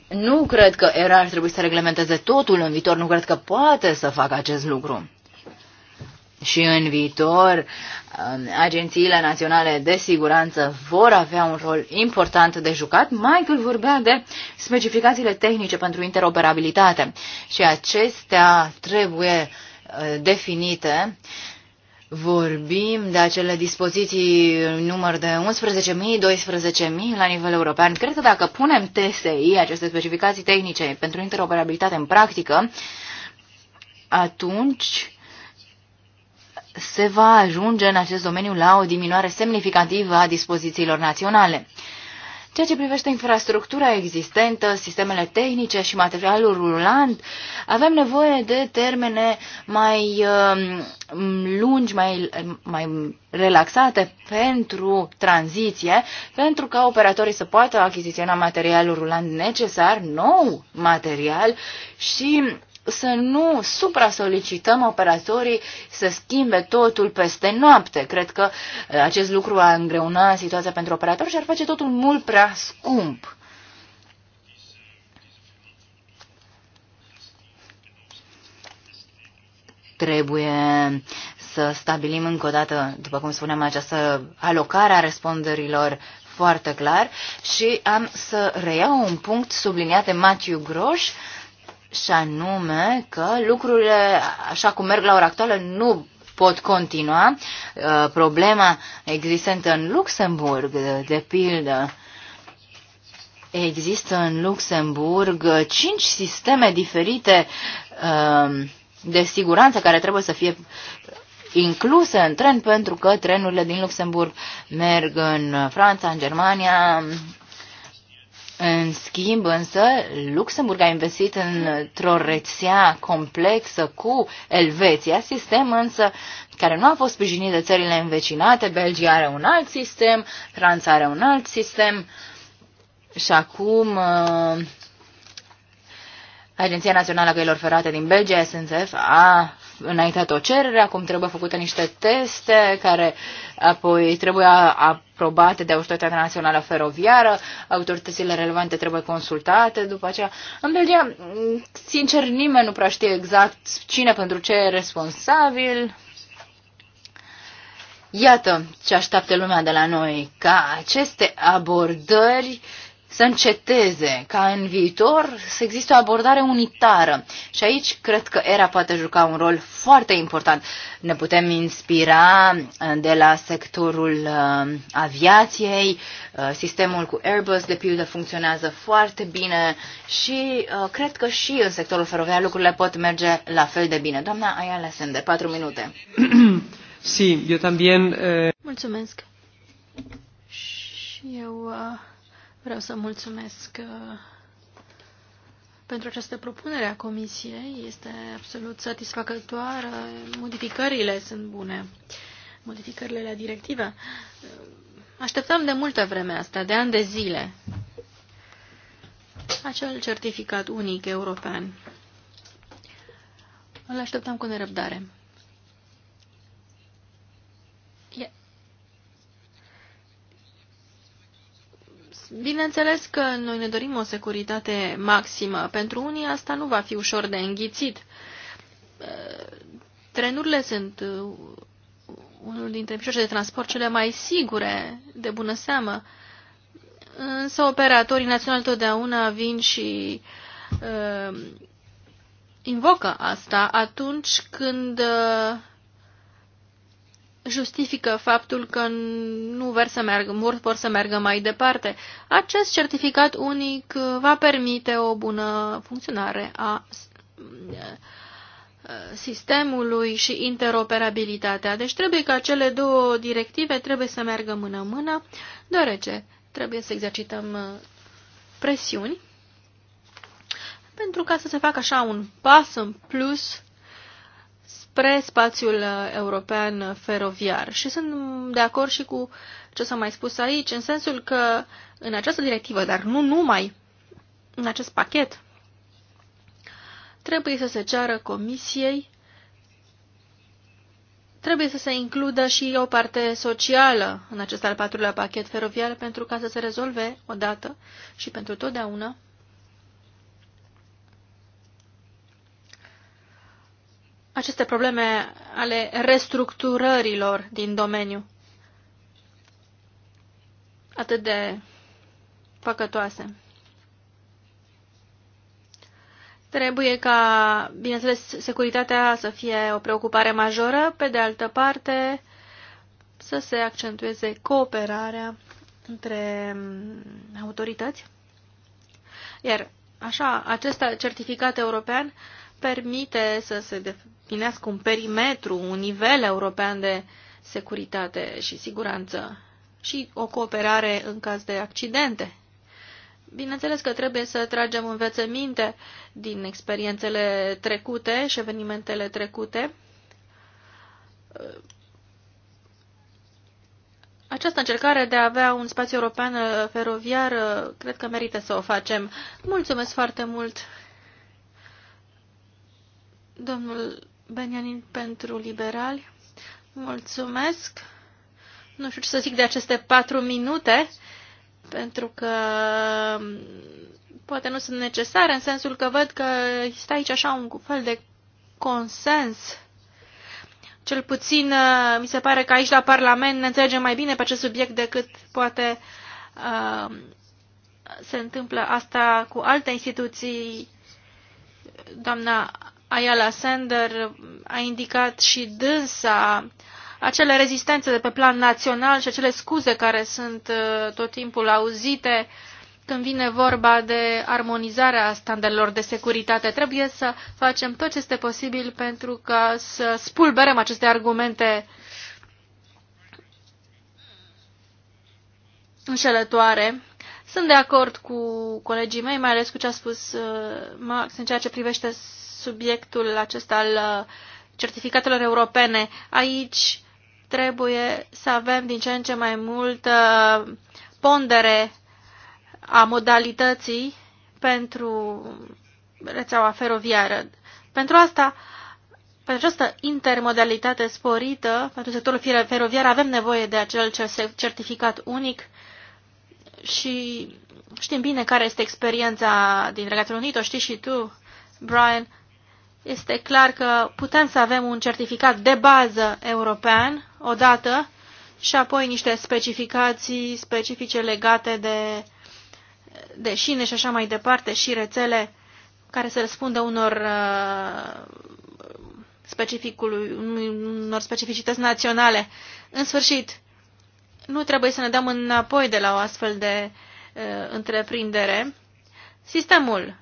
Nu cred că ERA ar trebui să reglementeze totul în viitor, nu cred că poate să facă acest lucru și în viitor um, agențiile naționale de siguranță vor avea un rol important de jucat. Michael vorbea de specificațiile tehnice pentru interoperabilitate și acestea trebuie uh, definite. Vorbim de acele dispoziții număr de 11.000, 12.000 la nivel european. Cred că dacă punem TSI, aceste specificații tehnice pentru interoperabilitate în practică, atunci se va ajunge în acest domeniu la o diminuare semnificativă a dispozițiilor naționale. Ceea ce privește infrastructura existentă, sistemele tehnice și materialul rulant, avem nevoie de termene mai um, lungi, mai, mai relaxate pentru tranziție, pentru ca operatorii să poată achiziționa materialul rulant necesar, nou material și să nu supra-solicităm operatorii să schimbe totul peste noapte. Cred că uh, acest lucru a îngreuna situația pentru operator și ar face totul mult prea scump. Trebuie să stabilim încă o dată, după cum spuneam, această alocare a răspunderilor foarte clar și am să reiau un punct subliniat de Matthew Grosch, și anume că lucrurile așa cum merg la ora actuală nu pot continua. Uh, problema existentă în Luxemburg, de pildă, există în Luxemburg cinci sisteme diferite uh, de siguranță care trebuie să fie incluse în tren pentru că trenurile din Luxemburg merg în Franța, în Germania, în schimb, însă, Luxemburg a investit într-o rețea complexă cu Elveția, sistem însă care nu a fost sprijinit de țările învecinate. Belgia are un alt sistem, Franța are un alt sistem și acum uh, Agenția Națională a Căilor Ferate din Belgia, SNCF, a înaintat o cerere, acum trebuie făcute niște teste care apoi trebuie a, a aprobate de Autoritatea Națională Feroviară, autoritățile relevante trebuie consultate după aceea. În Belgia, sincer, nimeni nu prea știe exact cine pentru ce e responsabil. Iată ce așteaptă lumea de la noi, ca aceste abordări să înceteze, ca în viitor să existe o abordare unitară. Și aici cred că era poate juca un rol foarte important. Ne putem inspira uh, de la sectorul uh, aviației, uh, sistemul cu Airbus, de pildă, funcționează foarte bine și cred că și în sectorul feroviar lucrurile pot merge la fel de bine. Doamna Ayala Sender, patru minute. Sí, yo también. Eh... Mulțumesc. Și eu uh, Vreau să mulțumesc uh, pentru această propunere a Comisiei. Este absolut satisfăcătoare. Modificările sunt bune. Modificările la directivă. Uh, așteptam de multă vreme asta, de ani de zile. Acel certificat unic european. Îl așteptam cu nerăbdare. Bineînțeles că noi ne dorim o securitate maximă. Pentru unii asta nu va fi ușor de înghițit. Uh, trenurile sunt uh, unul dintre mijloacele de transport cele mai sigure, de bună seamă. Însă operatorii naționali totdeauna vin și uh, invocă asta atunci când uh, justifică faptul că nu vor să meargă, vor să meargă mai departe. Acest certificat unic va permite o bună funcționare a sistemului și interoperabilitatea. Deci trebuie ca cele două directive trebuie să meargă mână-mână, deoarece trebuie să exercităm uh, presiuni pentru ca să se facă așa un pas în plus spre spațiul uh, european feroviar. Și sunt de acord și cu ce s-a mai spus aici, în sensul că în această directivă, dar nu numai în acest pachet, trebuie să se ceară comisiei, trebuie să se includă și o parte socială în acest al patrulea pachet feroviar pentru ca să se rezolve odată și pentru totdeauna aceste probleme ale restructurărilor din domeniu atât de păcătoase. Trebuie ca, bineînțeles, securitatea să fie o preocupare majoră, pe de altă parte să se accentueze cooperarea între mm, autorități. Iar așa, acest certificat european permite să se definească un perimetru, un nivel european de securitate și siguranță și o cooperare în caz de accidente. Bineînțeles că trebuie să tragem învățăminte din experiențele trecute și evenimentele trecute. Această încercare de a avea un spațiu european feroviar, cred că merită să o facem. Mulțumesc foarte mult, Domnul Benjamin pentru liberali. Mulțumesc. Nu știu ce să zic de aceste patru minute, pentru că um, poate nu sunt necesare, în sensul că văd că este aici așa un fel de consens. Cel puțin uh, mi se pare că aici la Parlament ne înțelegem mai bine pe acest subiect decât poate uh, se întâmplă asta cu alte instituții. Doamna Ayala Sender a indicat și dânsa acele rezistențe de pe plan național și acele scuze care sunt uh, tot timpul auzite când vine vorba de armonizarea standardelor de securitate. Trebuie să facem tot ce este posibil pentru ca să spulberăm aceste argumente înșelătoare. Sunt de acord cu colegii mei, mai ales cu ce a spus uh, Max în ceea ce privește subiectul acesta al uh, certificatelor europene. Aici trebuie să avem din ce în ce mai multă pondere a modalității pentru rețeaua feroviară. Pentru asta, pentru această intermodalitate sporită, pentru sectorul feroviar, avem nevoie de acel certificat unic și știm bine care este experiența din Regatul Unit, o știi și tu, Brian, este clar că putem să avem un certificat de bază european odată și apoi niște specificații specifice legate de, de șine și așa mai departe și rețele care să răspundă unor uh, unor specificități naționale. În sfârșit, nu trebuie să ne dăm înapoi de la o astfel de uh, întreprindere. Sistemul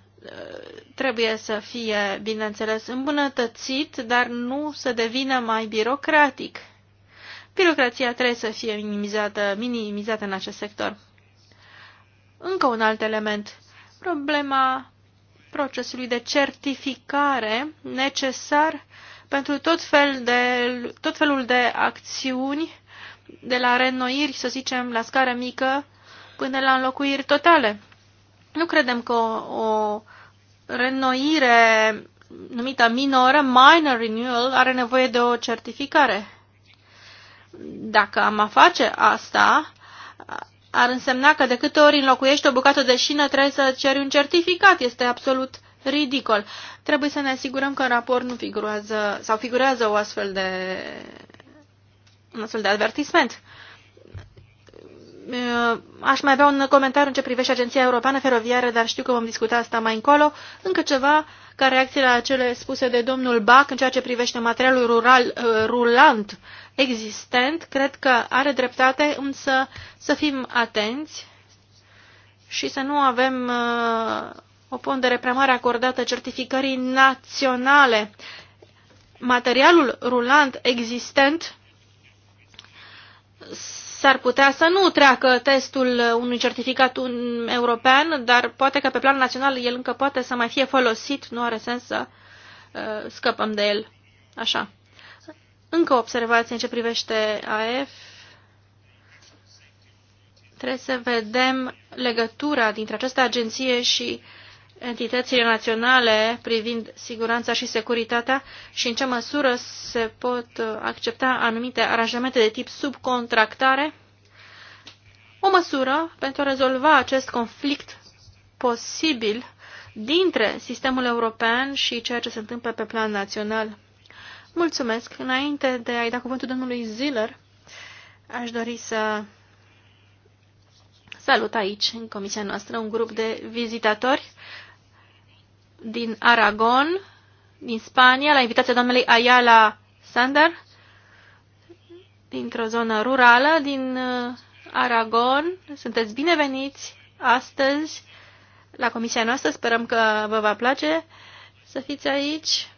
trebuie să fie, bineînțeles, îmbunătățit, dar nu să devină mai birocratic. Birocrația trebuie să fie minimizată, minimizată în acest sector. Încă un alt element, problema procesului de certificare necesar pentru tot, fel de, tot felul de acțiuni, de la reînnoiri, să zicem, la scară mică, până la înlocuiri totale. Nu credem că o, o renoire numită minoră, minor renewal, are nevoie de o certificare. Dacă am a face asta, ar însemna că de câte ori înlocuiești o bucată de șină trebuie să ceri un certificat. Este absolut ridicol. Trebuie să ne asigurăm că în raport nu figurează sau figurează o astfel de un astfel de advertisment. Uh, aș mai avea un comentariu în ce privește Agenția Europeană Feroviară, dar știu că vom discuta asta mai încolo. Încă ceva ca reacție la cele spuse de domnul Bach în ceea ce privește materialul rural, uh, rulant existent. Cred că are dreptate, însă să fim atenți și să nu avem uh, o pondere prea mare acordată certificării naționale. Materialul rulant existent s-ar putea să nu treacă testul unui certificat un european, dar poate că pe plan național el încă poate să mai fie folosit, nu are sens să uh, scăpăm de el. Așa. Încă observație în ce privește AF. Trebuie să vedem legătura dintre această agenție și uh, entitățile naționale privind siguranța și securitatea și în ce măsură se pot uh, accepta anumite aranjamente de tip subcontractare, o măsură pentru a rezolva acest conflict posibil dintre sistemul european și ceea ce se întâmplă pe plan național. Mulțumesc! Înainte de a-i da cuvântul domnului Ziller, aș dori să salut aici, în comisia noastră, un grup de vizitatori din Aragon, din Spania, la invitația doamnei Ayala Sander, dintr-o zonă rurală din uh, Aragon. Sunteți bineveniți astăzi la comisia noastră, sperăm că vă va place să fiți aici.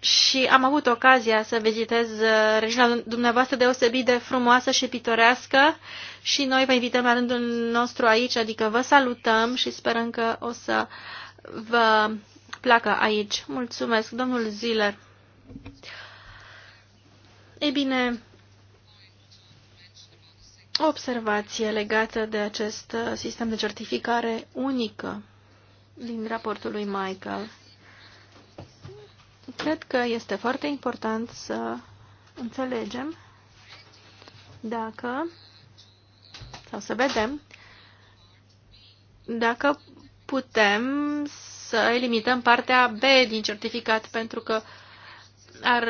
Și am avut ocazia să vizitez uh, regiunea dumneavoastră deosebit de frumoasă și pitorească și noi vă invităm la rândul nostru aici, adică vă salutăm și sperăm că o să vă placă aici. Mulțumesc, domnul Ziller. Ei bine, o observație legată de acest sistem de certificare unică din raportul lui Michael. Cred că este foarte important să înțelegem dacă sau să vedem dacă putem să limităm partea B din certificat, pentru că ar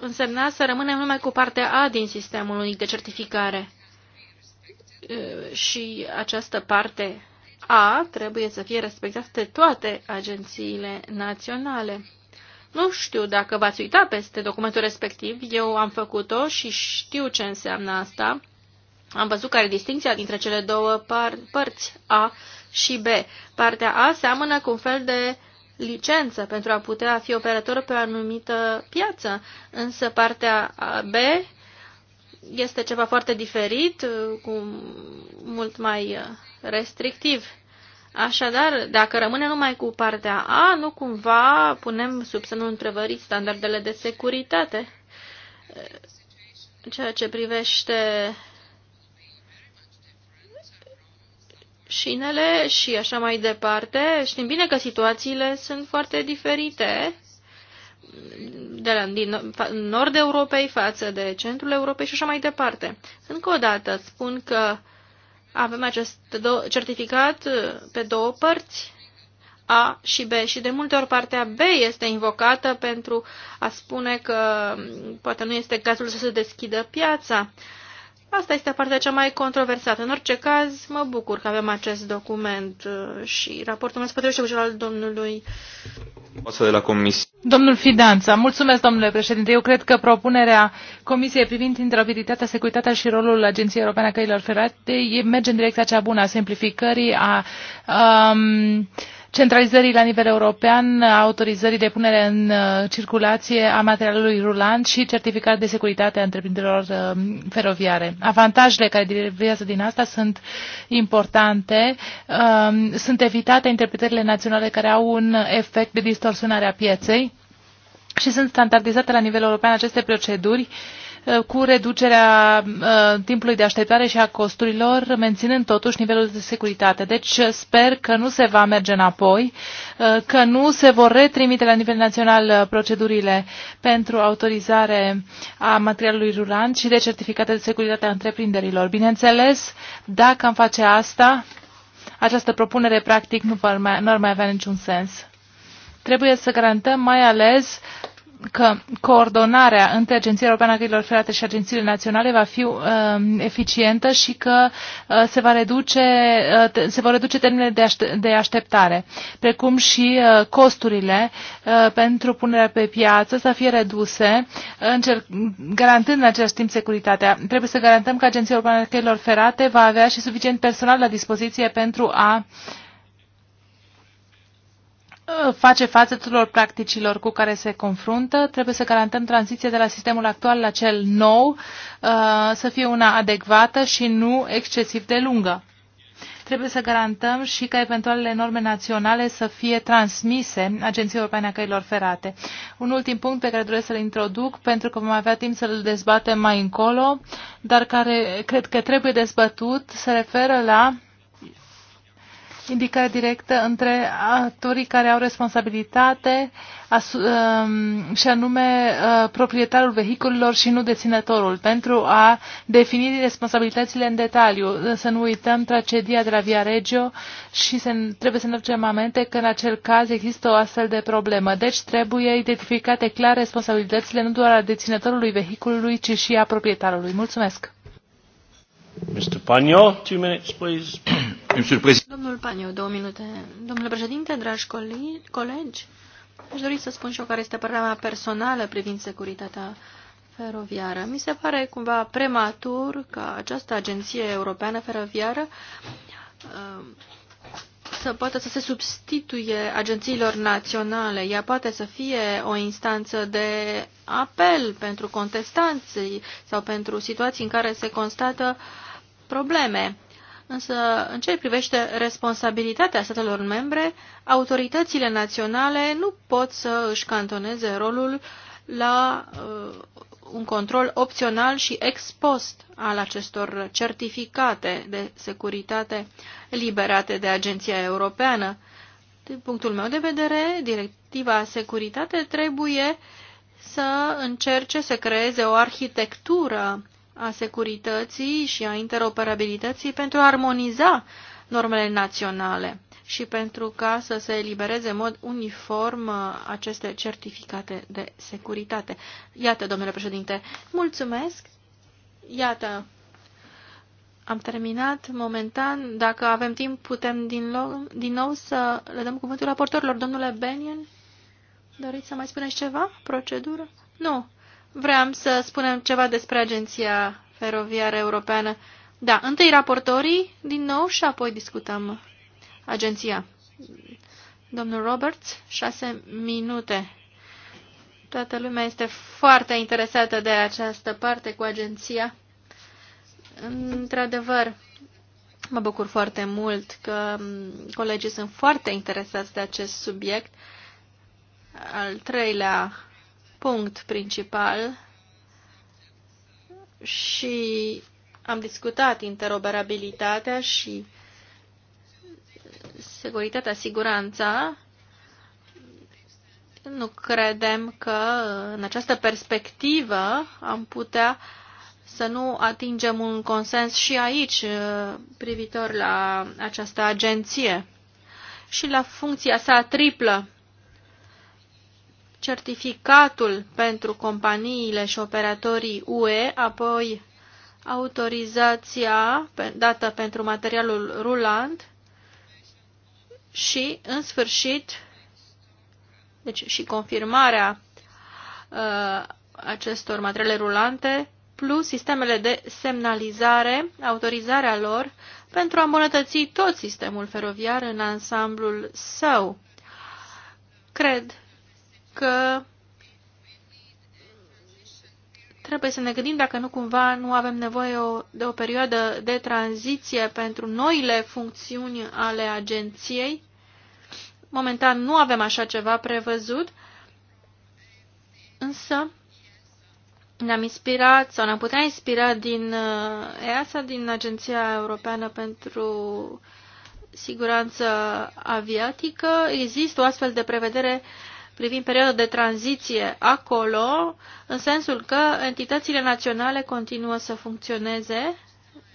însemna să rămânem numai cu partea A din sistemul unic de certificare. Și această parte A trebuie să fie respectată de toate agențiile naționale. Nu știu dacă v-ați uitat peste documentul respectiv, eu am făcut-o și știu ce înseamnă asta. Am văzut care e distinția dintre cele două par părți, A și B. Partea A seamănă cu un fel de licență pentru a putea fi operator pe o anumită piață, însă partea B este ceva foarte diferit, cu mult mai uh, restrictiv. Așadar, dacă rămâne numai cu partea A, nu cumva punem sub semnul întrebării standardele de securitate. Uh, ceea ce privește șinele și așa mai departe. Știm bine că situațiile sunt foarte diferite de la, din nord Europei față de centrul Europei și așa mai departe. Încă o dată spun că avem acest certificat pe două părți, A și B, și de multe ori partea B este invocată pentru a spune că poate nu este cazul să se deschidă piața. Uh, Asta este partea cea mai controversată. În orice caz, mă bucur că avem acest document uh, și raportul meu se potrivește cu cel al domnului. De la comisie. Domnul Fidanța, mulțumesc, domnule președinte. Eu cred că propunerea Comisiei privind interoperabilitatea, securitatea și rolul Agenției Europene a Căilor Ferate merge în direcția cea bună a simplificării, a um, centralizării la nivel european, a autorizării de punere în uh, circulație a materialului rulant și certificat de securitate a întreprinderilor uh, feroviare. Avantajele care derivează din asta sunt importante. Um, sunt evitate interpretările naționale care au un efect de distorsionare a pieței și sunt standardizate la nivel european aceste proceduri uh, Uh, cu reducerea uh, timpului de așteptare și a costurilor, menținând totuși nivelul de securitate. Deci uh, sper că nu se va merge înapoi, că nu se vor retrimite la nivel național procedurile pentru autorizare a materialului rulant și de certificate de securitate a întreprinderilor. Bineînțeles, dacă am face asta, această propunere practic nu ar mai, nu ar mai avea niciun sens. Trebuie să garantăm mai ales că coordonarea între Agenția Europeană a Căilor Ferate și agențiile naționale va fi uh, eficientă și că uh, se, va reduce, uh, se vor reduce termenele de, aște- de așteptare, precum și uh, costurile uh, pentru punerea pe piață să fie reduse, garantând în același timp securitatea. Trebuie să garantăm că Agenția Europeană a Căilor Ferate va avea și suficient personal la dispoziție pentru a uh, face față tuturor practicilor cu care se confruntă. Trebuie să garantăm tranziția de la sistemul actual la cel nou, uh, să fie una adecvată și nu excesiv de lungă. Trebuie să garantăm și ca eventualele norme naționale să fie transmise Agenției Europene a Căilor Ferate. Un ultim punct pe care doresc să-l introduc, pentru că vom avea timp să-l dezbatem mai încolo, dar care cred că trebuie dezbătut, se referă la indicare directă între actorii care au responsabilitate asu, um, și anume uh, proprietarul vehiculilor și nu deținătorul, pentru a defini responsabilitățile în detaliu. Să nu uităm tragedia de la Via Regio și se, trebuie să ne ducem aminte că în acel caz există o astfel de problemă. Deci trebuie identificate clar responsabilitățile nu doar a deținătorului vehiculului, ci și a proprietarului. Mulțumesc! Domnul Pagno, două minute. Domnule președinte, dragi colegi, aș dori să spun și eu care este părerea mea personală privind securitatea feroviară. Mi se pare cumva prematur ca această agenție europeană feroviară um, să poată să se substituie agențiilor naționale. Ea poate să fie o instanță de apel pentru contestanții sau pentru situații în care se constată uh, probleme. Însă, în ce privește responsabilitatea statelor membre, autoritățile naționale nu pot să își cantoneze rolul la uh, un control opțional și ex post al acestor certificate de securitate liberate de Agenția Europeană. Din punctul meu de vedere, directiva securitate trebuie să încerce să creeze o arhitectură a securității și a interoperabilității pentru a armoniza normele naționale și pentru ca să se elibereze în mod uniform uh, aceste certificate de securitate. Iată, domnule președinte, mulțumesc. Iată, am terminat momentan. Dacă avem timp, putem din nou, din nou să le dăm cuvântul raportorilor. Domnule Benion, doriți să mai spuneți ceva? Procedură? Nu vreau să spunem ceva despre Agenția Feroviară Europeană. Da, întâi raportorii din nou și apoi discutăm agenția. Domnul Roberts, șase minute. Toată lumea este foarte interesată de această parte cu agenția. Într-adevăr, mă bucur foarte mult că colegii sunt foarte interesați de acest subiect. Al treilea punct principal și am discutat interoperabilitatea și securitatea, siguranța. Nu credem că în această perspectivă am putea să nu atingem un consens și aici privitor la această agenție și la funcția sa triplă certificatul pentru companiile și operatorii UE, apoi autorizația dată pentru materialul rulant și, în sfârșit, deci și confirmarea uh, acestor materiale rulante, plus sistemele de semnalizare, autorizarea lor, pentru a îmbunătăți tot sistemul feroviar în ansamblul său. Cred că trebuie să ne gândim dacă nu cumva nu avem nevoie de o perioadă de tranziție pentru noile funcțiuni ale agenției. Momentan nu avem așa ceva prevăzut, însă ne-am inspirat sau ne-am putea inspira din uh, EASA, din Agenția Europeană pentru Siguranță Aviatică. Există o astfel de prevedere uh, privind perioada de tranziție acolo, în sensul că entitățile naționale continuă să funcționeze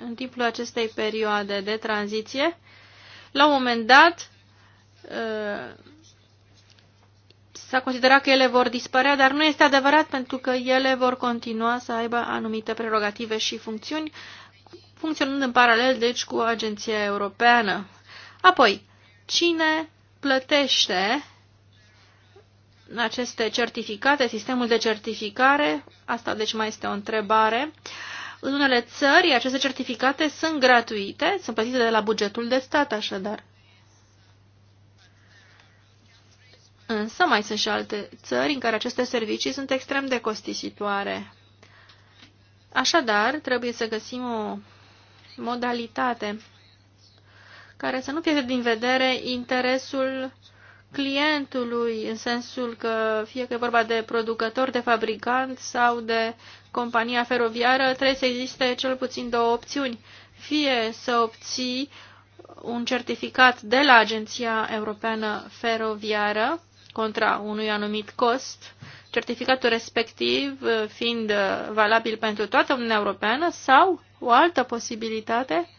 în timpul acestei perioade de tranziție. La un moment dat, uh, s-a considerat că ele vor dispărea, dar nu este adevărat pentru că ele vor continua să aibă anumite prerogative și funcțiuni, funcționând în paralel, deci, cu Agenția Europeană. Apoi, cine plătește aceste certificate, sistemul de certificare, asta deci mai este o întrebare. În unele țări aceste certificate sunt gratuite, sunt plătite de la bugetul de stat așadar. Însă mai sunt și alte țări în care aceste servicii sunt extrem de costisitoare. Așadar, trebuie să găsim o modalitate care să nu pierde din vedere interesul clientului, în sensul că fie că e vorba de producător, de fabricant sau de compania feroviară, trebuie să existe cel puțin două opțiuni. Fie să obții un certificat de la Agenția Europeană Feroviară contra unui anumit cost, certificatul respectiv fiind valabil pentru toată Uniunea Europeană sau o altă posibilitate,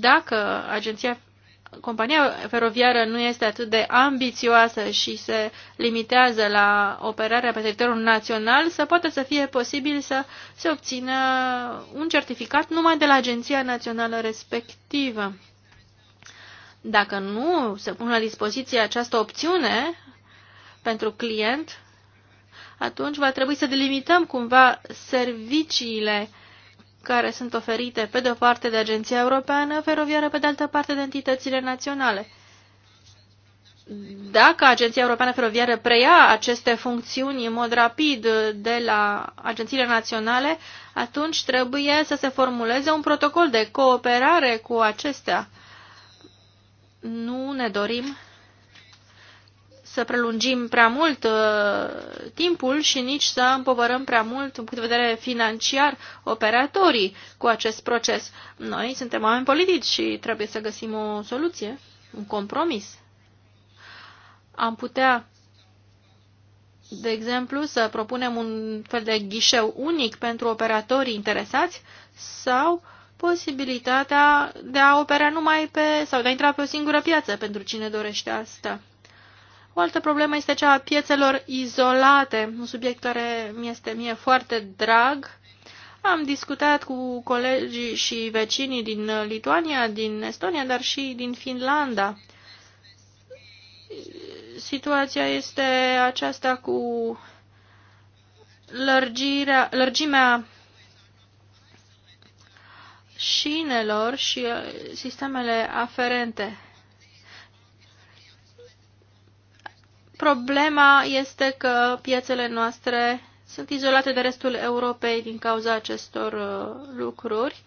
dacă Agenția compania feroviară nu este atât de ambițioasă și se limitează la operarea pe teritoriul național, să poată să fie posibil să se obțină un certificat numai de la agenția națională respectivă. Dacă nu se pun la dispoziție această opțiune pentru client, atunci va trebui să delimităm cumva serviciile care sunt oferite pe de o parte de Agenția Europeană Feroviară, pe de altă parte de entitățile naționale. Dacă Agenția Europeană Feroviară preia aceste funcțiuni în mod rapid de la agențiile naționale, atunci trebuie să se formuleze un protocol de cooperare cu acestea. Nu ne dorim să prelungim prea mult uh, timpul și nici să împovărăm prea mult, în punct de vedere financiar, operatorii cu acest proces. Noi suntem oameni politici și trebuie să găsim o soluție, un compromis. Am putea, de exemplu, să propunem un fel de ghișeu unic pentru operatorii interesați sau posibilitatea de a opera numai pe sau de a intra pe o singură piață pentru cine dorește asta o altă problemă este cea a piețelor izolate, un subiect care mi este mie foarte drag. Am discutat cu colegii și vecinii din Lituania, din Estonia, dar și din Finlanda. Situația este aceasta cu lărgirea, lărgimea șinelor și uh, sistemele aferente. Problema este că piețele noastre sunt izolate de restul Europei din cauza acestor uh, lucruri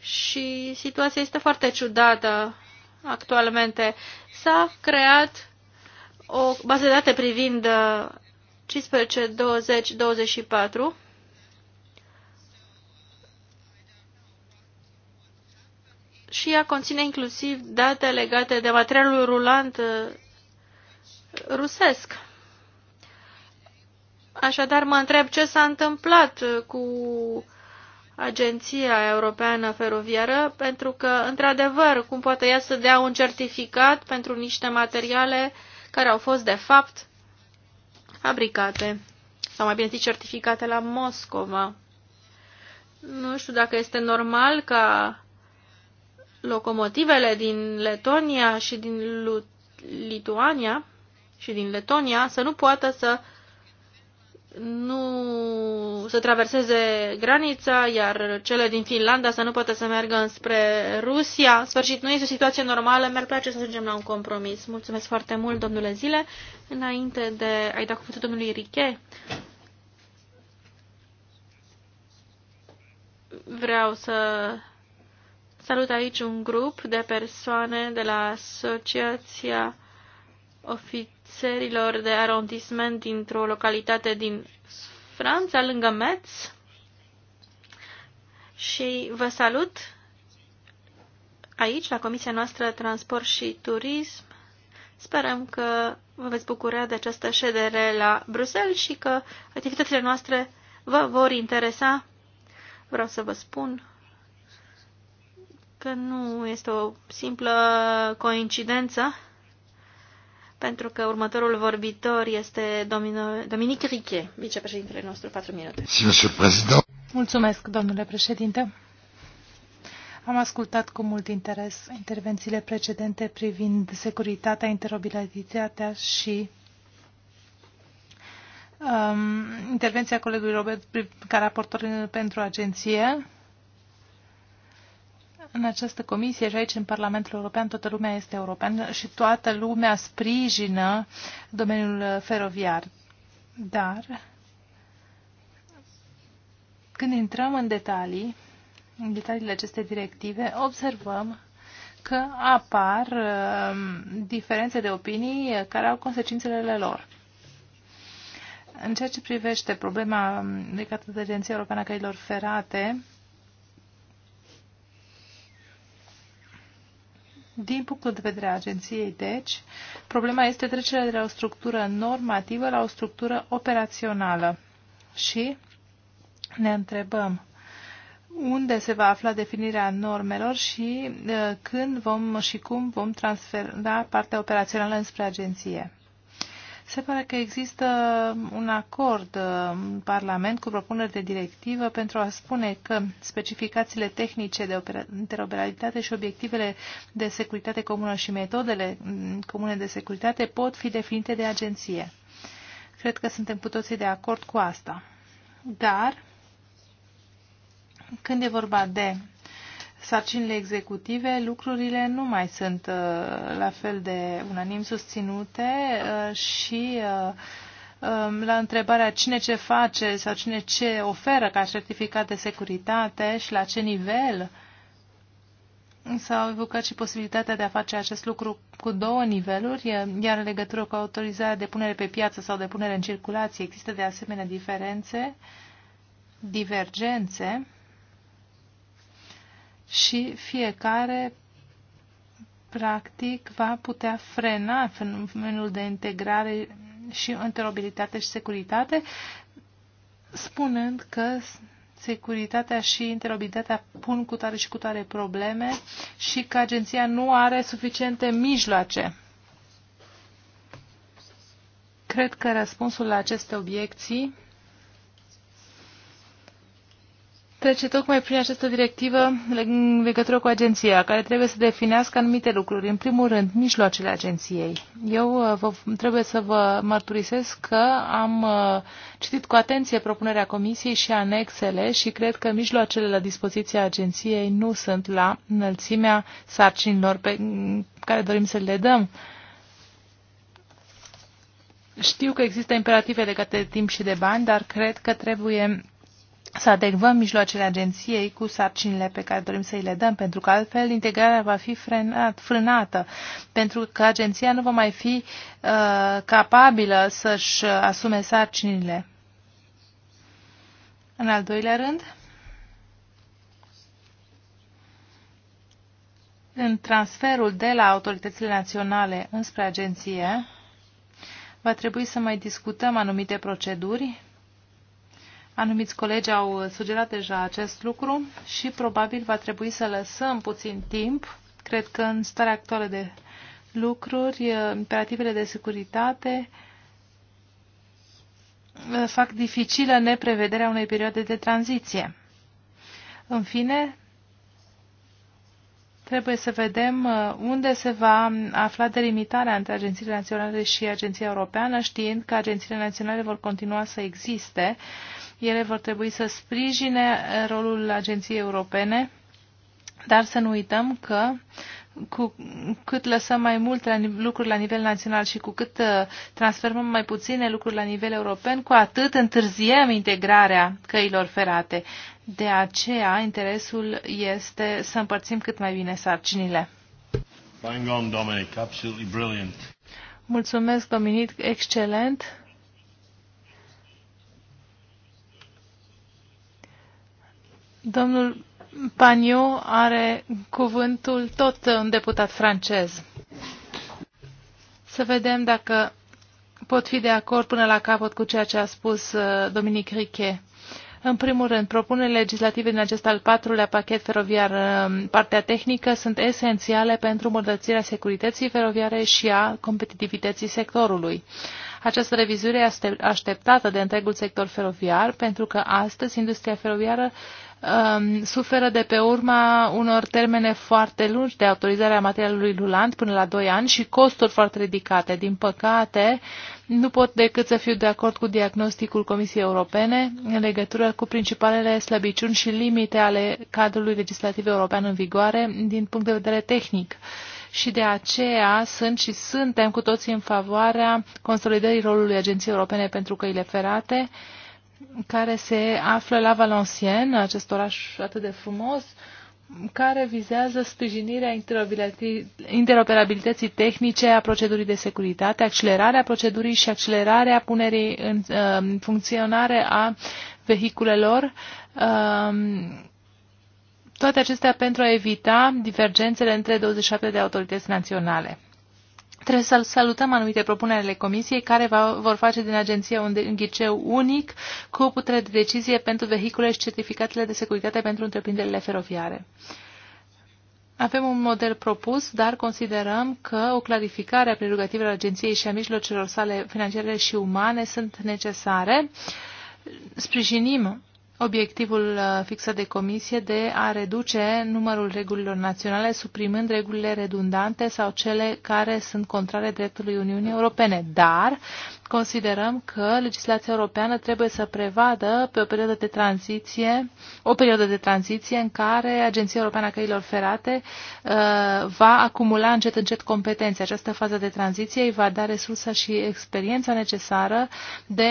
și situația este foarte ciudată actualmente. S-a creat o bază de date privind 15, 20, 24 și ea conține inclusiv date legate de materialul rulant uh, rusesc. Așadar, mă întreb ce s-a întâmplat cu Agenția Europeană Feroviară, pentru că, într-adevăr, cum poate ea să dea un certificat pentru niște materiale care au fost, de fapt, fabricate, sau mai bine zis, certificate la Moscova. Nu știu dacă este normal ca locomotivele din Letonia și din Lut Lituania și din Letonia să nu poată să nu să traverseze granița, iar cele din Finlanda să nu poată să meargă înspre Rusia. În sfârșit, nu este o situație normală. Mi-ar place să ajungem la un compromis. Mulțumesc foarte mult, domnule Zile. Înainte de a-i da cuvântul domnului Riche, vreau să salut aici un grup de persoane de la Asociația Oficială țărilor de arondisment dintr-o localitate din Franța, lângă Metz. Și vă salut aici, la Comisia noastră Transport și Turism. Sperăm că vă veți bucura de această ședere la Bruxelles și că activitățile noastre vă vor interesa. Vreau să vă spun că nu este o simplă coincidență pentru că următorul vorbitor este domino, Dominic Riche, vicepreședintele nostru, 4 minute. Mulțumesc, domnule președinte. Am ascultat cu mult interes intervențiile precedente privind securitatea, interoperabilitatea și um, intervenția colegului Robert ca raportor pentru agenție în această comisie și aici în Parlamentul European toată lumea este europeană și toată lumea sprijină domeniul feroviar. Dar când intrăm în detalii, în detaliile acestei directive, observăm că apar um, diferențe de opinii care au consecințele lor. În ceea ce privește problema legată de Agenția Europeană a Căilor Ferate, Din punctul de vedere a agenției, deci, problema este trecerea de la o structură normativă la o structură operațională. Și ne întrebăm unde se va afla definirea normelor și uh, când vom și cum vom transfera partea operațională înspre agenție. Se pare că există un acord uh, în Parlament cu propuneri de directivă pentru a spune că specificațiile tehnice de interoperabilitate și obiectivele de securitate comună și metodele mm, comune de securitate pot fi definite de agenție. Cred că suntem cu toții de acord cu asta. Dar, când e vorba de sarcinile executive, lucrurile nu mai sunt uh, la fel de unanim susținute uh, și uh, um, la întrebarea cine ce face sau cine ce oferă ca certificat de securitate și la ce nivel s-au evocat și posibilitatea de a face acest lucru cu două niveluri, iar în legătură cu autorizarea de punere pe piață sau de punere în circulație există de asemenea diferențe, divergențe și fiecare practic va putea frena fenomenul de integrare și interoperabilitate și securitate, spunând că securitatea și interoperabilitatea pun cu tare și cu tare probleme și că agenția nu are suficiente mijloace. Cred că răspunsul la aceste obiecții trece tocmai prin această directivă în legătură cu agenția, care trebuie să definească anumite lucruri. În primul rând, mijloacele agenției. Eu uh, vă, trebuie să vă mărturisesc că am uh, citit cu atenție propunerea comisiei și anexele și cred că mijloacele la dispoziția agenției nu sunt la înălțimea sarcinilor pe care dorim să le dăm. Știu că există imperative legate de timp și de bani, dar cred că trebuie să adecvăm mijloacele agenției cu sarcinile pe care dorim să îi le dăm, pentru că altfel integrarea va fi frenat, frânată, pentru că agenția nu va mai fi uh, capabilă să-și asume sarcinile. În al doilea rând, în transferul de la autoritățile naționale înspre agenție, va trebui să mai discutăm anumite proceduri Anumiți colegi au sugerat deja acest lucru și probabil va trebui să lăsăm puțin timp. Cred că în starea actuală de lucruri, eh, imperativele de securitate eh, fac dificilă neprevederea unei perioade de tranziție. În fine, Trebuie să vedem uh, unde se va afla delimitarea între agențiile naționale și agenția europeană, știind că agențiile naționale vor continua să existe. Ele vor trebui să sprijine rolul agenției europene, dar să nu uităm că cu cât lăsăm mai mult lucruri la nivel național și cu cât uh, transferăm mai puține lucruri la nivel european, cu atât întârziem integrarea căilor ferate. De aceea, interesul este să împărțim cât mai bine sarcinile. Bang on, Dominic. Absolutely brilliant. Mulțumesc, Dominic. Excelent. Domnul Paniu are cuvântul tot un deputat francez. Să vedem dacă pot fi de acord până la capăt cu ceea ce a spus uh, Dominic Riquet. În primul rând, propunerile legislative din acest al patrulea pachet feroviar, um, partea tehnică, sunt esențiale pentru îmbunătățirea securității feroviare și a competitivității sectorului. Această revizuire este așteptată de întregul sector feroviar, pentru că astăzi industria feroviară um, suferă de pe urma unor termene foarte lungi de autorizare a materialului lulant până la 2 ani și costuri foarte ridicate. Din păcate, nu pot decât să fiu de acord cu diagnosticul Comisiei Europene în legătură cu principalele slăbiciuni și limite ale cadrului legislativ european în vigoare din punct de vedere tehnic și de aceea sunt și suntem cu toții în favoarea consolidării rolului Agenției Europene pentru Căile Ferate care se află la Valenciennes, acest oraș atât de frumos, care vizează sprijinirea interoperabilității tehnice a procedurii de securitate, accelerarea procedurii și accelerarea punerii în uh, funcționare a vehiculelor. Uh, toate acestea pentru a evita divergențele între 27 de autorități naționale. Trebuie să salutăm anumite propuneri ale Comisiei care va, vor face din agenție un ghiceu unic cu putere de decizie pentru vehicule și certificatele de securitate pentru întreprinderile feroviare. Avem un model propus, dar considerăm că o clarificare a prerogativelor agenției și a mijlocelor sale financiare și umane sunt necesare. Sprijinim obiectivul uh, fixat de comisie de a reduce numărul regulilor naționale, suprimând regulile redundante sau cele care sunt contrare dreptului Uniunii Europene. Dar considerăm că legislația europeană trebuie să prevadă pe o perioadă de tranziție, o perioadă de tranziție în care Agenția Europeană a Căilor Ferate uh, va acumula încet încet competențe. Această fază de tranziție îi va da resursa și experiența necesară de,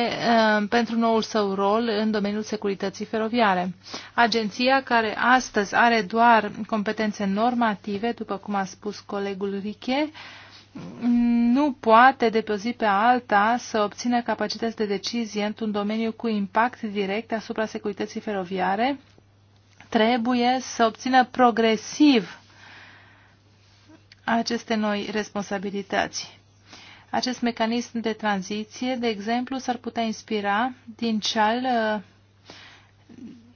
uh, pentru noul său rol în domeniul securității securității feroviare. Agenția care astăzi are doar competențe normative, după cum a spus colegul Riche, nu poate de pe o zi pe alta să obțină capacități de decizie într-un domeniu cu impact direct asupra securității feroviare. Trebuie să obțină progresiv aceste noi responsabilități. Acest mecanism de tranziție, de exemplu, s-ar putea inspira din cel uh,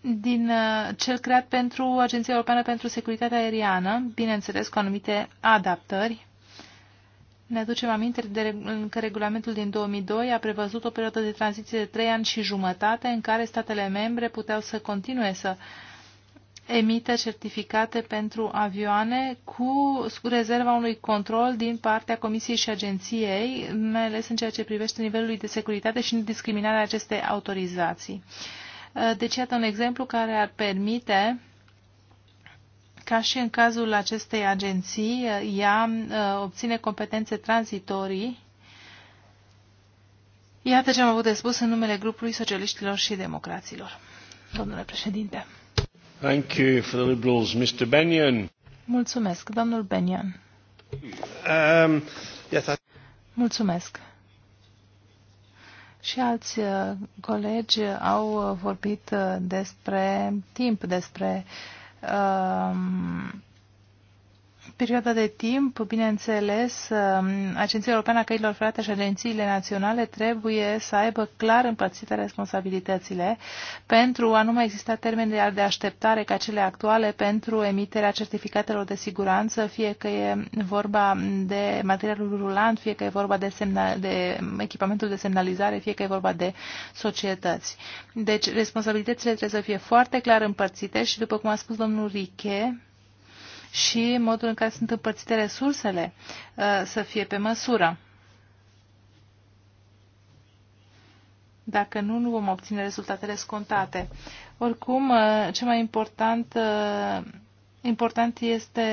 din uh, cel creat pentru Agenția Europeană pentru Securitatea Aeriană, bineînțeles cu anumite adaptări. Ne aducem aminte de, că regulamentul din 2002 a prevăzut o perioadă de tranziție de 3 ani și jumătate în care statele membre puteau să continue să emită certificate pentru avioane cu rezerva unui control din partea Comisiei și Agenției, mai ales în ceea ce privește nivelul de securitate și discriminarea acestei autorizații. Uh, Uh, deci, iată un exemplu care ar permite ca și în cazul acestei agenții, uh, ea uh, obține competențe tranzitorii. Iată ce am avut de spus în numele grupului socialiștilor și democraților. Domnule președinte. Thank you for the liberals, Mr. Benyon. Mulțumesc, domnul Benyon. Um, yes, I... Mulțumesc și alți uh, colegi au uh, vorbit uh, despre timp, despre um, perioadă de timp, bineînțeles, um, Agenția Europeană a Căilor Ferate și agențiile naționale trebuie să aibă clar împărțite responsabilitățile pentru a nu mai exista termeni de așteptare ca cele actuale pentru emiterea certificatelor de siguranță, fie că e vorba de materialul rulant, fie că e vorba de, semna, de echipamentul de semnalizare, fie că e vorba de societăți. Deci responsabilitățile trebuie să fie foarte clar împărțite și, după cum a spus domnul Riche, și modul în care sunt împărțite resursele uh, să fie pe măsură. Dacă nu, nu vom obține rezultatele scontate. Oricum, uh, ce mai important, uh, important este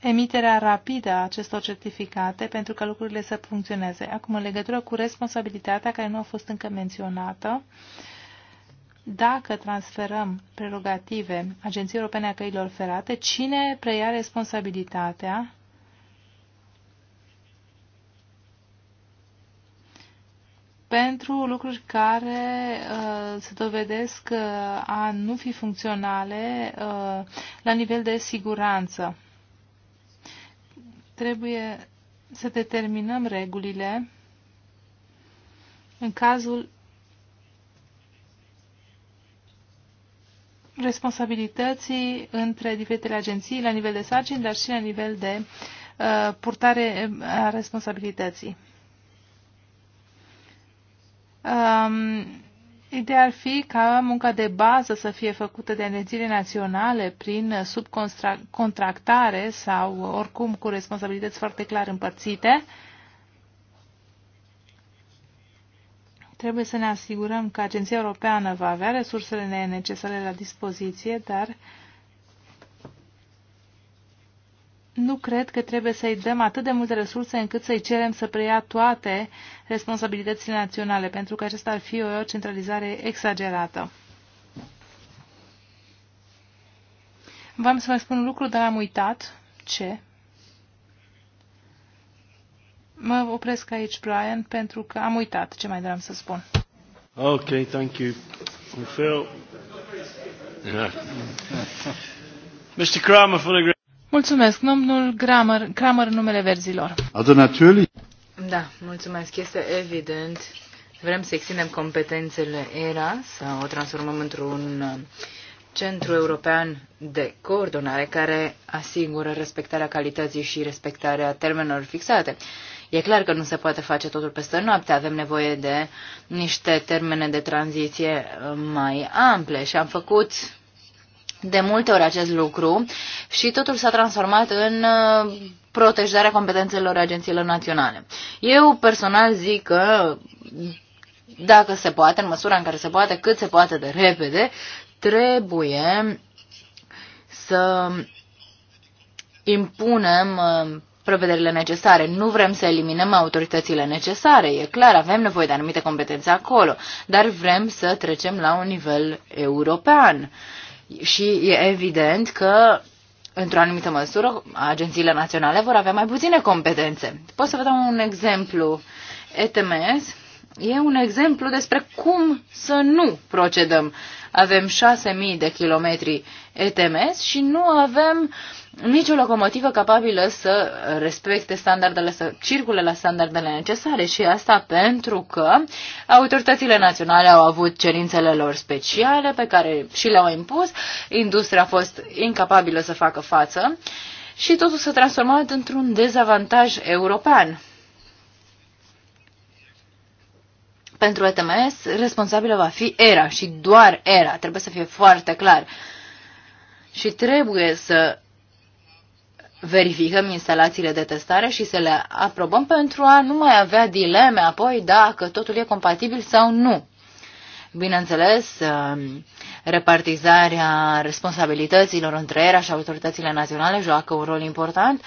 emiterea rapidă a acestor certificate pentru ca lucrurile să funcționeze. Acum, în legătură cu responsabilitatea care nu a fost încă menționată, uh, dacă transferăm prerogative Agenției Europene a Căilor Ferate, cine preia responsabilitatea pentru lucruri care uh, se dovedesc uh, a nu fi funcționale uh, la nivel de siguranță. Trebuie să determinăm regulile în cazul responsabilității între diferitele agenții la nivel de sarcini, dar și la nivel de uh, purtare a responsabilității. Um, ideea ar fi ca munca de bază să fie făcută de agențiile naționale prin subcontractare sau oricum cu responsabilități foarte clar împărțite, uh, Trebuie să ne asigurăm că Agenția Europeană va avea resursele necesare la dispoziție, dar nu cred că trebuie să-i dăm atât de multe resurse încât să-i cerem să preia toate responsabilitățile naționale, pentru că acesta ar fi o centralizare exagerată. V-am să mai spun un lucru, dar am uitat ce Mă opresc aici, Brian, pentru că am uitat ce mai vreau să spun. Ok, thank you. Phil. Mr. Kramer for the... Mulțumesc, domnul Kramer, Kramer numele verzilor. Adonatului. Da, mulțumesc. Este evident. Vrem să extindem competențele ERA, să o transformăm într-un uh, centru european de coordonare care asigură respectarea calității și respectarea termenelor fixate. E clar că nu se poate face totul peste noapte, avem nevoie de niște termene de tranziție mai ample și am făcut de multe ori acest lucru și totul s-a transformat în uh, protejarea competențelor agențiilor naționale. Eu personal zic că dacă se poate, în măsura în care se poate, cât se poate de repede, trebuie să impunem uh, prevederile necesare. Nu vrem să eliminăm autoritățile necesare, e clar, avem nevoie de anumite competențe acolo, dar vrem să trecem la un nivel european. Și e evident că, într-o anumită măsură, agențiile naționale vor avea mai puține competențe. Pot să vă dau un exemplu. ETMS e un exemplu despre cum să nu procedăm. Avem 6.000 de kilometri ETMS și nu avem uh, nicio locomotivă capabilă să respecte standardele, să circule la standardele necesare și asta pentru că autoritățile naționale au avut cerințele lor speciale pe care și le-au impus, industria a fost incapabilă să facă față și totul s-a transformat într-un dezavantaj european. Pentru ETMS, responsabilă va fi ERA și doar ERA, trebuie să fie foarte clar. Și trebuie să verificăm instalațiile de testare și să le aprobăm pentru a nu mai avea dileme apoi dacă totul e compatibil sau nu. Bineînțeles, um, repartizarea responsabilităților între ERA și autoritățile naționale joacă un rol important,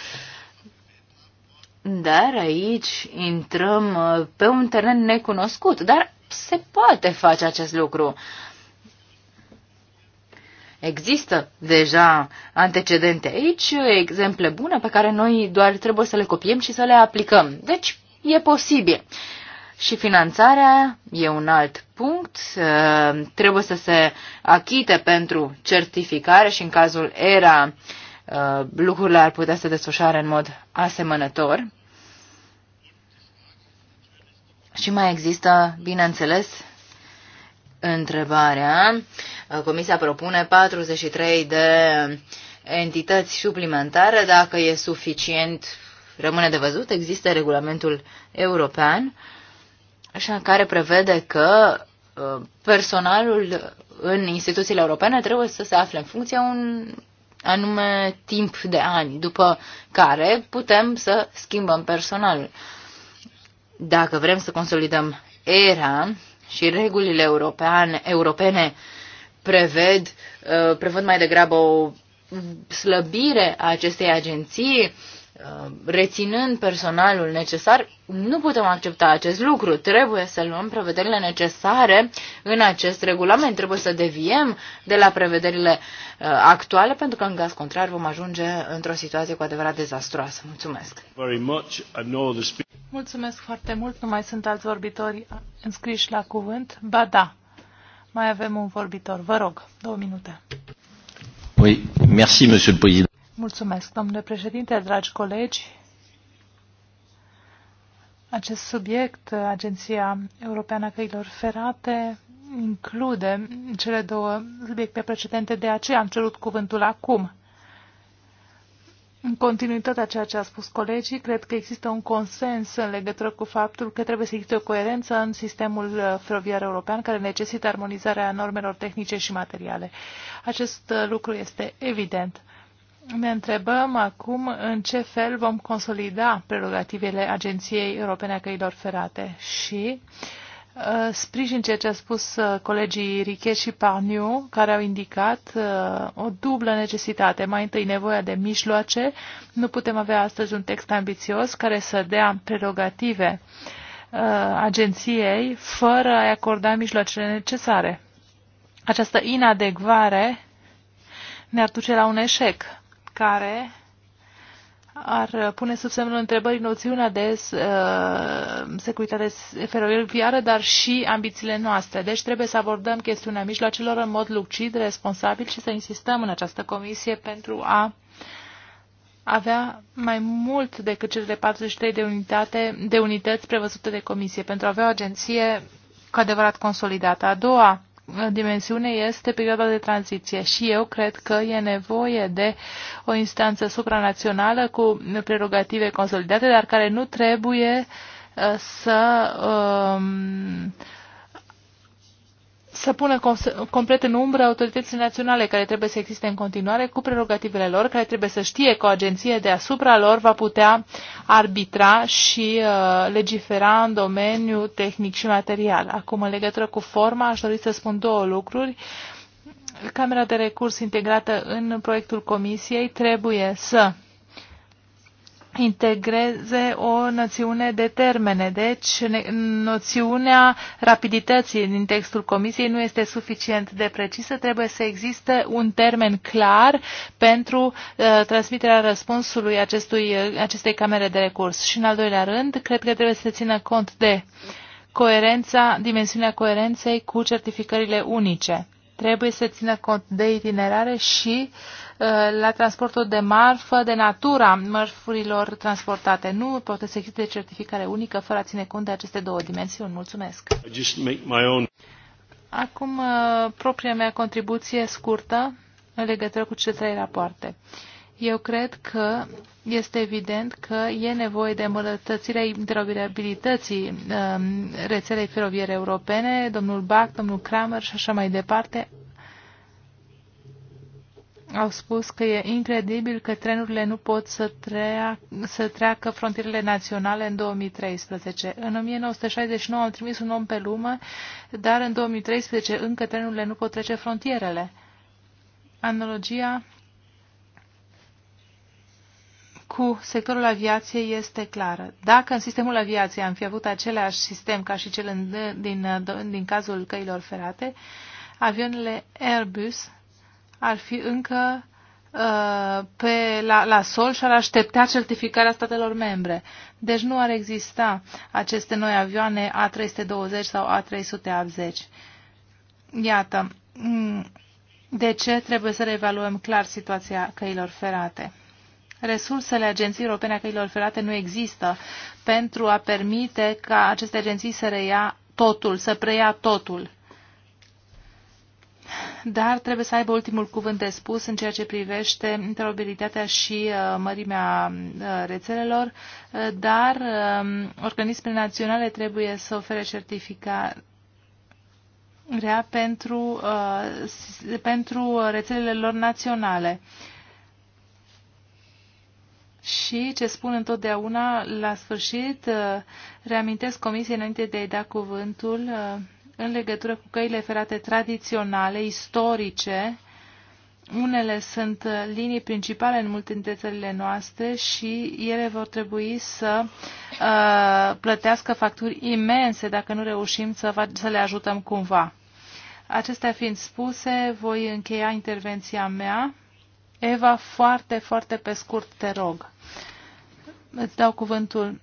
dar aici intrăm uh, pe un teren necunoscut, dar se poate face acest lucru. Există deja antecedente aici, exemple bune pe care noi doar trebuie să le copiem și să le aplicăm. Deci, e posibil. Și finanțarea e un alt punct. Trebuie să se achite pentru certificare și în cazul ERA uh, lucrurile ar putea să desfășoare în mod asemănător. Și mai există, bineînțeles, întrebarea. Comisia propune 43 de entități suplimentare. Dacă e suficient, rămâne de văzut. Există regulamentul european, așa care prevede că uh, personalul în instituțiile europene trebuie să se afle în funcție un anume timp de ani, după care putem să schimbăm personalul. Dacă vrem să consolidăm era și regulile europeane, europene preved, uh, prevăd mai degrabă o slăbire a acestei agenții, Uh, reținând personalul necesar, nu putem accepta acest lucru. Trebuie să luăm prevederile necesare în acest regulament. Trebuie să deviem de la prevederile uh, actuale, pentru că în caz contrar vom ajunge într-o situație cu adevărat dezastroasă. Mulțumesc! Mulțumesc foarte mult. Nu mai sunt alți vorbitori înscriși la cuvânt. Ba da, mai avem un vorbitor. Vă rog, două minute. Oui, merci, Monsieur le Président. Mulțumesc, domnule președinte, dragi colegi. Acest subiect, Agenția Europeană a Căilor Ferate, include cele două subiecte precedente, de aceea am cerut cuvântul acum. În continuitatea ceea ce a spus colegii, cred că există un consens în legătură cu faptul că trebuie să existe o coerență în sistemul feroviar european care necesită armonizarea normelor tehnice și materiale. Acest lucru este evident ne întrebăm acum în ce fel vom consolida prerogativele Agenției Europene a Căilor Ferate și uh, sprijin ceea ce a spus uh, colegii Riche și Parniu, care au indicat uh, o dublă necesitate. Mai întâi nevoia de mijloace. Nu putem avea astăzi un text ambițios care să dea prerogative uh, agenției fără a-i acorda mijloacele necesare. Această inadecvare ne-ar duce la un eșec care ar pune sub semnul întrebării noțiunea de uh, securitate feroviară, dar și ambițiile noastre. Deci trebuie să abordăm chestiunea mijloacelor în mod lucid, responsabil și să insistăm în această comisie pentru a avea mai mult decât cele 43 de, unitate, de unități prevăzute de comisie, pentru a avea o agenție cu adevărat consolidată. A doua dimensiune este perioada de tranziție și eu cred că e nevoie de o instanță supranațională cu prerogative consolidate, dar care nu trebuie uh, să uh, să pună complet în umbră autoritățile naționale care trebuie să existe în continuare cu prerogativele lor, care trebuie să știe că o agenție deasupra lor va putea arbitra și uh, legifera în domeniu tehnic și material. Acum, în legătură cu forma, aș dori să spun două lucruri. Camera de recurs integrată în proiectul comisiei trebuie să integreze o noțiune de termene. Deci, noțiunea rapidității din textul comisiei nu este suficient de precisă. Trebuie să existe un termen clar pentru uh, transmiterea răspunsului acestui, uh, acestei camere de recurs. Și, în al doilea rând, cred că trebuie să se țină cont de coerența, dimensiunea coerenței cu certificările unice. Trebuie să țină cont de itinerare și uh, Uh, la transportul de marfă, de natura mărfurilor transportate. Nu poate să existe certificare unică fără a ține cont de aceste două dimensiuni. Mulțumesc! Acum, uh, propria mea contribuție scurtă în legătură cu cele trei rapoarte. Eu cred că este evident că e nevoie de îmbunătățirea interoperabilității uh, rețelei feroviere europene. Domnul Bach, domnul Kramer și așa mai departe au spus că e incredibil că trenurile nu pot să, trea, să treacă frontierele naționale în 2013. În 1969 am trimis un om pe lume, dar în 2013 încă trenurile nu pot trece frontierele. Analogia cu sectorul aviației este clară. Dacă în sistemul aviației am fi avut același sistem ca și cel în, din, din cazul căilor ferate, avioanele Airbus ar fi încă uh, pe, la, la sol și ar aștepta certificarea statelor membre. Deci nu ar exista aceste noi avioane A320 sau A380. Iată, mm, de ce trebuie să reevaluăm clar situația căilor ferate. Resursele Agenției Europene a Căilor Ferate nu există pentru a permite ca aceste agenții să reia totul, să preia totul dar trebuie să aibă ultimul cuvânt de spus în ceea ce privește interoperabilitatea și uh, mărimea uh, rețelelor, uh, dar um, organismele naționale trebuie să ofere certificarea rea pentru, pentru rețelele lor naționale. Și ce spun întotdeauna, la sfârșit, reamintesc comisiei înainte de a-i da cuvântul, în legătură cu căile ferate tradiționale, istorice. Unele sunt linii principale în multe dintre țările noastre și ele vor trebui să uh, plătească facturi imense dacă nu reușim să, să le ajutăm cumva. Acestea fiind spuse, voi încheia intervenția mea. Eva, foarte, foarte pe scurt, te rog. Îți dau cuvântul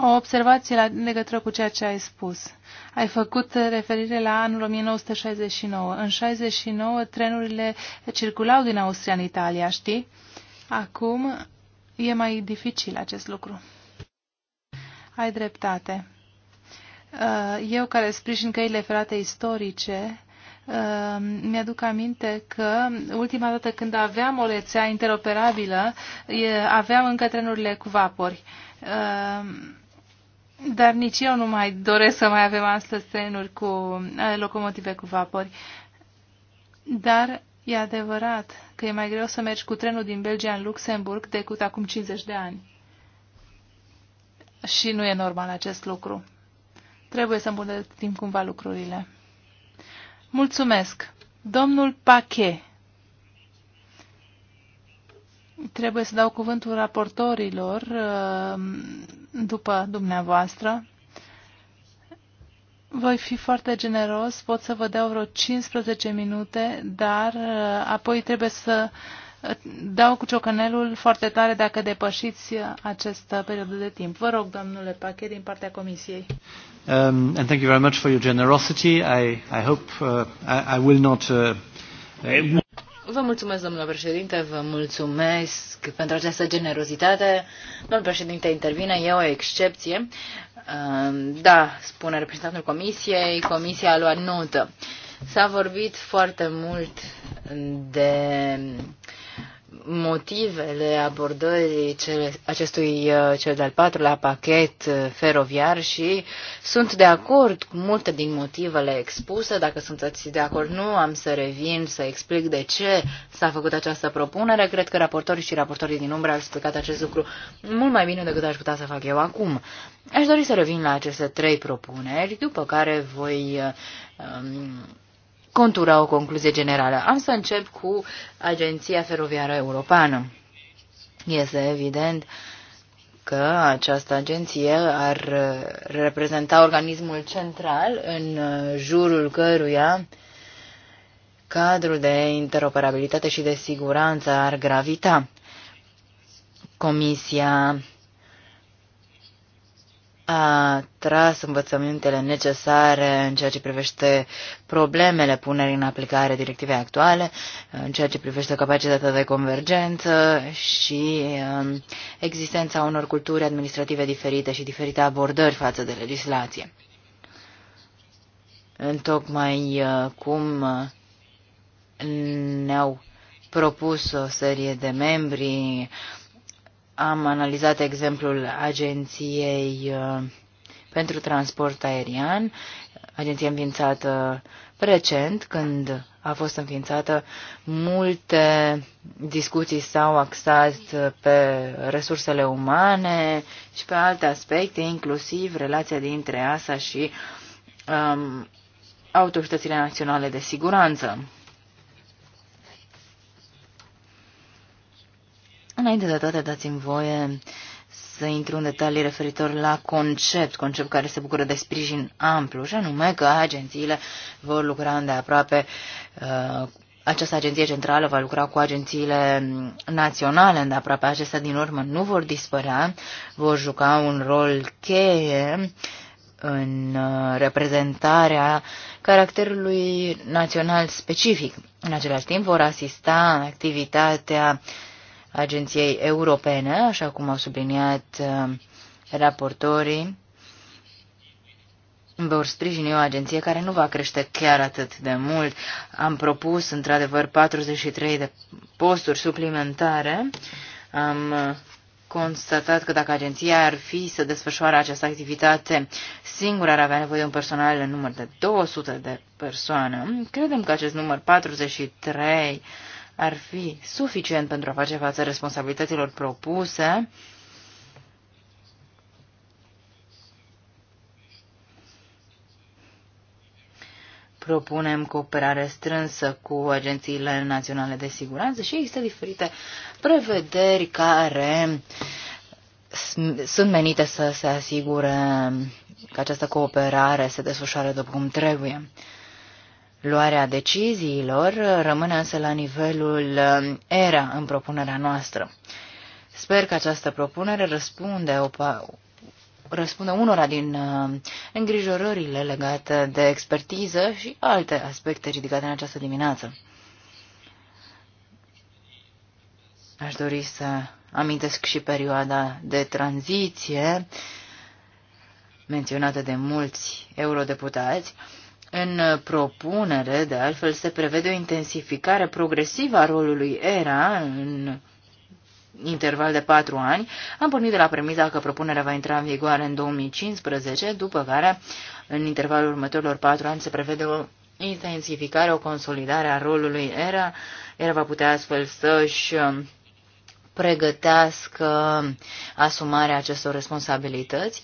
o observație la, legătură cu ceea ce ai spus. Ai făcut referire la anul 1969. În 69 trenurile circulau din Austria în Italia, știi? Acum e mai dificil acest lucru. Ai dreptate. Uh, eu care sprijin căile ferate istorice, uh, mi-aduc aminte că ultima dată când aveam o rețea interoperabilă, aveam încă trenurile cu vapori. Uh, dar nici eu nu mai doresc să mai avem astăzi trenuri cu eh, locomotive cu vapori. Dar e adevărat că e mai greu să mergi cu trenul din Belgia în Luxemburg decât acum 50 de ani. Și nu e normal acest lucru. Trebuie să îmbunătățim cumva lucrurile. Mulțumesc. Domnul Pache Trebuie să dau cuvântul raportorilor uh, după dumneavoastră. Voi fi foarte generos, pot să vă dau vreo 15 minute, dar uh, apoi trebuie să uh, dau cu ciocanelul foarte tare dacă depășiți această perioadă de timp. Vă rog, domnule Pache, din partea Comisiei. Um, and thank you very much for your generosity. I, I hope uh, I, I will not... Uh, Vă mulțumesc, domnule președinte, vă mulțumesc pentru această generozitate. Domnul președinte intervine, e o excepție. Da, spune reprezentantul comisiei, comisia a luat notă. S-a vorbit foarte mult de motivele abordării cele, acestui uh, cel de-al patrulea pachet uh, feroviar și sunt de acord cu multe din motivele expuse. Dacă sunteți de acord, nu am să revin să explic de ce s-a făcut această propunere. Cred că raportorii și raportorii din umbră au explicat acest lucru mult mai bine decât aș putea să fac eu acum. Aș dori să revin la aceste trei propuneri, după care voi uh, um, contura o concluzie generală. Am să încep cu Agenția Feroviară Europeană. Este evident că această agenție ar reprezenta organismul central în jurul căruia cadrul de interoperabilitate și de siguranță ar gravita. Comisia a tras învățămintele necesare în ceea ce privește problemele punerii în aplicare directivei actuale, în ceea ce privește capacitatea de convergență și um, existența unor culturi administrative diferite și diferite abordări față de legislație. Întocmai uh, cum uh, ne-au propus o serie de membri am analizat exemplul Agenției uh, pentru Transport Aerian, agenție înființată recent, când a fost înființată, multe discuții s-au axat pe resursele umane și pe alte aspecte, inclusiv relația dintre ASA și um, autoritățile naționale de siguranță. Înainte de toate, dați-mi voie să intru în detalii referitor la concept, concept care se bucură de sprijin amplu, și anume că agențiile vor lucra îndeaproape uh, această agenție centrală va lucra cu agențiile naționale, îndeaproape aproape acestea din urmă nu vor dispărea, vor juca un rol cheie în uh, reprezentarea caracterului național specific. În același timp vor asista activitatea Agenției Europene, așa cum au subliniat uh, raportorii, vor sprijini o agenție care nu va crește chiar atât de mult. Am propus, într-adevăr, 43 de posturi suplimentare. Am uh, constatat că dacă agenția ar fi să desfășoare această activitate singură, ar avea nevoie de un personal în număr de 200 de persoane. Credem că acest număr 43 ar fi suficient pentru a face față responsabilităților propuse, propunem cooperare strânsă cu agențiile naționale de siguranță și există diferite prevederi care sunt menite să se asigure că această cooperare se desfășoară după cum trebuie. Luarea deciziilor rămâne însă la nivelul um, era în propunerea noastră. Sper că această propunere răspunde, o, răspunde unora din um, îngrijorările legate de expertiză și alte aspecte ridicate în această dimineață. Aș dori să amintesc și perioada de tranziție menționată de mulți eurodeputați. În propunere, de altfel, se prevede o intensificare progresivă a rolului ERA în interval de patru ani. Am pornit de la premisa că propunerea va intra în vigoare în 2015, după care, în intervalul următorilor patru ani, se prevede o intensificare, o consolidare a rolului ERA. ERA va putea astfel să-și um, pregătească asumarea acestor responsabilități.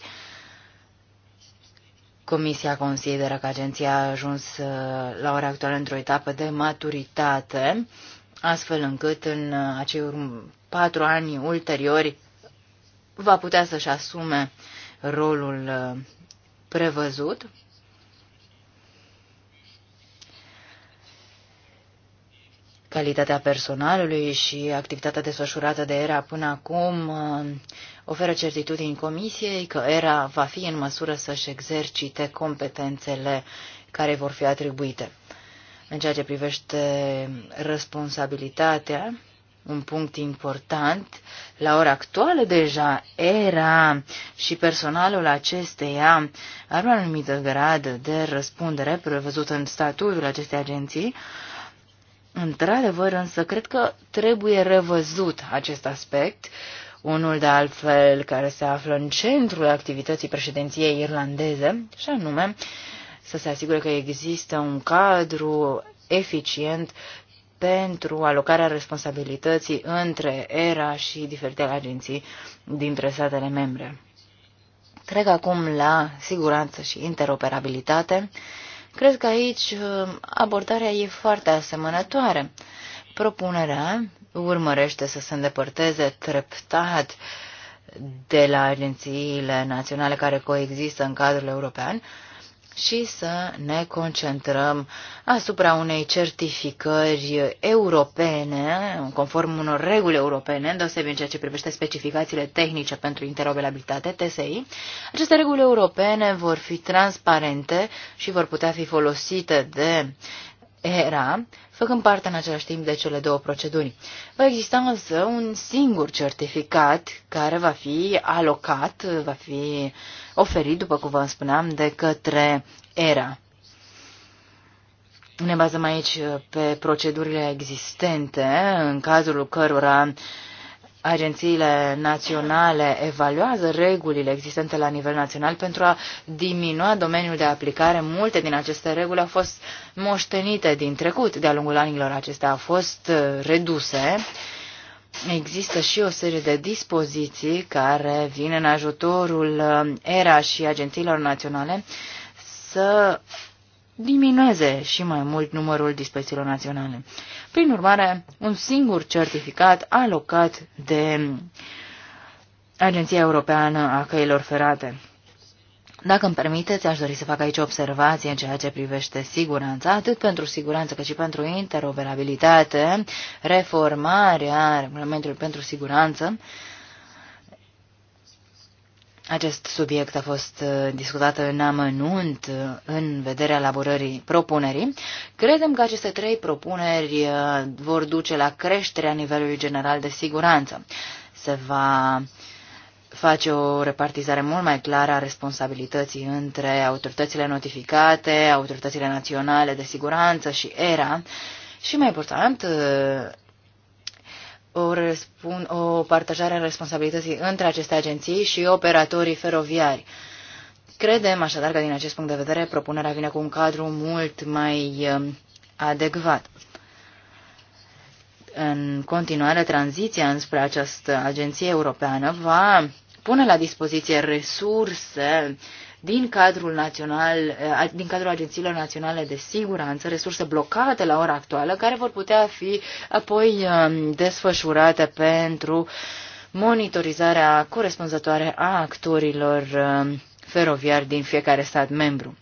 Comisia consideră că agenția a ajuns uh, la ora actuală într-o etapă de maturitate, astfel încât în uh, acei patru ani ulteriori va putea să-și asume rolul uh, prevăzut Calitatea personalului și activitatea desfășurată de ERA până acum uh, oferă certitudini comisiei că ERA va fi în măsură să-și exercite competențele care vor fi atribuite. În ceea ce privește responsabilitatea, un punct important, la ora actuală deja era și personalul acesteia are un anumit grad de răspundere prevăzut în statutul acestei agenții, Într-adevăr, însă, cred că trebuie revăzut acest aspect, unul de altfel care se află în centrul activității președinției irlandeze, și anume să se asigure că există un cadru eficient pentru alocarea responsabilității între ERA și diferitele agenții dintre statele membre. Trec acum la siguranță și interoperabilitate. Uh, Cred că aici uh, abordarea e foarte asemănătoare. Propunerea urmărește să se îndepărteze treptat de la agențiile naționale care coexistă în cadrul european, și să ne concentrăm asupra unei certificări europene, conform unor reguli europene, deosebit în ceea ce privește specificațiile tehnice pentru interoperabilitate, TSI. Aceste reguli europene vor fi transparente și vor putea fi folosite de ERA, făcând parte în același timp de cele două proceduri. Va exista însă un singur certificat care va fi alocat, va fi oferit, după cum vă spuneam, de către ERA. Ne bazăm aici pe procedurile existente, în cazul cărora uh, agențiile naționale evaluează regulile existente la nivel național pentru a diminua domeniul de aplicare. Multe din aceste reguli au fost moștenite din trecut. De-a lungul anilor acestea au fost uh, reduse. Există și o serie de dispoziții care vin în ajutorul uh, ERA și agențiilor naționale să diminueze și mai mult numărul dispozițiilor naționale. Prin urmare, un singur certificat alocat de Agenția Europeană a Căilor Ferate. Dacă îmi permiteți, aș dori să fac aici observație în ceea ce privește siguranța, atât pentru siguranță cât și pentru interoperabilitate, reformarea regulamentului pentru siguranță, uh, acest subiect a fost uh, discutat în amănunt uh, în vederea elaborării propunerii. Credem că aceste trei propuneri uh, vor duce la creșterea nivelului general de siguranță. Se va face o repartizare mult mai clară a responsabilității între autoritățile notificate, autoritățile naționale de siguranță și ERA și, mai important, o, răspun, o partajare a responsabilității între aceste agenții și operatorii feroviari. Credem așadar că din acest punct de vedere propunerea vine cu un cadru mult mai um, adecvat. În continuare, tranziția înspre această agenție europeană va pune la dispoziție resurse din cadrul, național, eh, din cadrul agențiilor naționale de siguranță, resurse blocate la ora actuală, care vor putea fi apoi eh, desfășurate pentru monitorizarea corespunzătoare a actorilor eh, feroviari din fiecare stat membru.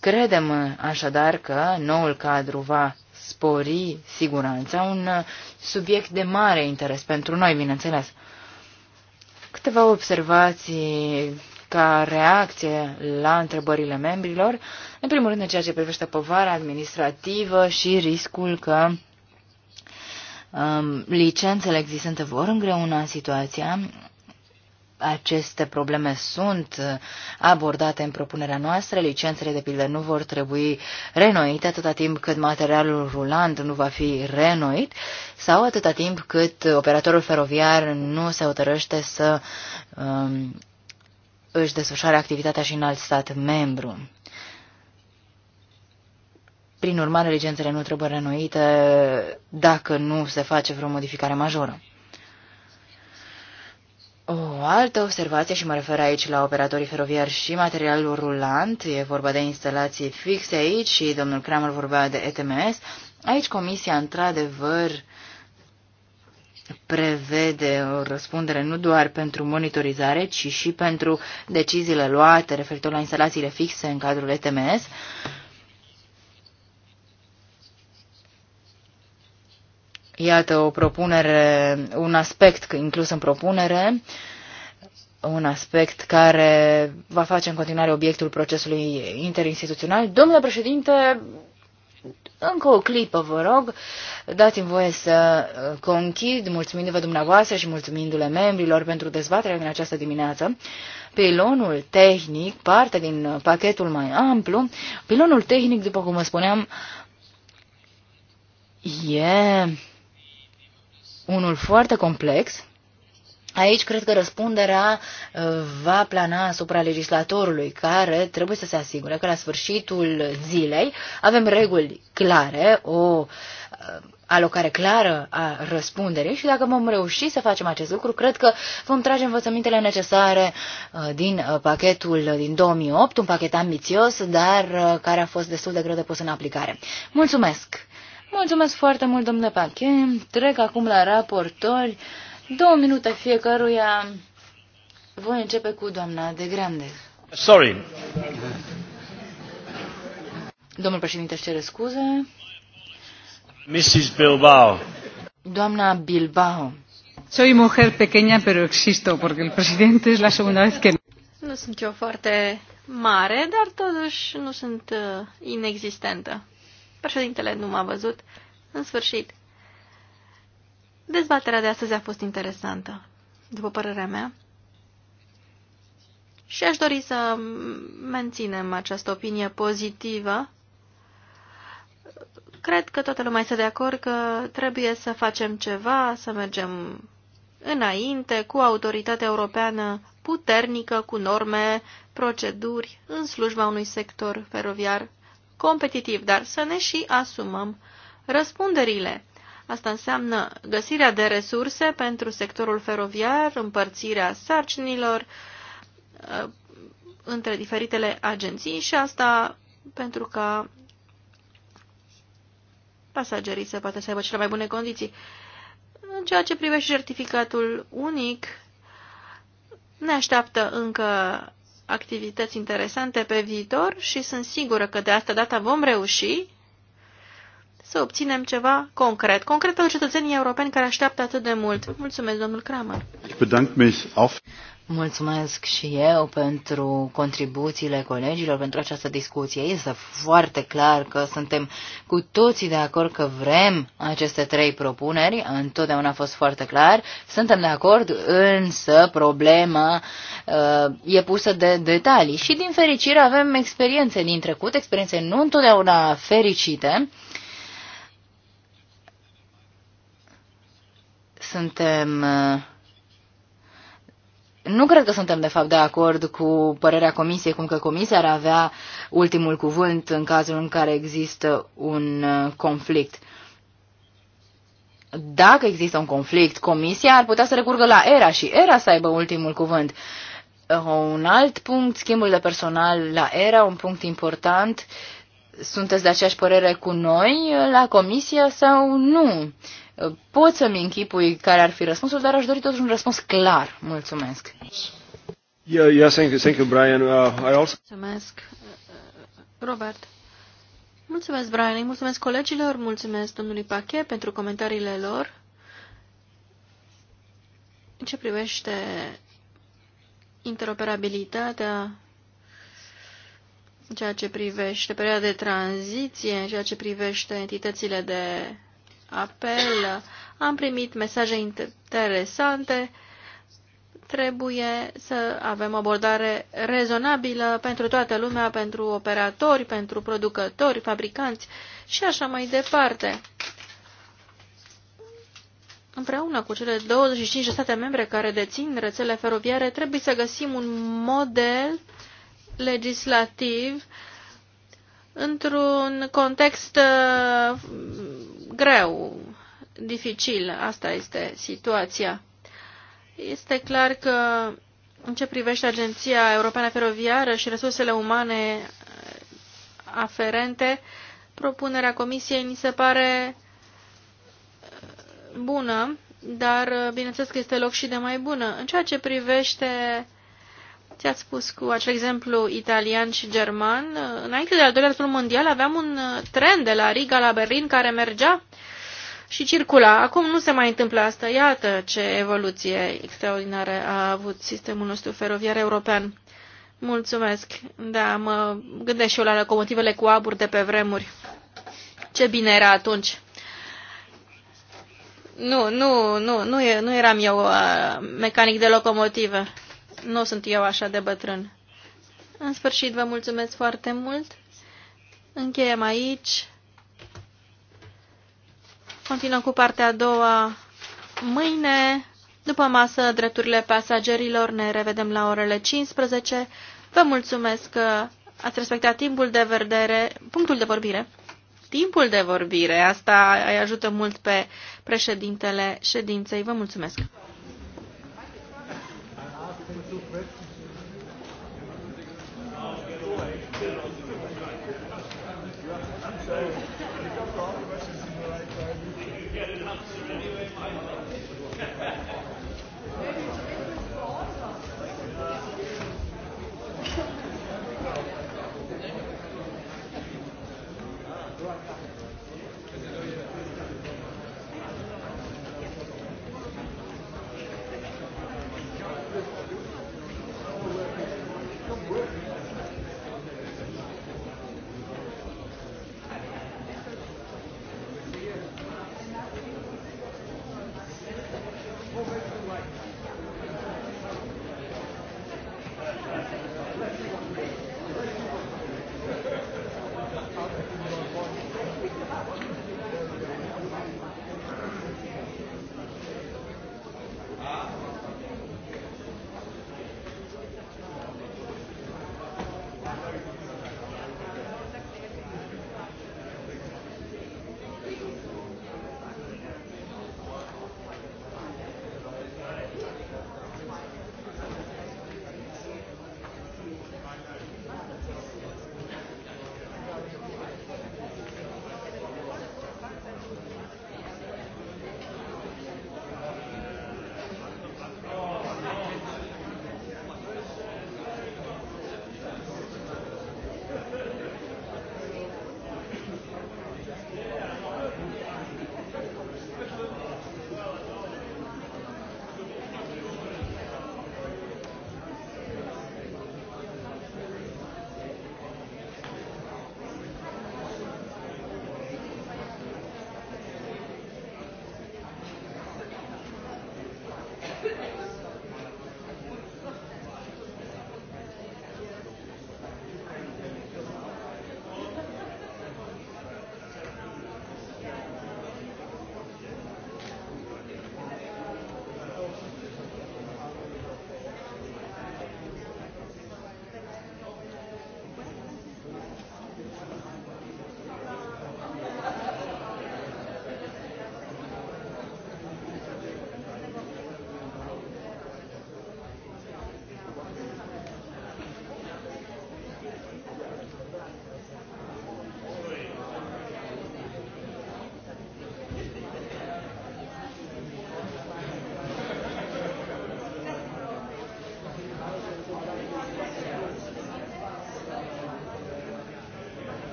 Credem așadar că noul cadru va spori siguranța, un subiect de mare interes pentru noi, bineînțeles. Câteva observații ca reacție la întrebările membrilor, în primul rând în ceea ce privește povara administrativă și riscul că um, licențele existente vor îngreuna situația. Aceste probleme sunt uh, abordate în propunerea noastră. Licențele, de pildă, nu vor trebui renoite atâta timp cât materialul rulant nu va fi renoit sau atâta timp cât operatorul feroviar nu se hotărăște să um, își desfășoare activitatea și în alt stat membru. Prin urmare, licențele nu trebuie renoite dacă nu se face vreo modificare majoră. O altă observație, și mă refer aici la operatorii feroviari și materialul rulant, e vorba de instalații fixe aici și domnul Kramer vorbea de ETMS, aici comisia într-adevăr prevede o răspundere nu doar pentru monitorizare, ci și pentru deciziile luate referitor la instalațiile fixe în cadrul ETMS. Iată o propunere, un aspect inclus în propunere, un aspect care va face în continuare obiectul procesului interinstituțional. Domnule președinte, încă o clipă, vă rog, dați-mi voie să uh, conchid, mulțumindu-vă dumneavoastră și mulțumindu-le membrilor pentru dezbaterea din această dimineață. Pilonul tehnic, parte din uh, pachetul mai amplu, pilonul tehnic, după cum vă spuneam, e unul foarte complex, Aici cred că răspunderea uh, va plana asupra legislatorului, care trebuie să se asigure că la sfârșitul zilei avem reguli clare, o uh, alocare clară a răspunderii și dacă vom reuși să facem acest lucru, cred că vom trage învățămintele necesare uh, din pachetul din 2008, un pachet ambițios, dar care a fost destul de greu de pus în aplicare. Mulțumesc! Mulțumesc foarte mult, domnule Pache. Trec acum la raportori. Două minute fiecăruia. Voi începe cu doamna de Grande. Sorry. Domnul președinte își cere scuze. Mrs. Bilbao. Doamna Bilbao. Soy mujer pequeña, pero existo, porque el presidente es la segunda vez que... Nu sunt eu foarte mare, dar totuși nu sunt uh, inexistentă. Președintele nu m-a văzut. În sfârșit, Dezbaterea de astăzi a fost interesantă, după părerea mea. Și aș dori să menținem această opinie pozitivă. Cred că toată lumea este de acord că trebuie să facem ceva, să mergem înainte cu autoritatea europeană puternică, cu norme, proceduri, în slujba unui sector feroviar competitiv, dar să ne și asumăm răspunderile. Asta înseamnă găsirea de resurse pentru sectorul feroviar, împărțirea sarcinilor uh, între diferitele agenții și asta pentru ca pasagerii să poată să aibă cele mai bune condiții. În ceea ce privește certificatul unic, ne așteaptă încă activități interesante pe viitor și sunt sigură că de asta data vom reuși să obținem ceva concret, concret pentru cetățenii europeni care așteaptă atât de mult. Mulțumesc, domnul Kramer. Mulțumesc și eu pentru contribuțiile colegilor, pentru această discuție. Este foarte clar că suntem cu toții de acord că vrem aceste trei propuneri, întotdeauna a fost foarte clar, suntem de acord, însă problema uh, e pusă de detalii și din fericire avem experiențe din trecut, experiențe nu întotdeauna fericite, Suntem uh, nu cred că suntem de fapt de acord cu părerea comisiei, cum că comisia ar avea ultimul cuvânt în cazul în care există un uh, conflict. Dacă există un conflict, comisia ar putea să recurgă la ERA și ERA să aibă ultimul cuvânt. Uh, un alt punct, schimbul de personal la ERA, un punct important. Sunteți de aceeași părere cu noi la comisie sau nu? Pot să-mi închipui care ar fi răspunsul, dar aș dori totuși un răspuns clar. Mulțumesc. Yeah, yeah, thank you, thank you, Brian. Uh, I also... Mulțumesc, uh, Robert. Mulțumesc, Brian. mulțumesc colegilor, mulțumesc domnului Pache pentru comentariile lor. În ce privește interoperabilitatea, în ceea ce privește perioada de tranziție, în ceea ce privește entitățile de apel. Am primit mesaje interesante. Trebuie să avem o abordare rezonabilă pentru toată lumea, pentru operatori, pentru producători, fabricanți și așa mai departe. Împreună cu cele 25 de state membre care dețin rețele feroviare, trebuie să găsim un model legislativ într-un context greu, dificil, asta este situația. Este clar că în ce privește Agenția Europeană Feroviară și resursele umane eh, aferente, propunerea Comisiei ni se pare eh, bună, dar eh, bineînțeles că este loc și de mai bună. În ceea ce privește ți-ați spus cu acel exemplu italian și german, înainte de al doilea război mondial aveam un uh, tren de la Riga la Berlin care mergea și circula. Acum nu se mai întâmplă asta. Iată ce evoluție extraordinară a avut sistemul nostru feroviar european. Mulțumesc. Da, mă gândesc și eu la locomotivele cu aburi de pe vremuri. Ce bine era atunci. Nu, nu, nu, nu, nu eram eu uh, mecanic de locomotive nu sunt eu așa de bătrân. În sfârșit, vă mulțumesc foarte mult. Încheiem aici. Continuăm cu partea a doua mâine. După masă, drepturile pasagerilor, ne revedem la orele 15. Vă mulțumesc că ați respectat timpul de verdere, punctul de vorbire. Timpul de vorbire, asta îi ajută mult pe președintele ședinței. Vă mulțumesc! two questions.